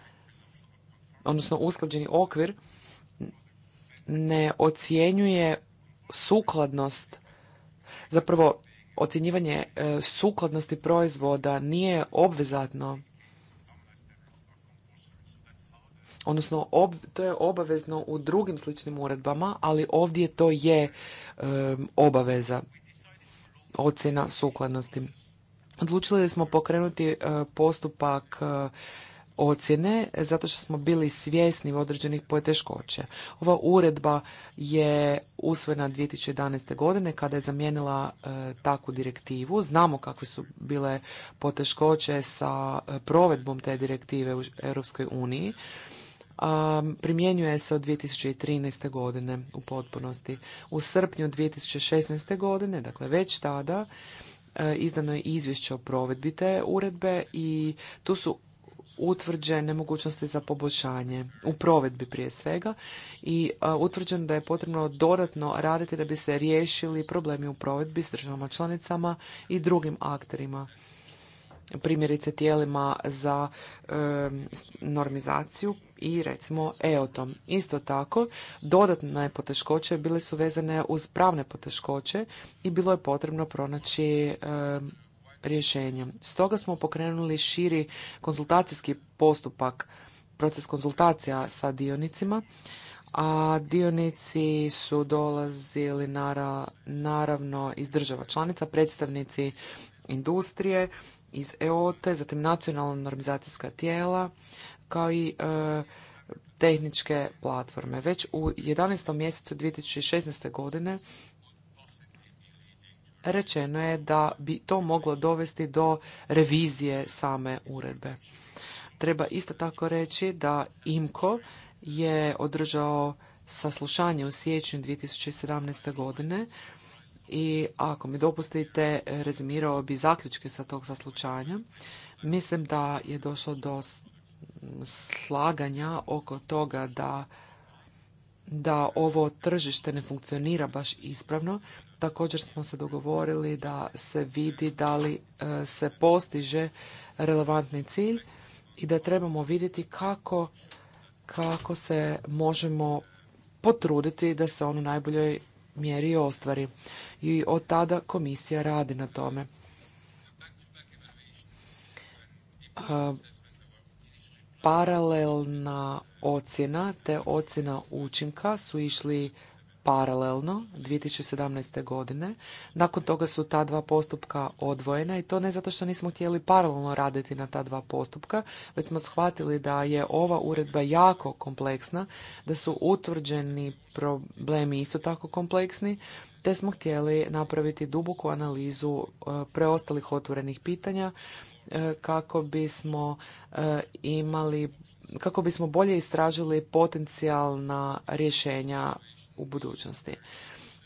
S3: odnosno usklađeni okvir, ne ocjenjuje sukladnost, zapravo ocjenjivanje e, sukladnosti proizvoda nije obvezatno odnosno ob, to je obavezno u drugim sličnim uredbama, ali ovdje to je obaveza ocjena sukladnosti. Odlučili smo pokrenuti e, postupak e, ocjene zato što smo bili svjesni određenih poteškoća. Ova uredba je usvojena 2011. godine kada je zamijenila e, takvu direktivu. Znamo kakve su bile poteškoće sa e, provedbom te direktive u Europskoj uniji primjenjuje se od 2013. godine u potpunosti. U srpnju 2016. godine, dakle već tada, e, izdano je izvješće o provedbi te uredbe i tu su utvrđene mogućnosti za poboljšanje u provedbi prije svega i e, utvrđeno da je potrebno dodatno raditi da bi se riješili problemi u provedbi s državama članicama i drugim akterima primjerice tijelima za normizaciju i recimo EOTom. Isto tako, dodatne poteškoće bile su vezane uz pravne poteškoće i bilo je potrebno pronaći rješenje. Stoga smo pokrenuli širi konzultacijski postupak, proces konzultacija sa dionicima, a dionici su dolazili naravno iz država članica, predstavnici industrije, iz EOTE, zatim nacionalna normizacijska tijela, kao i e, tehničke platforme. Već u 11. mjesecu 2016. godine rečeno je da bi to moglo dovesti do revizije same uredbe. Treba isto tako reći da IMCO je održao saslušanje u siječnju 2017. godine i ako mi dopustite, rezimirao bi zaključke sa tog zaslučanja. Mislim da je došlo do slaganja oko toga da da ovo tržište ne funkcionira baš ispravno. Također smo se dogovorili da se vidi da li e, se postiže relevantni cilj i da trebamo vidjeti kako, kako se možemo potruditi da se on u najboljoj mjeri ostvari. I od tada komisija radi na tome. Paralelna ocjena te ocjena učinka su išli paralelno 2017. godine. Nakon toga su ta dva postupka odvojena i to ne zato što nismo htjeli paralelno raditi na ta dva postupka, već smo shvatili da je ova uredba jako kompleksna, da su utvrđeni problemi isto tako kompleksni, te smo htjeli napraviti duboku analizu e, preostalih otvorenih pitanja e, kako bismo e, imali kako bismo bolje istražili potencijalna rješenja u budućnosti.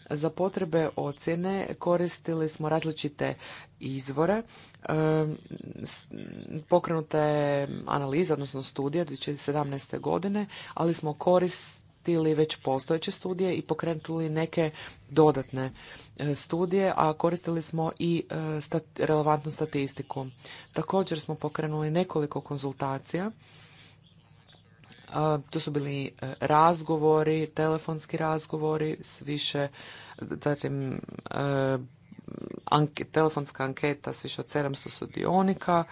S3: Za potrebe ocjene koristili smo različite izvore. Pokrenuta je analiza, odnosno studija 2017. godine, ali smo koristili već postojeće studije i pokrenuli neke dodatne e, studije, a koristili smo i e, relevantnu statistiku. Također smo pokrenuli nekoliko konzultacija to su bili e, razgovori, telefonski razgovori s više, zatim e, anke, telefonska anketa s više od 700 sudionika,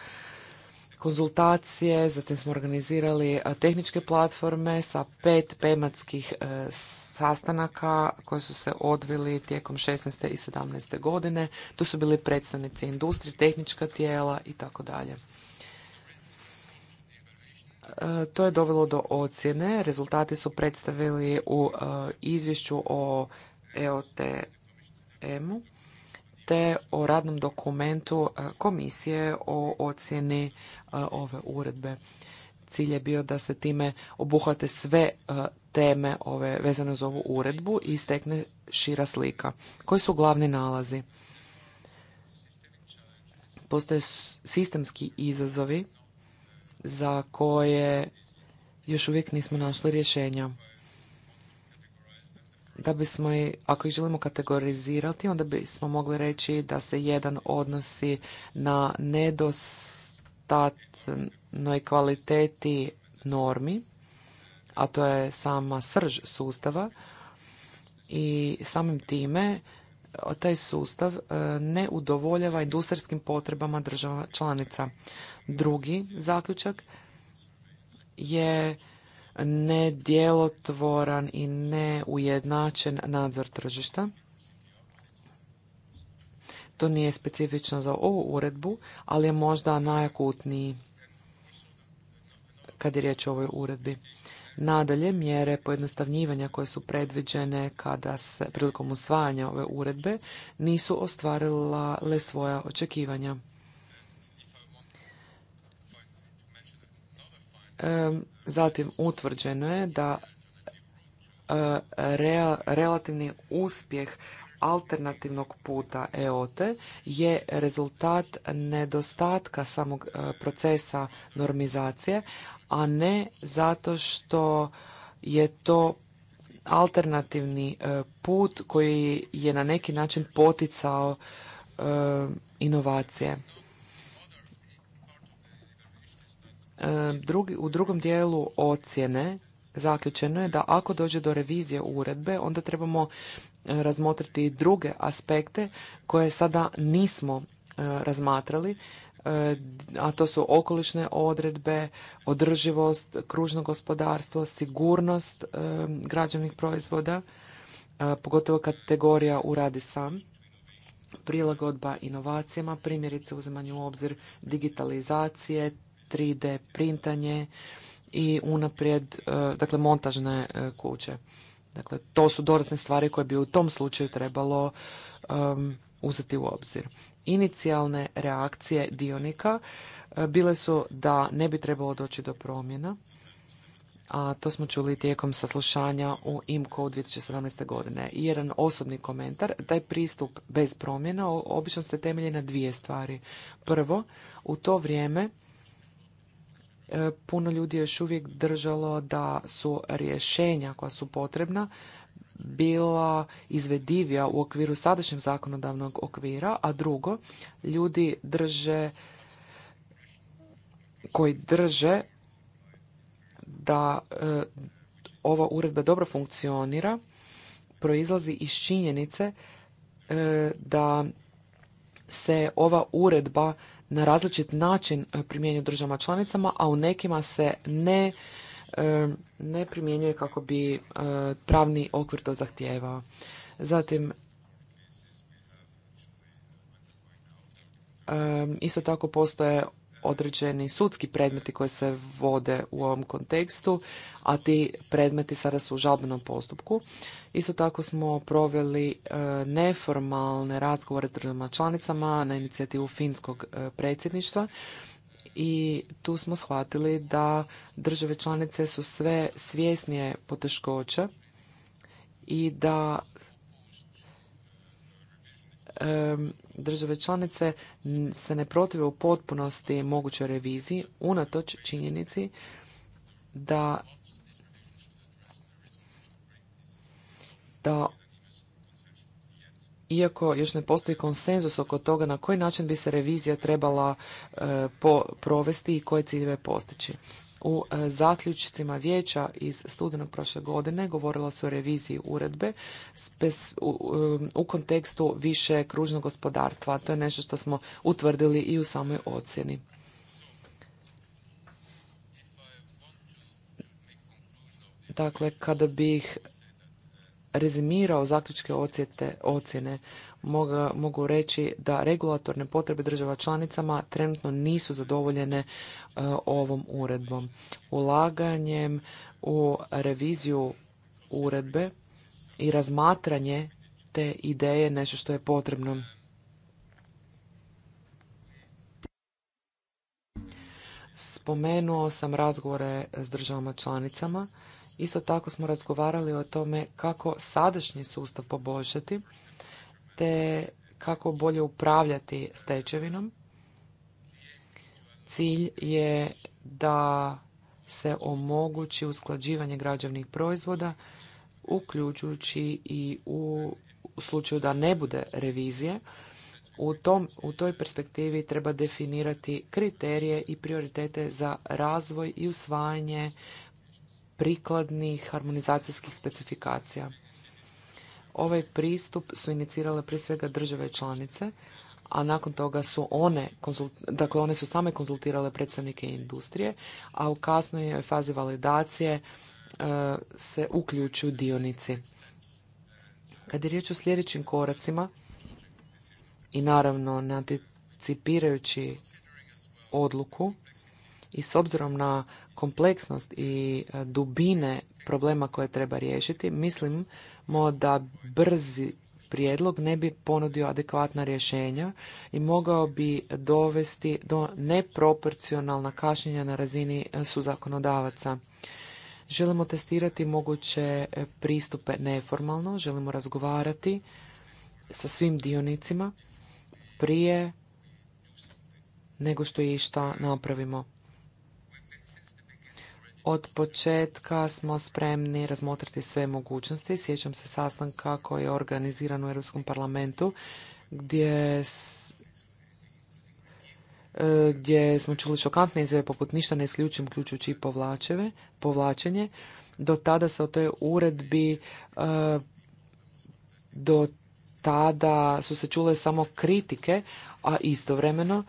S3: konzultacije, zatim smo organizirali e, tehničke platforme sa pet pematskih sastanaka koji su se odvili tijekom 16. i 17. godine. Tu su bili predstavnici industrije, tehnička tijela i tako dalje. E, to je dovelo do ocjene. Rezultati su predstavili u e, izvješću o EOTM-u te o radnom dokumentu e, komisije o ocjeni ove uredbe. Cilj je bio da se time obuhvate sve teme ove vezane za ovu uredbu i stekne šira slika. Koji su glavni nalazi? Postoje sistemski izazovi za koje još uvijek nismo našli rješenja. Da bismo, ako ih želimo kategorizirati, onda bismo mogli reći da se jedan odnosi na nedostatnoj kvaliteti normi, a to je sama srž sustava i samim time taj sustav e, ne udovoljava industrijskim potrebama država članica. Drugi zaključak je nedjelotvoran i neujednačen nadzor tržišta. To nije specifično za ovu uredbu, ali je možda najakutniji kad je riječ o ovoj uredbi. Nadalje, mjere pojednostavnjivanja koje su predviđene kada se prilikom usvajanja ove uredbe nisu ostvarila le svoja očekivanja. Zatim, utvrđeno je da e, relativni uspjeh alternativnog puta EOTE je rezultat nedostatka samog e, procesa normizacije, a ne zato što je to alternativni e, put koji je na neki način poticao e, inovacije. E, u drugom dijelu ocjene zaključeno je da ako dođe do revizije uredbe, onda trebamo razmotriti druge aspekte koje sada nismo razmatrali E, a to su okolišne odredbe, održivost, kružno gospodarstvo, sigurnost e, građevnih proizvoda, e, pogotovo kategorija uradi sam, prilagodba inovacijama, primjerice uzimanje u obzir digitalizacije, 3D printanje i unaprijed, dakle, montažne kuće. Dakle, to su dodatne stvari koje bi u tom slučaju trebalo uzeti u obzir inicijalne reakcije dionika e, bile su da ne bi trebalo doći do promjena, a to smo čuli tijekom saslušanja u IMCO 2017. godine. I jedan osobni komentar, taj pristup bez promjena obično se temelji na dvije stvari. Prvo, u to vrijeme e, puno ljudi je još uvijek držalo da su rješenja koja su potrebna bila izvedivija u okviru sadašnjeg zakonodavnog okvira, a drugo, ljudi drže koji drže da e, ova uredba dobro funkcionira proizlazi iz činjenice e, da se ova uredba na različit način e, primjenjuje državama članicama, a u nekima se ne E, ne primjenjuje kako bi e, pravni okvir to zahtijevao. Zatim, e, isto tako postoje određeni sudski predmeti koji se vode u ovom kontekstu, a ti predmeti sada su u žalbenom postupku. Isto tako smo proveli neformalne razgovore s državama članicama na inicijativu finskog predsjedništva i tu smo shvatili da države članice su sve svjesnije poteškoća i da države članice se ne protive u potpunosti mogućoj reviziji unatoč činjenici da da iako još ne postoji konsenzus oko toga na koji način bi se revizija trebala e, provesti i koje ciljeve postići. U e, zaključcima vijeća iz studenog prošle godine govorilo se o reviziji uredbe u kontekstu više kružnog gospodarstva. To je nešto što smo utvrdili i u samoj ocjeni. Dakle, kada bih rezimirao zaključke ocjene, mogu reći da regulatorne potrebe država članicama trenutno nisu zadovoljene e, ovom uredbom. Ulaganjem u reviziju uredbe i razmatranje te ideje nešto što je potrebno. Spomenuo sam razgovore s državama članicama Isto tako smo razgovarali o tome kako sadašnji sustav poboljšati te kako bolje upravljati stečevinom. Cilj je da se omogući usklađivanje građevnih proizvoda, uključujući i u slučaju da ne bude revizije. U, tom, u toj perspektivi treba definirati kriterije i prioritete za razvoj i usvajanje prikladnih harmonizacijskih specifikacija. Ovaj pristup su inicirale prije svega države članice, a nakon toga su one, dakle one su same konzultirale predstavnike industrije, a u kasnoj fazi validacije e, se uključuju dionici. Kad je riječ o sljedećim koracima i naravno ne anticipirajući odluku i s obzirom na kompleksnost i e, dubine problema koje treba riješiti, mislimo da brzi prijedlog ne bi ponudio adekvatna rješenja i mogao bi dovesti do neproporcionalna kašnjenja na razini e, suzakonodavaca. Želimo testirati moguće e, pristupe neformalno, želimo razgovarati sa svim dionicima prije nego što išta napravimo. Od početka smo spremni razmotriti sve mogućnosti. Sjećam se sastanka koji je organiziran u Europskom parlamentu gdje e, gdje smo čuli šokantne izjave poput ništa ne isključim uključujući i povlačenje. Do tada se o toj uredbi e, do tada su se čule samo kritike, a istovremeno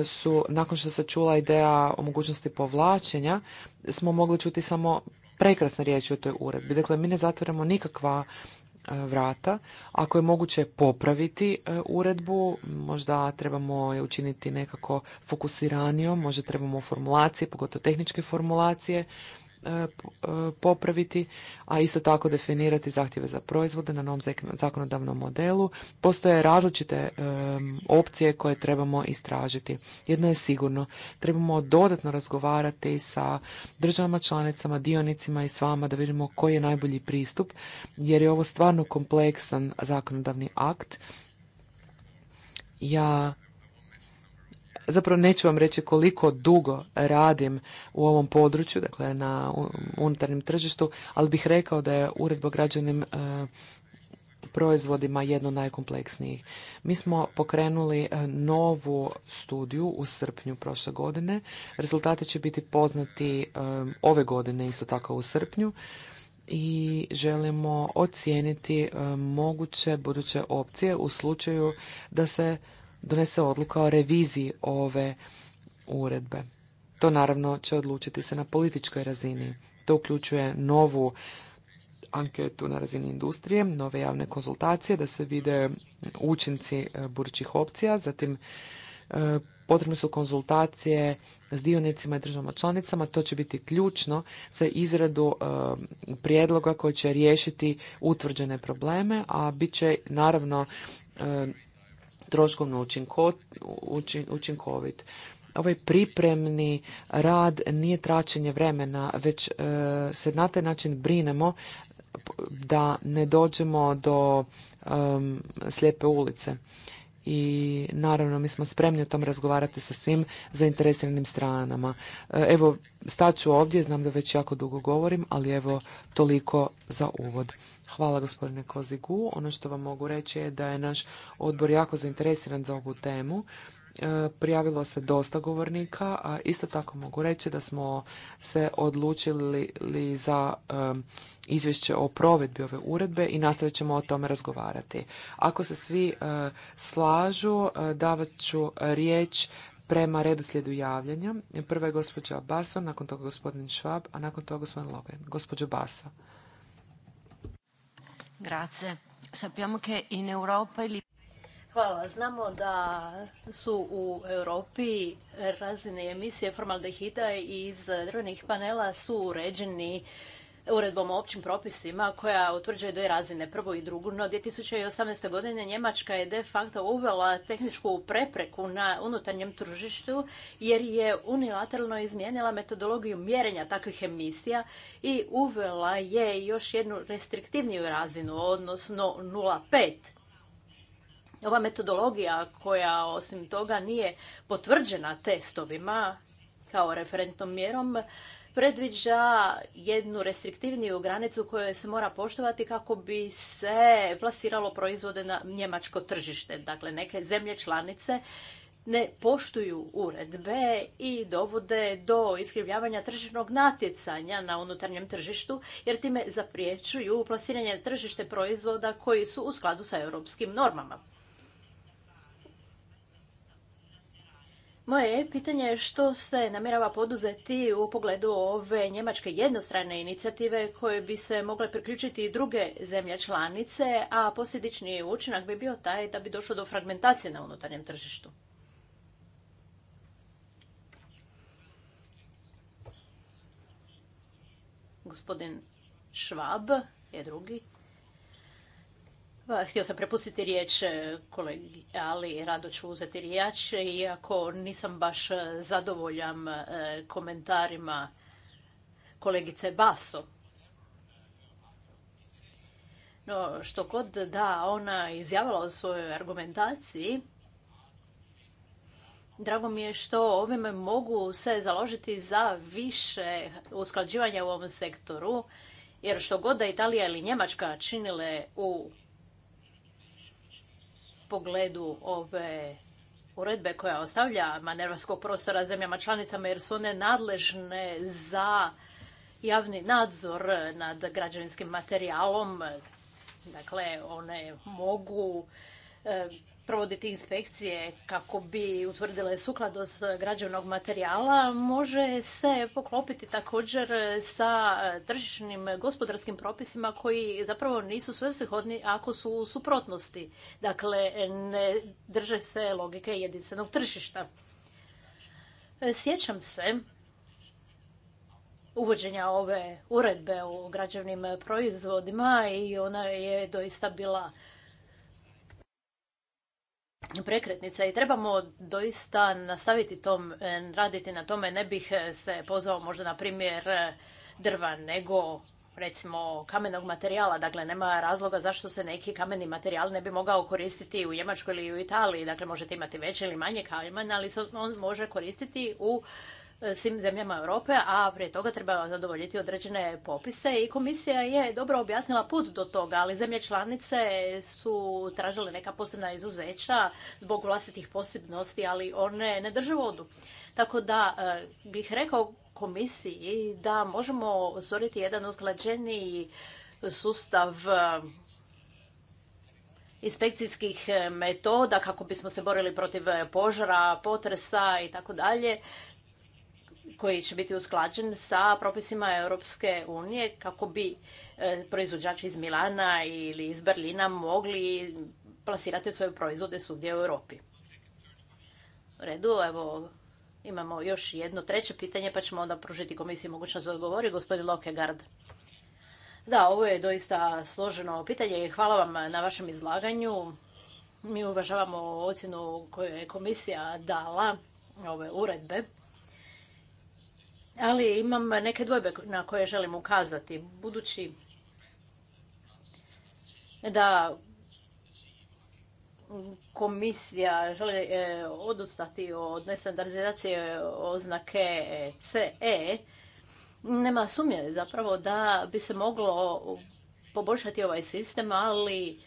S3: e, su, nakon što se čula ideja o mogućnosti povlačenja, smo mogli čuti samo prekrasne riječi o toj uredbi. Dakle, mi ne zatvaramo nikakva e, vrata. Ako je moguće popraviti e, uredbu, možda trebamo je učiniti nekako fokusiranijom, možda trebamo formulacije, pogotovo tehničke formulacije, E, e, popraviti, a isto tako definirati zahtjeve za proizvode na novom zakonodavnom modelu. Postoje različite e, opcije koje trebamo istražiti. Jedno je sigurno, trebamo dodatno razgovarati sa državama, članicama, dionicima i s vama da vidimo koji je najbolji pristup, jer je ovo stvarno kompleksan zakonodavni akt. Ja zapravo neću vam reći koliko dugo radim u ovom području, dakle na unutarnjem tržištu, ali bih rekao da je uredba građanim e, proizvodima jedno najkompleksnijih. Mi smo pokrenuli e, novu studiju u srpnju prošle godine. Rezultati će biti poznati e, ove godine isto tako u srpnju i želimo ocijeniti moguće buduće opcije u slučaju da se donese odluka o reviziji ove uredbe. To naravno će odlučiti se na političkoj razini. To uključuje novu anketu na razini industrije, nove javne konzultacije da se vide učinci e, budućih opcija, zatim e, potrebne su konzultacije s dionicima i državama članicama. To će biti ključno za izradu e, prijedloga koji će riješiti utvrđene probleme, a bit će naravno troškovno učinkovit. Ovaj pripremni rad nije tračenje vremena, već e, se na taj način brinemo da ne dođemo do slijepe ulice i naravno mi smo spremni o tom razgovarati sa svim zainteresiranim stranama. E, evo, staću ovdje, znam da već jako dugo govorim, ali evo toliko za uvod. Hvala gospodine Kozigu. Ono što vam mogu reći je da je naš odbor jako zainteresiran za ovu temu E, prijavilo se dosta govornika, a isto tako mogu reći da smo se odlučili za e, izvješće o provedbi ove uredbe i nastavit ćemo o tome razgovarati. Ako se svi e, slažu, davat ću riječ prema redoslijedu javljanja. Prva je gospođa Baso, nakon toga gospodin Švab, a nakon toga gospodin Logan. Gospođo Baso.
S4: Grazie. Sappiamo che in Europa Hvala. Znamo da su u Europi razine emisije formaldehida iz drvenih panela su uređeni uredbom o općim propisima koja utvrđuje dvije razine, prvu i drugu. No, 2018. godine Njemačka je de facto uvela tehničku prepreku na unutarnjem tržištu jer je unilateralno izmijenila metodologiju mjerenja takvih emisija i uvela je još jednu restriktivniju razinu, odnosno 0,5 ova metodologija koja osim toga nije potvrđena testovima kao referentnom mjerom predviđa jednu restriktivniju granicu koju se mora poštovati kako bi se plasiralo proizvode na njemačko tržište. Dakle, neke zemlje članice ne poštuju uredbe i dovode do iskrivljavanja tržišnog natjecanja na unutarnjem tržištu jer time zapriječuju plasiranje tržište proizvoda koji su u skladu sa europskim normama. Moje pitanje je što se namjerava poduzeti u pogledu ove njemačke jednostrane inicijative koje bi se mogle priključiti i druge zemlje članice, a posljedični učinak bi bio taj da bi došlo do fragmentacije na unutarnjem tržištu. Gospodin Švab je drugi. Htio sam prepustiti riječ e, kolegi, ali rado ću uzeti riječ, iako nisam baš zadovoljan e, komentarima kolegice Baso. No, što god da ona izjavila o svojoj argumentaciji, Drago mi je što ovime mogu se založiti za više usklađivanja u ovom sektoru, jer što god da Italija ili Njemačka činile u pogledu ove uredbe koja ostavlja manevarskog prostora zemljama članicama jer su one nadležne za javni nadzor nad građevinskim materijalom. Dakle, one mogu eh, provoditi inspekcije kako bi utvrdile sukladnost građevnog materijala može se poklopiti također sa tržišnim gospodarskim propisima koji zapravo nisu svrsishodni ako su u suprotnosti. Dakle, ne drže se logike jedinstvenog tržišta. Sjećam se uvođenja ove uredbe o građevnim proizvodima i ona je doista bila prekretnica i trebamo doista nastaviti tom, e, raditi na tome. Ne bih e, se pozvao možda na primjer e, drva, nego recimo kamenog materijala. Dakle, nema razloga zašto se neki kameni materijal ne bi mogao koristiti u Njemačkoj ili u Italiji. Dakle, možete imati veće ili manje kamen, ali se on može koristiti u E, svim zemljama Europe, a prije toga treba zadovoljiti određene popise i komisija je dobro objasnila put do toga, ali zemlje članice su tražile neka posebna izuzeća zbog vlastitih posebnosti, ali one ne drže vodu. Tako da e, bih rekao komisiji da možemo stvoriti jedan usklađeniji sustav e, inspekcijskih metoda kako bismo se borili protiv požara, potresa i tako dalje koji će biti usklađen sa propisima Europske unije kako bi e, proizvođači iz Milana ili iz Berlina mogli plasirati svoje proizvode svugdje u Europi. U redu, evo imamo još jedno treće pitanje pa ćemo onda pružiti komisiji mogućnost da odgovori. Gospodin Lokegard. Da, ovo je doista složeno pitanje i hvala vam na vašem izlaganju. Mi uvažavamo ocjenu koju je komisija dala ove uredbe ali imam neke dvojbe na koje želim ukazati. Budući da komisija želi e, odustati od nestandardizacije oznake CE, nema sumnje zapravo da bi se moglo poboljšati ovaj sistem, ali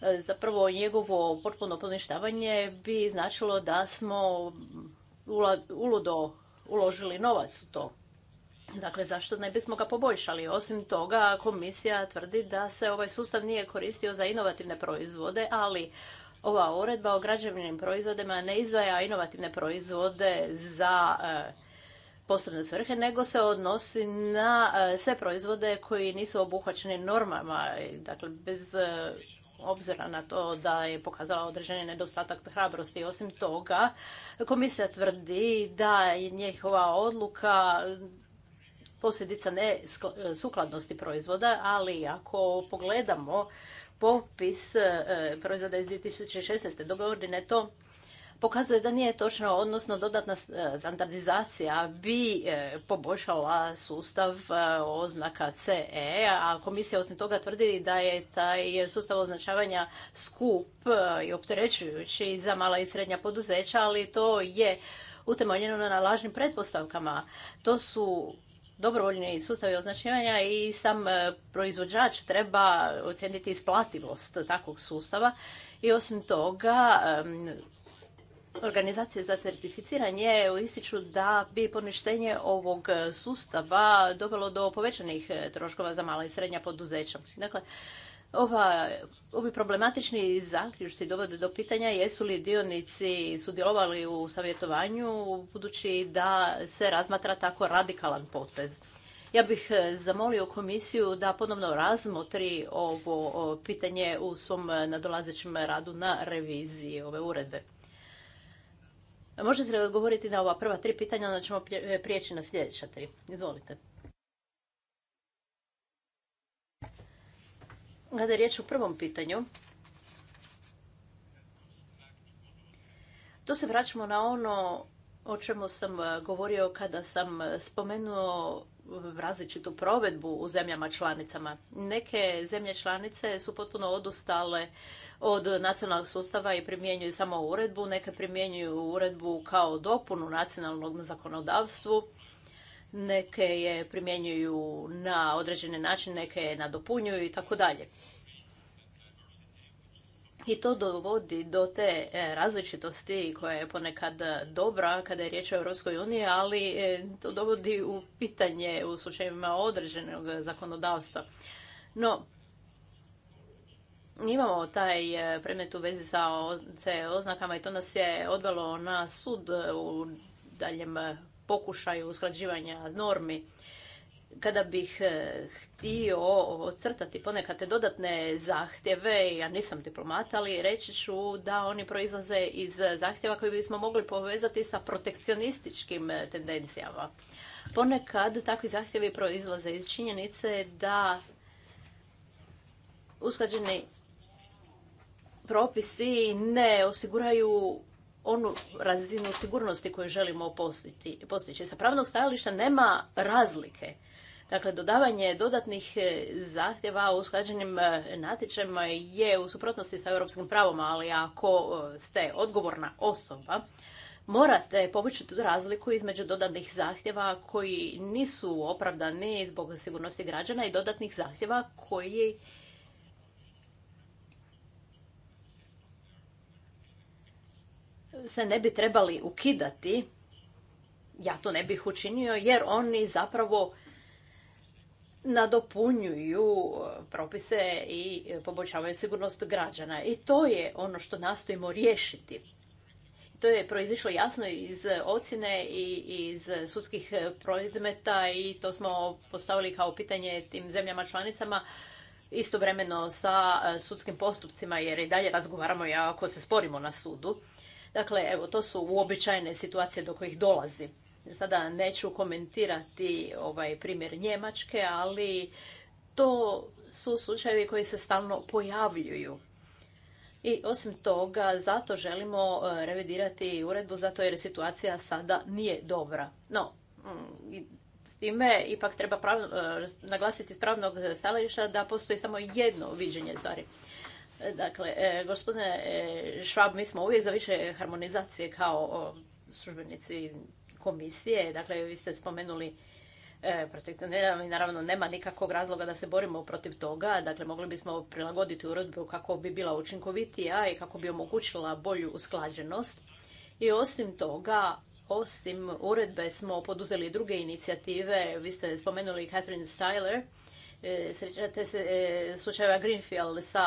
S4: e, zapravo njegovo potpuno poništavanje bi značilo da smo uludo uložili novac u to. Dakle, zašto ne bismo ga poboljšali? Osim toga, komisija tvrdi da se ovaj sustav nije koristio za inovativne proizvode, ali ova uredba o građevnim proizvodima ne izvaja inovativne proizvode za e, posebne svrhe, nego se odnosi na e, sve proizvode koji nisu obuhvaćeni normama. Dakle, bez e, obzira na to da je pokazala određeni nedostatak hrabrosti. Osim toga, komisija tvrdi da je njihova odluka posljedica ne sukladnosti proizvoda, ali ako pogledamo popis e, proizvoda iz 2016. dogodine to pokazuje da nije točno, odnosno dodatna e, standardizacija bi e, poboljšala sustav e, oznaka CE, a komisija osim toga tvrdi da je taj sustav označavanja skup i opterećujući za mala i srednja poduzeća, ali to je utemeljeno na lažnim pretpostavkama. To su dobrovoljni sustavi označivanja i sam proizvođač treba ocijeniti isplativost takvog sustava i osim toga Organizacije za certificiranje ističu da bi poništenje ovog sustava dovelo do povećanih troškova za mala i srednja poduzeća. Dakle, ova, ovi problematični zaključci dovode do pitanja jesu li dionici sudjelovali u savjetovanju budući da se razmatra tako radikalan potez. Ja bih eh, zamolio komisiju da ponovno razmotri ovo pitanje u svom nadolazećem radu na reviziji ove uredbe. Možete li odgovoriti na ova prva tri pitanja, onda ćemo e, prijeći na sljedeća tri. Izvolite. Kada je riječ o prvom pitanju, tu se vraćamo na ono o čemu sam e, govorio kada sam e, spomenuo različitu provedbu u zemljama članicama. Neke zemlje članice su potpuno odustale od nacionalnog sustava i primjenjuju samo uredbu, neke primjenjuju uredbu kao dopunu nacionalnom zakonodavstvu, neke je primjenjuju na određeni način, neke je nadopunjuju i tako dalje. I to dovodi do te e, različitosti koja je ponekad e, dobra kada je riječ o Europskoj uniji, ali e, to dovodi u pitanje u slučajevima određenog zakonodavstva. No, imamo taj predmet u vezi sa oznakama i to nas je odvelo na sud u daljem pokušaju usklađivanja normi kada bih eh, htio ocrtati ponekad te dodatne zahtjeve, ja nisam diplomat, ali reći ću da oni proizlaze iz zahtjeva koji bismo mogli povezati sa protekcionističkim eh, tendencijama. Ponekad takvi zahtjevi proizlaze iz činjenice da uskađeni propisi ne osiguraju onu razinu sigurnosti koju želimo postići. Sa pravnog stajališta nema razlike. Dakle, dodavanje dodatnih e, zahtjeva usklađenim e, natječajima je u suprotnosti sa europskim pravom, ali ako e, ste odgovorna osoba, morate povući tu razliku između dodatnih zahtjeva koji nisu opravdani zbog sigurnosti građana i dodatnih zahtjeva koji se ne bi trebali ukidati. Ja to ne bih učinio jer oni zapravo nadopunjuju e, propise i e, poboljšavaju sigurnost građana. I to je ono što nastojimo riješiti. To je proizišlo jasno iz ocjene i iz sudskih e, predmeta i to smo postavili kao pitanje tim zemljama članicama istovremeno sa sudskim postupcima jer i dalje razgovaramo ako se sporimo na sudu. Dakle, evo, to su uobičajene situacije do kojih dolazi. Sada neću komentirati ovaj primjer Njemačke, ali to su slučajevi koji se stalno pojavljuju. I osim toga, zato želimo e, revidirati uredbu, zato jer situacija sada nije dobra. No, mm, s time ipak treba e, naglasiti s pravnog stajališta da postoji samo jedno viđenje stvari. E, dakle, gospodine Švab, mi smo uvijek za više harmonizacije kao službenici komisije. Dakle, vi ste spomenuli e, i naravno nema nikakvog razloga da se borimo protiv toga. Dakle, mogli bismo prilagoditi uredbu kako bi bila učinkovitija i kako bi omogućila bolju usklađenost. I osim toga, osim uredbe smo poduzeli druge inicijative. Vi ste spomenuli Catherine Styler. E, srećate se e, slučajeva Greenfield sa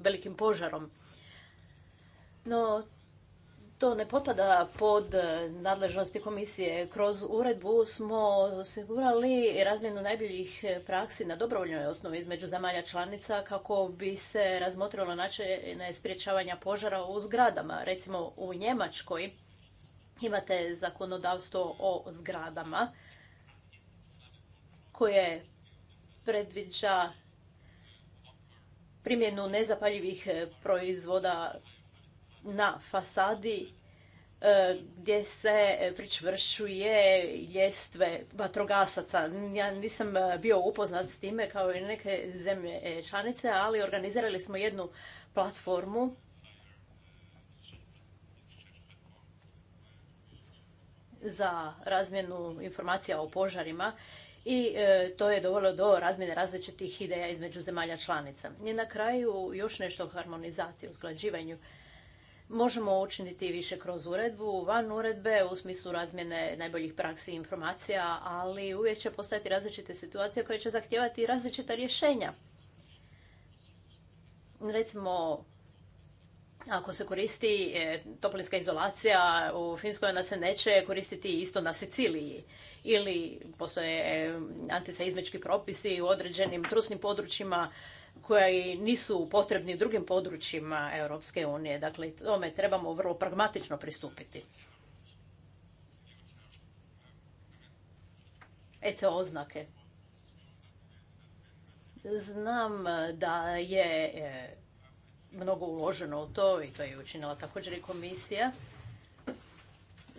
S4: velikim požarom. No, to ne potpada pod e, nadležnosti komisije. Kroz uredbu smo osigurali razmjenu najboljih praksi na dobrovoljnoj osnovi između zamalja članica kako bi se razmotrilo načine sprječavanja požara u zgradama. Recimo u Njemačkoj imate zakonodavstvo o zgradama koje predviđa primjenu nezapaljivih proizvoda na fasadi e, gdje se pričvršuje ljestve vatrogasaca. Ja nisam bio upoznat s time kao i neke zemlje e, članice, ali organizirali smo jednu platformu za razmjenu informacija o požarima i e, to je dovoljno do razmjene različitih ideja između zemalja članica. I na kraju još nešto o harmonizaciji, usklađivanju možemo učiniti više kroz uredbu, van uredbe u smislu razmjene najboljih praksi i informacija, ali uvijek će postojati različite situacije koje će zahtijevati različita rješenja. Recimo, ako se koristi e, toplinska izolacija, u Finskoj ona se neće koristiti isto na Siciliji. Ili postoje e, antiseizmički propisi u određenim trusnim područjima koji nisu potrebni drugim područjima Europske unije. Dakle, tome trebamo vrlo pragmatično pristupiti. ECO oznake. Znam da je e, mnogo uloženo u to i to je učinila također i komisija,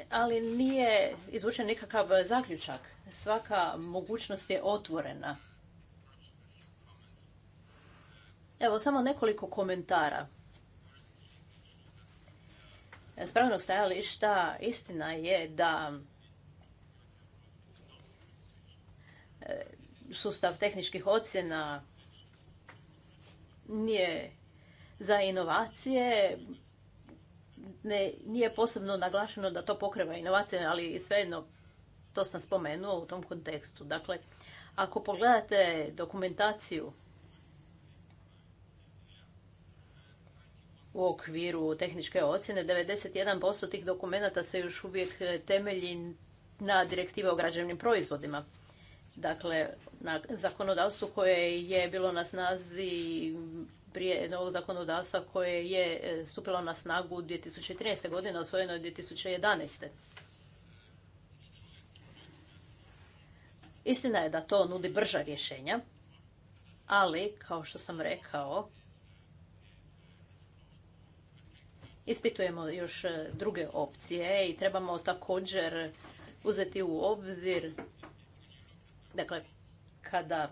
S4: ali nije izvučen nikakav zaključak. Svaka mogućnost je otvorena. Evo, samo nekoliko komentara. E, s pravnog stajališta istina je da e, sustav tehničkih ocjena nije za inovacije, nije posebno naglašeno da to pokreva inovacije, ali svejedno to sam spomenuo u tom kontekstu. Dakle, ako pogledate dokumentaciju u okviru tehničke ocjene. 91% tih dokumenata se još uvijek e, temelji na direktive o građevnim proizvodima. Dakle, na zakonodavstvu koje je bilo na snazi prije novog zakonodavstva koje je e, stupilo na snagu 2013. godine, osvojeno je 2011. Istina je da to nudi brža rješenja, ali, kao što sam rekao, ispitujemo još e, druge opcije i trebamo također uzeti u obzir, dakle, kada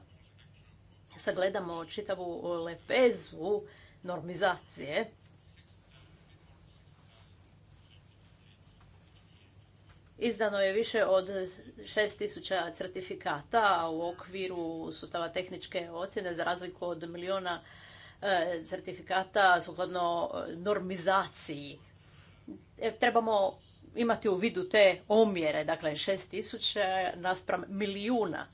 S4: sagledamo čitavu lepezu normizacije, Izdano je više od 6000 certifikata u okviru sustava tehničke ocjene za razliku od milijuna E, certifikata sukladno e, normizaciji. E, trebamo imati u vidu te omjere, dakle 6000 naspram milijuna.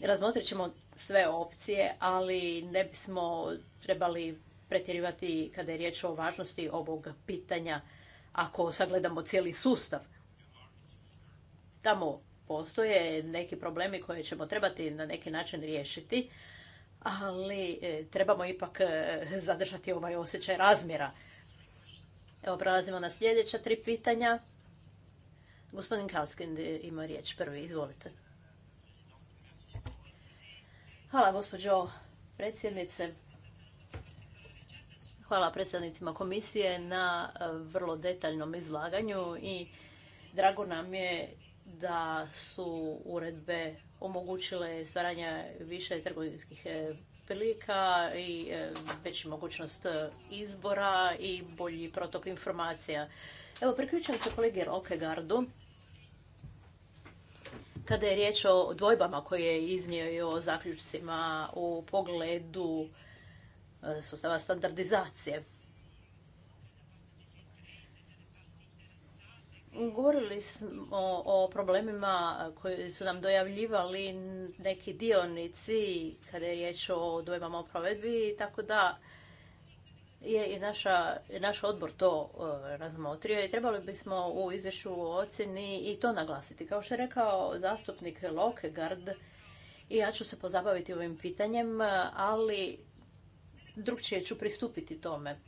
S4: Razmotrit ćemo sve opcije, ali ne bismo trebali pretjerivati kada je riječ o važnosti ovog pitanja ako sagledamo cijeli sustav. Tamo postoje neki problemi koje ćemo trebati na neki način riješiti, ali e, trebamo ipak e, zadržati ovaj osjećaj razmjera. Evo, prelazimo na sljedeća tri pitanja. Gospodin Kalskind ima riječ prvi, izvolite. Hvala, gospođo predsjednice. Hvala predsjednicima komisije na e, vrlo detaljnom izlaganju i drago nam je da su uredbe omogućile stvaranje više trgovinskih e, prilika i e, veći mogućnost e, izbora i bolji protok informacija. Evo, priključujem se kolegi Rokegardu kada je riječ o dvojbama koje je iznio i o zaključcima u pogledu sustava standardizacije. Govorili smo o problemima koji su nam dojavljivali neki dionici kada je riječ o dojmama o provedbi, tako da je i naša, naš odbor to e, razmotrio i trebali bismo u izvješću o ocjeni i to naglasiti. Kao što je rekao zastupnik Lokegard, i ja ću se pozabaviti ovim pitanjem, ali drugčije ću pristupiti tome.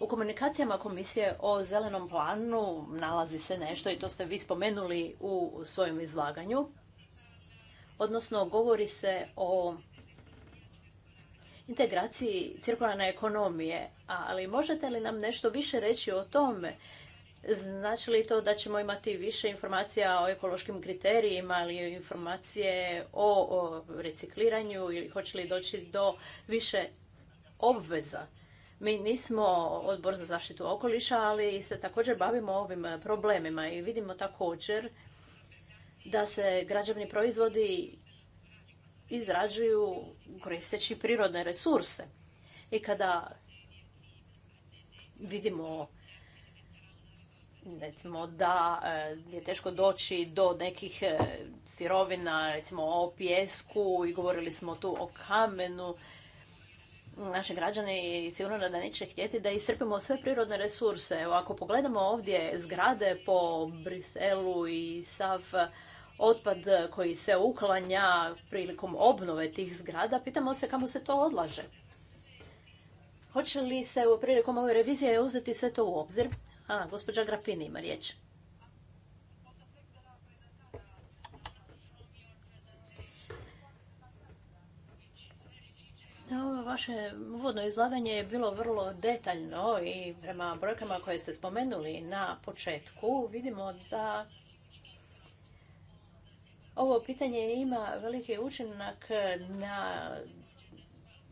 S4: U komunikacijama komisije o zelenom planu nalazi se nešto i to ste vi spomenuli u svojem izlaganju. Odnosno, govori se o integraciji cirkularne ekonomije, ali možete li nam nešto više reći o tome? Znači li to da ćemo imati više informacija o ekološkim kriterijima ili informacije o, recikliranju ili hoće li doći do više obveza? Mi nismo odbor za zaštitu okoliša, ali se također bavimo ovim problemima i vidimo također da se građevni proizvodi izrađuju koristeći prirodne resurse. I kada vidimo recimo da e, je teško doći do nekih e, sirovina, recimo o pijesku i govorili smo tu o kamenu, naši građani sigurno da neće htjeti da iscrpimo sve prirodne resurse. Evo, ako pogledamo ovdje zgrade po Briselu i sav otpad koji se uklanja prilikom obnove tih zgrada, pitamo se kamo se to odlaže. Hoće li se u prilikom ove revizije uzeti sve to u obzir? A, gospođa Grapini ima riječ. Vaše uvodno izlaganje je bilo vrlo detaljno i prema brojkama koje ste spomenuli na početku vidimo da ovo pitanje ima veliki učinak na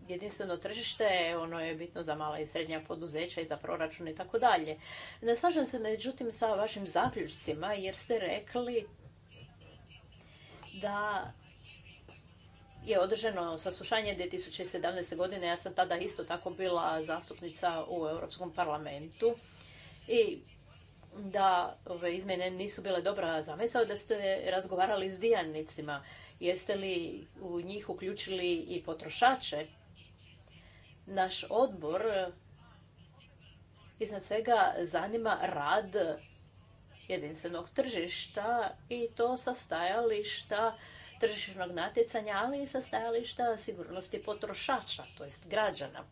S4: jedinstveno tržište, ono je bitno za mala i srednja poduzeća i za proračun i tako dalje. Ne slažem se međutim sa vašim zaključcima jer ste rekli da je održano saslušanje 2017. godine. Ja sam tada isto tako bila zastupnica u Europskom parlamentu. I da ove izmjene nisu bile dobra zamisao da ste razgovarali s dijanicima. Jeste li u njih uključili i potrošače? Naš odbor iznad svega zanima rad jedinstvenog tržišta i to sa tržišnog natjecanja, ali i sa stajališta sigurnosti potrošača, to jest građana.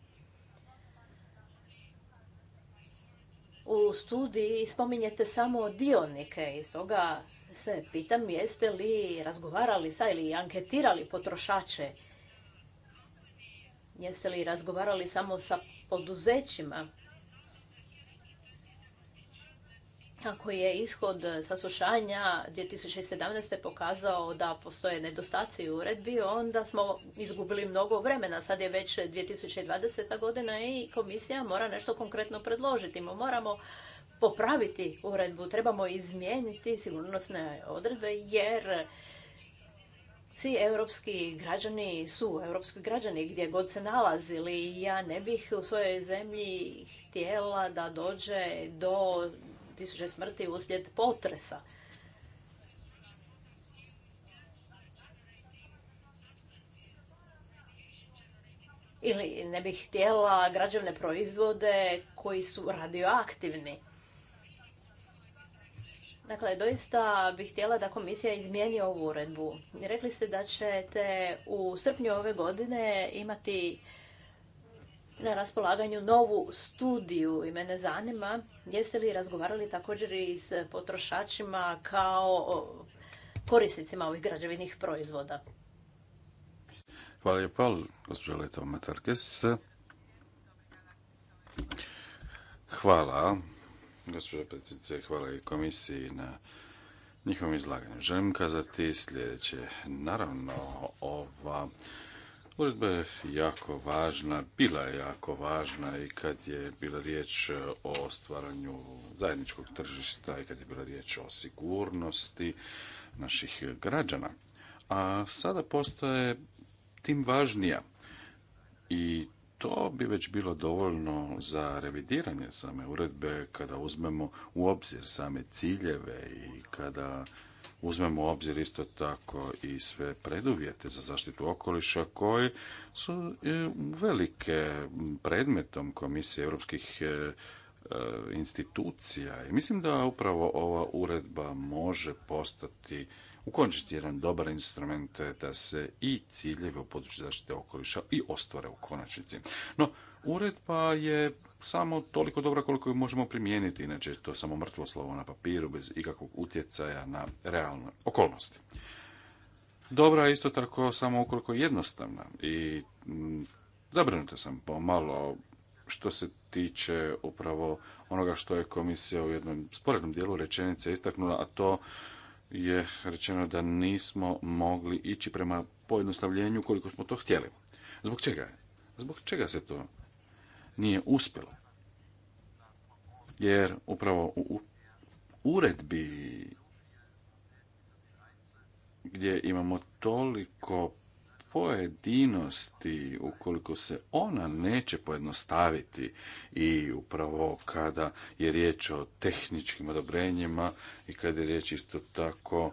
S4: U studiji spominjete samo dionike i toga se pitam jeste li razgovarali sa ili anketirali potrošače? Jeste li razgovarali samo sa poduzećima? Kako je ishod e, saslušanja 2017. pokazao da postoje nedostaci u uredbi, onda smo izgubili mnogo vremena. Sad je već 2020. godina i komisija mora nešto konkretno predložiti. Moramo popraviti uredbu, trebamo izmijeniti sigurnosne odredbe jer svi europski građani su europski građani gdje god se nalazili. Ja ne bih u svojoj zemlji htjela da dođe do tisuće smrti uslijed potresa. Ili ne bih htjela građevne proizvode koji su radioaktivni. Dakle, doista bih htjela da komisija izmijeni ovu uredbu. Rekli ste da ćete u srpnju ove godine imati na raspolaganju novu studiju i mene zanima Jeste li razgovarali također i s potrošačima kao korisnicima ovih građevinih proizvoda?
S1: Hvala lijepa, gospođa Leto Matarkes. Hvala, gospođa predsjednice, hvala i komisiji na njihovom izlaganju. Želim kazati sljedeće. Naravno, ova Uredba je jako važna, bila je jako važna i kad je bila riječ o stvaranju zajedničkog tržišta i kad je bila riječ o sigurnosti naših građana. A sada postoje tim važnija i to bi već bilo dovoljno za revidiranje same uredbe kada uzmemo u obzir same ciljeve i kada uzmemo u obzir isto tako i sve preduvjete za zaštitu okoliša koji su e, velike predmetom Komisije europskih e, e, institucija. I mislim da upravo ova uredba može postati u konačnici jedan dobar instrument eh, da se i ciljevi u području zaštite okoliša i ostvare u konačnici. No, uredba je samo toliko dobra koliko ju možemo primijeniti, inače je to samo mrtvo slovo na papiru bez ikakvog utjecaja na realne okolnosti. Dobra je isto tako samo ukoliko je jednostavna i mm, zabrinuta sam pomalo što se tiče upravo onoga što je komisija u jednom sporednom dijelu rečenice istaknula, a to je rečeno da nismo mogli ići prema pojednostavljenju koliko smo to htjeli. Zbog čega? Zbog čega se to nije uspjelo? Jer upravo u uredbi gdje imamo toliko pojedinosti, ukoliko se ona neće pojednostaviti i upravo kada je riječ o tehničkim odobrenjima i kada je riječ isto tako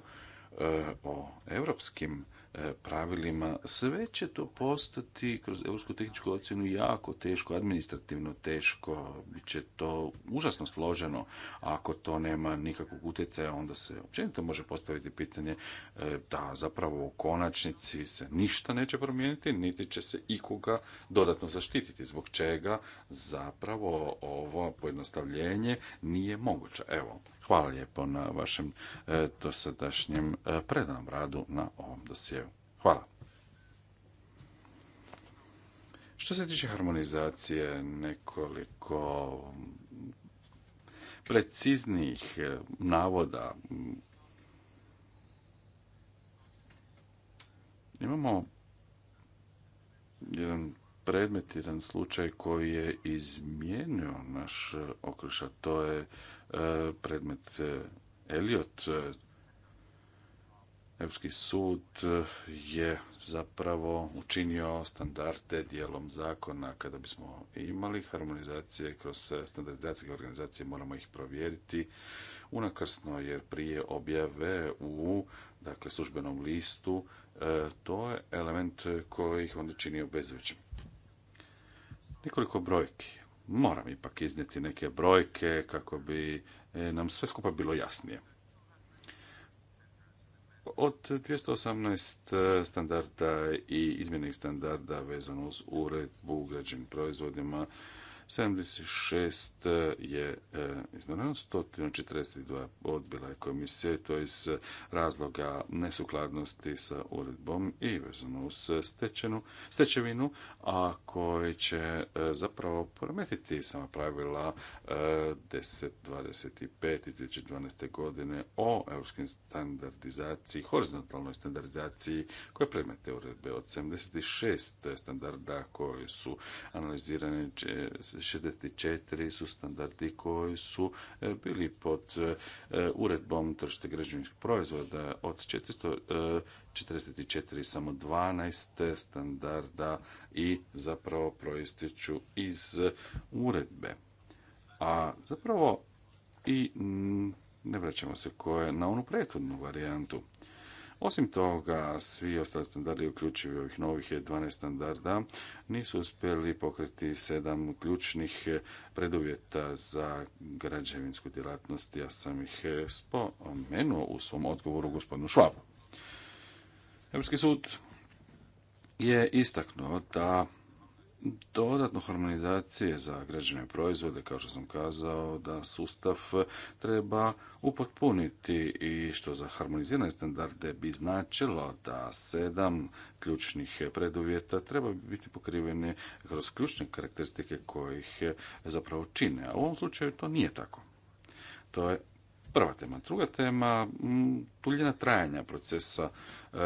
S1: e, o europskim E, pravilima, sve će to postati kroz europsku tehničku ocjenu jako teško, administrativno teško, bit će to užasno složeno. Ako to nema nikakvog utjecaja, onda se općenito može postaviti pitanje e, da zapravo u konačnici se ništa neće promijeniti, niti će se ikoga dodatno zaštititi, zbog čega zapravo ovo pojednostavljenje nije moguće. Evo, Hvala lijepo na vašem e, dosadašnjem e, predanom radu na ovom dosjeu. Hvala. Što se tiče harmonizacije, nekoliko preciznijih e, navoda. Imamo jedan predmet, jedan slučaj koji je izmijenio naš okruša, to je e, predmet Eliot. E, Europski sud je zapravo učinio standarde dijelom zakona. Kada bismo imali harmonizacije kroz standardizacijske organizacije, moramo ih provjeriti unakrsno jer prije objave u dakle, službenom listu e, to je element koji ih onda čini obvezujućim. Nekoliko brojki. Moram ipak iznijeti neke brojke kako bi e, nam sve skupa bilo jasnije. Od 218 e, standarda i izmjenih standarda vezano uz uredbu uređenim proizvodima 76 eh, je eh, izmjereno, 142 odbila je komisije, to to iz eh, razloga nesukladnosti sa uredbom i vezano uz stečenu, stečevinu, a koji će zapravo prometiti sama pravila 1025 iz 2012. godine o europskim standardizaciji, horizontalnoj standardizaciji koje predmete uredbe od 76 standarda koji su analizirani 64 su standardi koji su e, bili pod e, uredbom tržite građevinskih proizvoda od 444 e, samo 12 standarda i zapravo proističu iz uredbe. A zapravo i ne vraćamo se koje na onu prethodnu varijantu. Osim toga, svi ostali standardi uključivi ovih novih 12 e standarda nisu uspjeli pokriti sedam ključnih preduvjeta za građevinsku djelatnost. Ja sam ih eh, spomenuo u svom odgovoru gospodinu Švabu. Europski sud je istaknuo da dodatno harmonizacije za građevne proizvode, kao što sam kazao, da sustav treba upotpuniti i što za harmonizirane standarde bi značilo da sedam ključnih preduvjeta treba biti pokrivene kroz ključne karakteristike kojih zapravo čine. A u ovom slučaju to nije tako. To je prva tema. Druga tema, mm, duljina trajanja procesa, e,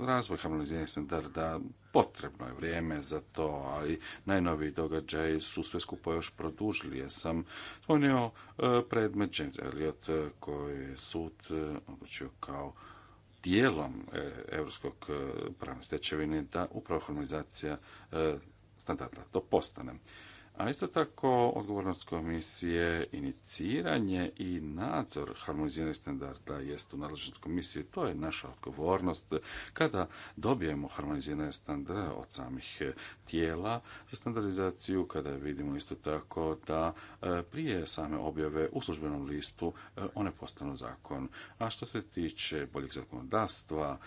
S1: razvoj harmoniziranih standarda, potrebno je vrijeme za to, ali i najnoviji događaji su sve skupo još produžili. Ja sam spomenuo e, predmet James Elliot e, koji je sud e, odlučio kao dijelom europskog pravne stečevine da upravo harmonizacija standarda to postane. A isto tako odgovornost komisije, iniciranje i nadzor harmoniziranih standarda jest u nadležnosti komisije. To je naša odgovornost kada dobijemo harmonizirane standarde od samih e, tijela za standardizaciju, kada vidimo isto tako da e, prije same objave u službenom listu e, one postanu zakon. A što se tiče boljeg zakonodavstva,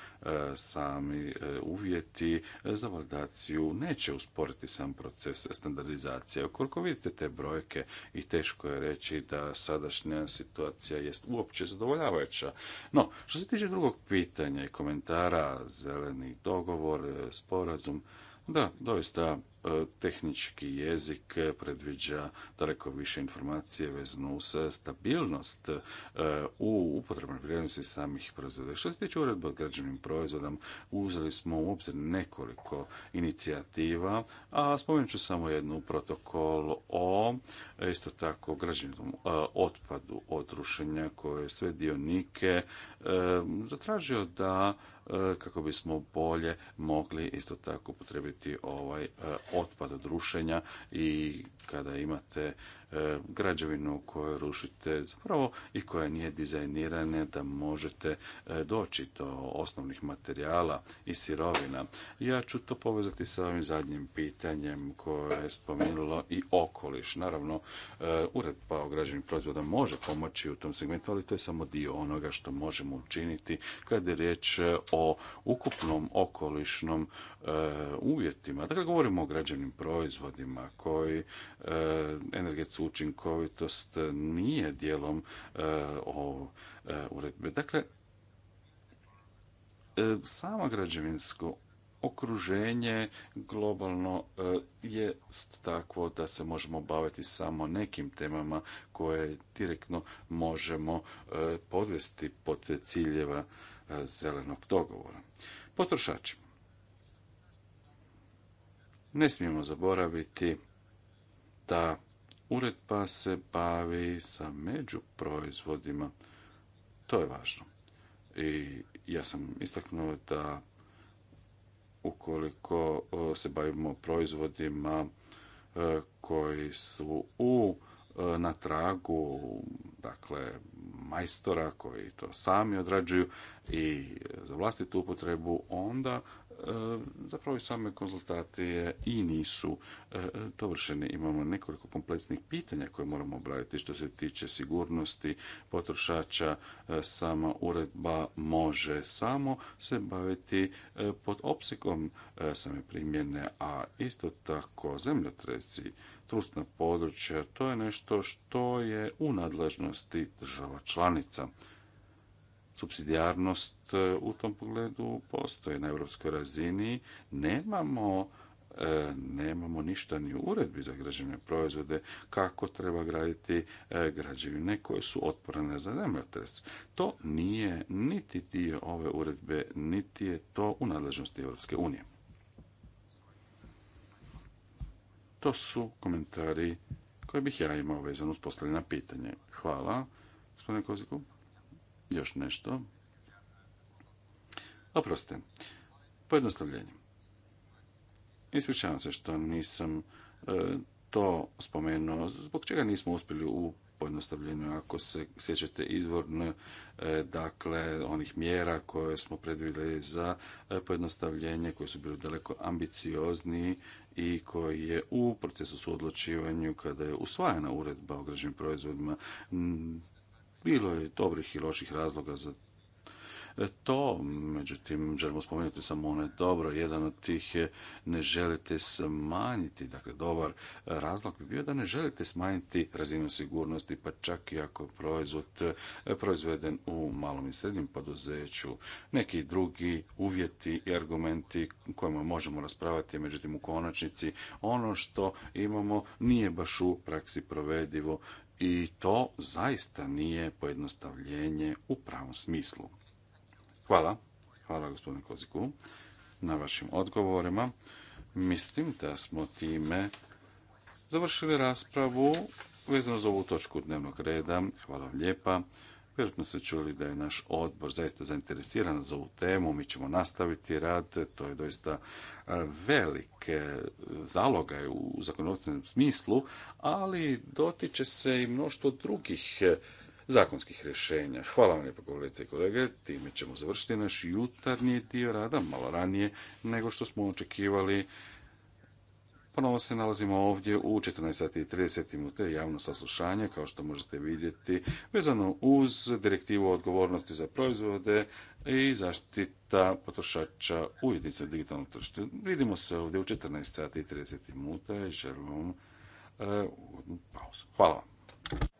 S1: sami uvjeti za validaciju neće usporiti sam proces standardizacije situacija. Ukoliko vidite te brojke i teško je reći da sadašnja situacija jest uopće zadovoljavajuća. No, što se tiče drugog pitanja i komentara, zeleni dogovor, sporazum, da, doista E, tehnički jezik predviđa daleko više informacije vezano uz e, stabilnost e, u upotrebnoj vrijednosti samih proizvoda. Što se tiče uredbe o građevnim proizvodom, uzeli smo u obzir nekoliko inicijativa, a spomenut ću samo jednu protokol o isto tako građevnom otpadu od rušenja koje sve dionike zatražio da kako bismo bolje mogli isto tako upotrebiti ovaj otpad od rušenja i kada imate E, građevinu koju rušite zapravo i koja nije dizajnirana da možete e, doći do osnovnih materijala i sirovina. Ja ću to povezati sa ovim zadnjim pitanjem koje je spomenulo i okoliš. Naravno, e, uredba pa o građevnim proizvoda može pomoći u tom segmentu, ali to je samo dio onoga što možemo učiniti kada je riječ o ukupnom okolišnom uvjetima. Dakle, govorimo o građevnim proizvodima koji energetski učinkovitost nije dijelom e, o e, uredbe. Dakle, e, samo građevinsko okruženje globalno je takvo da se možemo baviti samo nekim temama koje direktno možemo podvesti pod ciljeva zelenog dogovora. Potrošači. Ne smijemo zaboraviti da uredba se bavi sa proizvodima. To je važno. I ja sam istaknuo da ukoliko se bavimo proizvodima e, koji su u e, na tragu dakle majstora koji to sami odrađuju i za vlastitu upotrebu onda E, zapravo i same konzultacije i nisu e, dovršene. Imamo nekoliko kompleksnih pitanja koje moramo obraditi što se tiče sigurnosti potrošača. E, sama uredba može samo se baviti pod opsikom same primjene, a isto tako zemljotresi trusna područja, to je nešto što je u nadležnosti država članica. Subsidijarnost e, u tom pogledu postoji na europskoj razini. Nemamo e, nemamo ništa ni u uredbi za građevne proizvode kako treba graditi e, građevine koje su otporne za zemljotres. To nije niti dio ove uredbe, niti je to u nadležnosti Europske unije. To su komentari koje bih ja imao vezano uz postavljena pitanje. Hvala, gospodine Koziku. Još nešto? oprostite Pojednostavljenje. Ispričavam se što nisam e, to spomenuo, zbog čega nismo uspjeli u pojednostavljenju, ako se sjećate izvorno, e, dakle, onih mjera koje smo predvidjeli za e, pojednostavljenje, koje su bili daleko ambiciozniji i koji je u procesu suodločivanju, kada je usvajana uredba o građenim proizvodima, bilo je dobrih i loših razloga za to, međutim, želimo spomenuti samo ono dobro, jedan od tih je ne želite smanjiti, dakle, dobar razlog bi bio da ne želite smanjiti razinu sigurnosti, pa čak i ako je proizvod proizveden u malom i srednjem poduzeću, neki drugi uvjeti i argumenti kojima možemo raspravati, međutim, u konačnici, ono što imamo nije baš u praksi provedivo i to zaista nije pojednostavljenje u pravom smislu. Hvala. Hvala gospodine Koziku na vašim odgovorima. Mislim da smo time završili raspravu vezano za ovu točku dnevnog reda. Hvala vam lijepa. Vjerojatno se čuli da je naš odbor zaista zainteresiran za ovu temu. Mi ćemo nastaviti rad. To je doista velike zaloga u zakonodavstvenom smislu, ali dotiče se i mnoštvo drugih e, zakonskih rješenja. Hvala vam lijepo, kolegice i kolege. Time ćemo završiti naš jutarnji dio rada, malo ranije nego što smo očekivali. Ponovo se nalazimo ovdje u 14.30 minuta javno saslušanje, kao što možete vidjeti, vezano uz direktivu odgovornosti za proizvode i zaštita potrošača u jedinstvenom digitalnom tržištu. Vidimo se ovdje u 14.30 minuta i želim vam eh, pauzu. Hvala vam.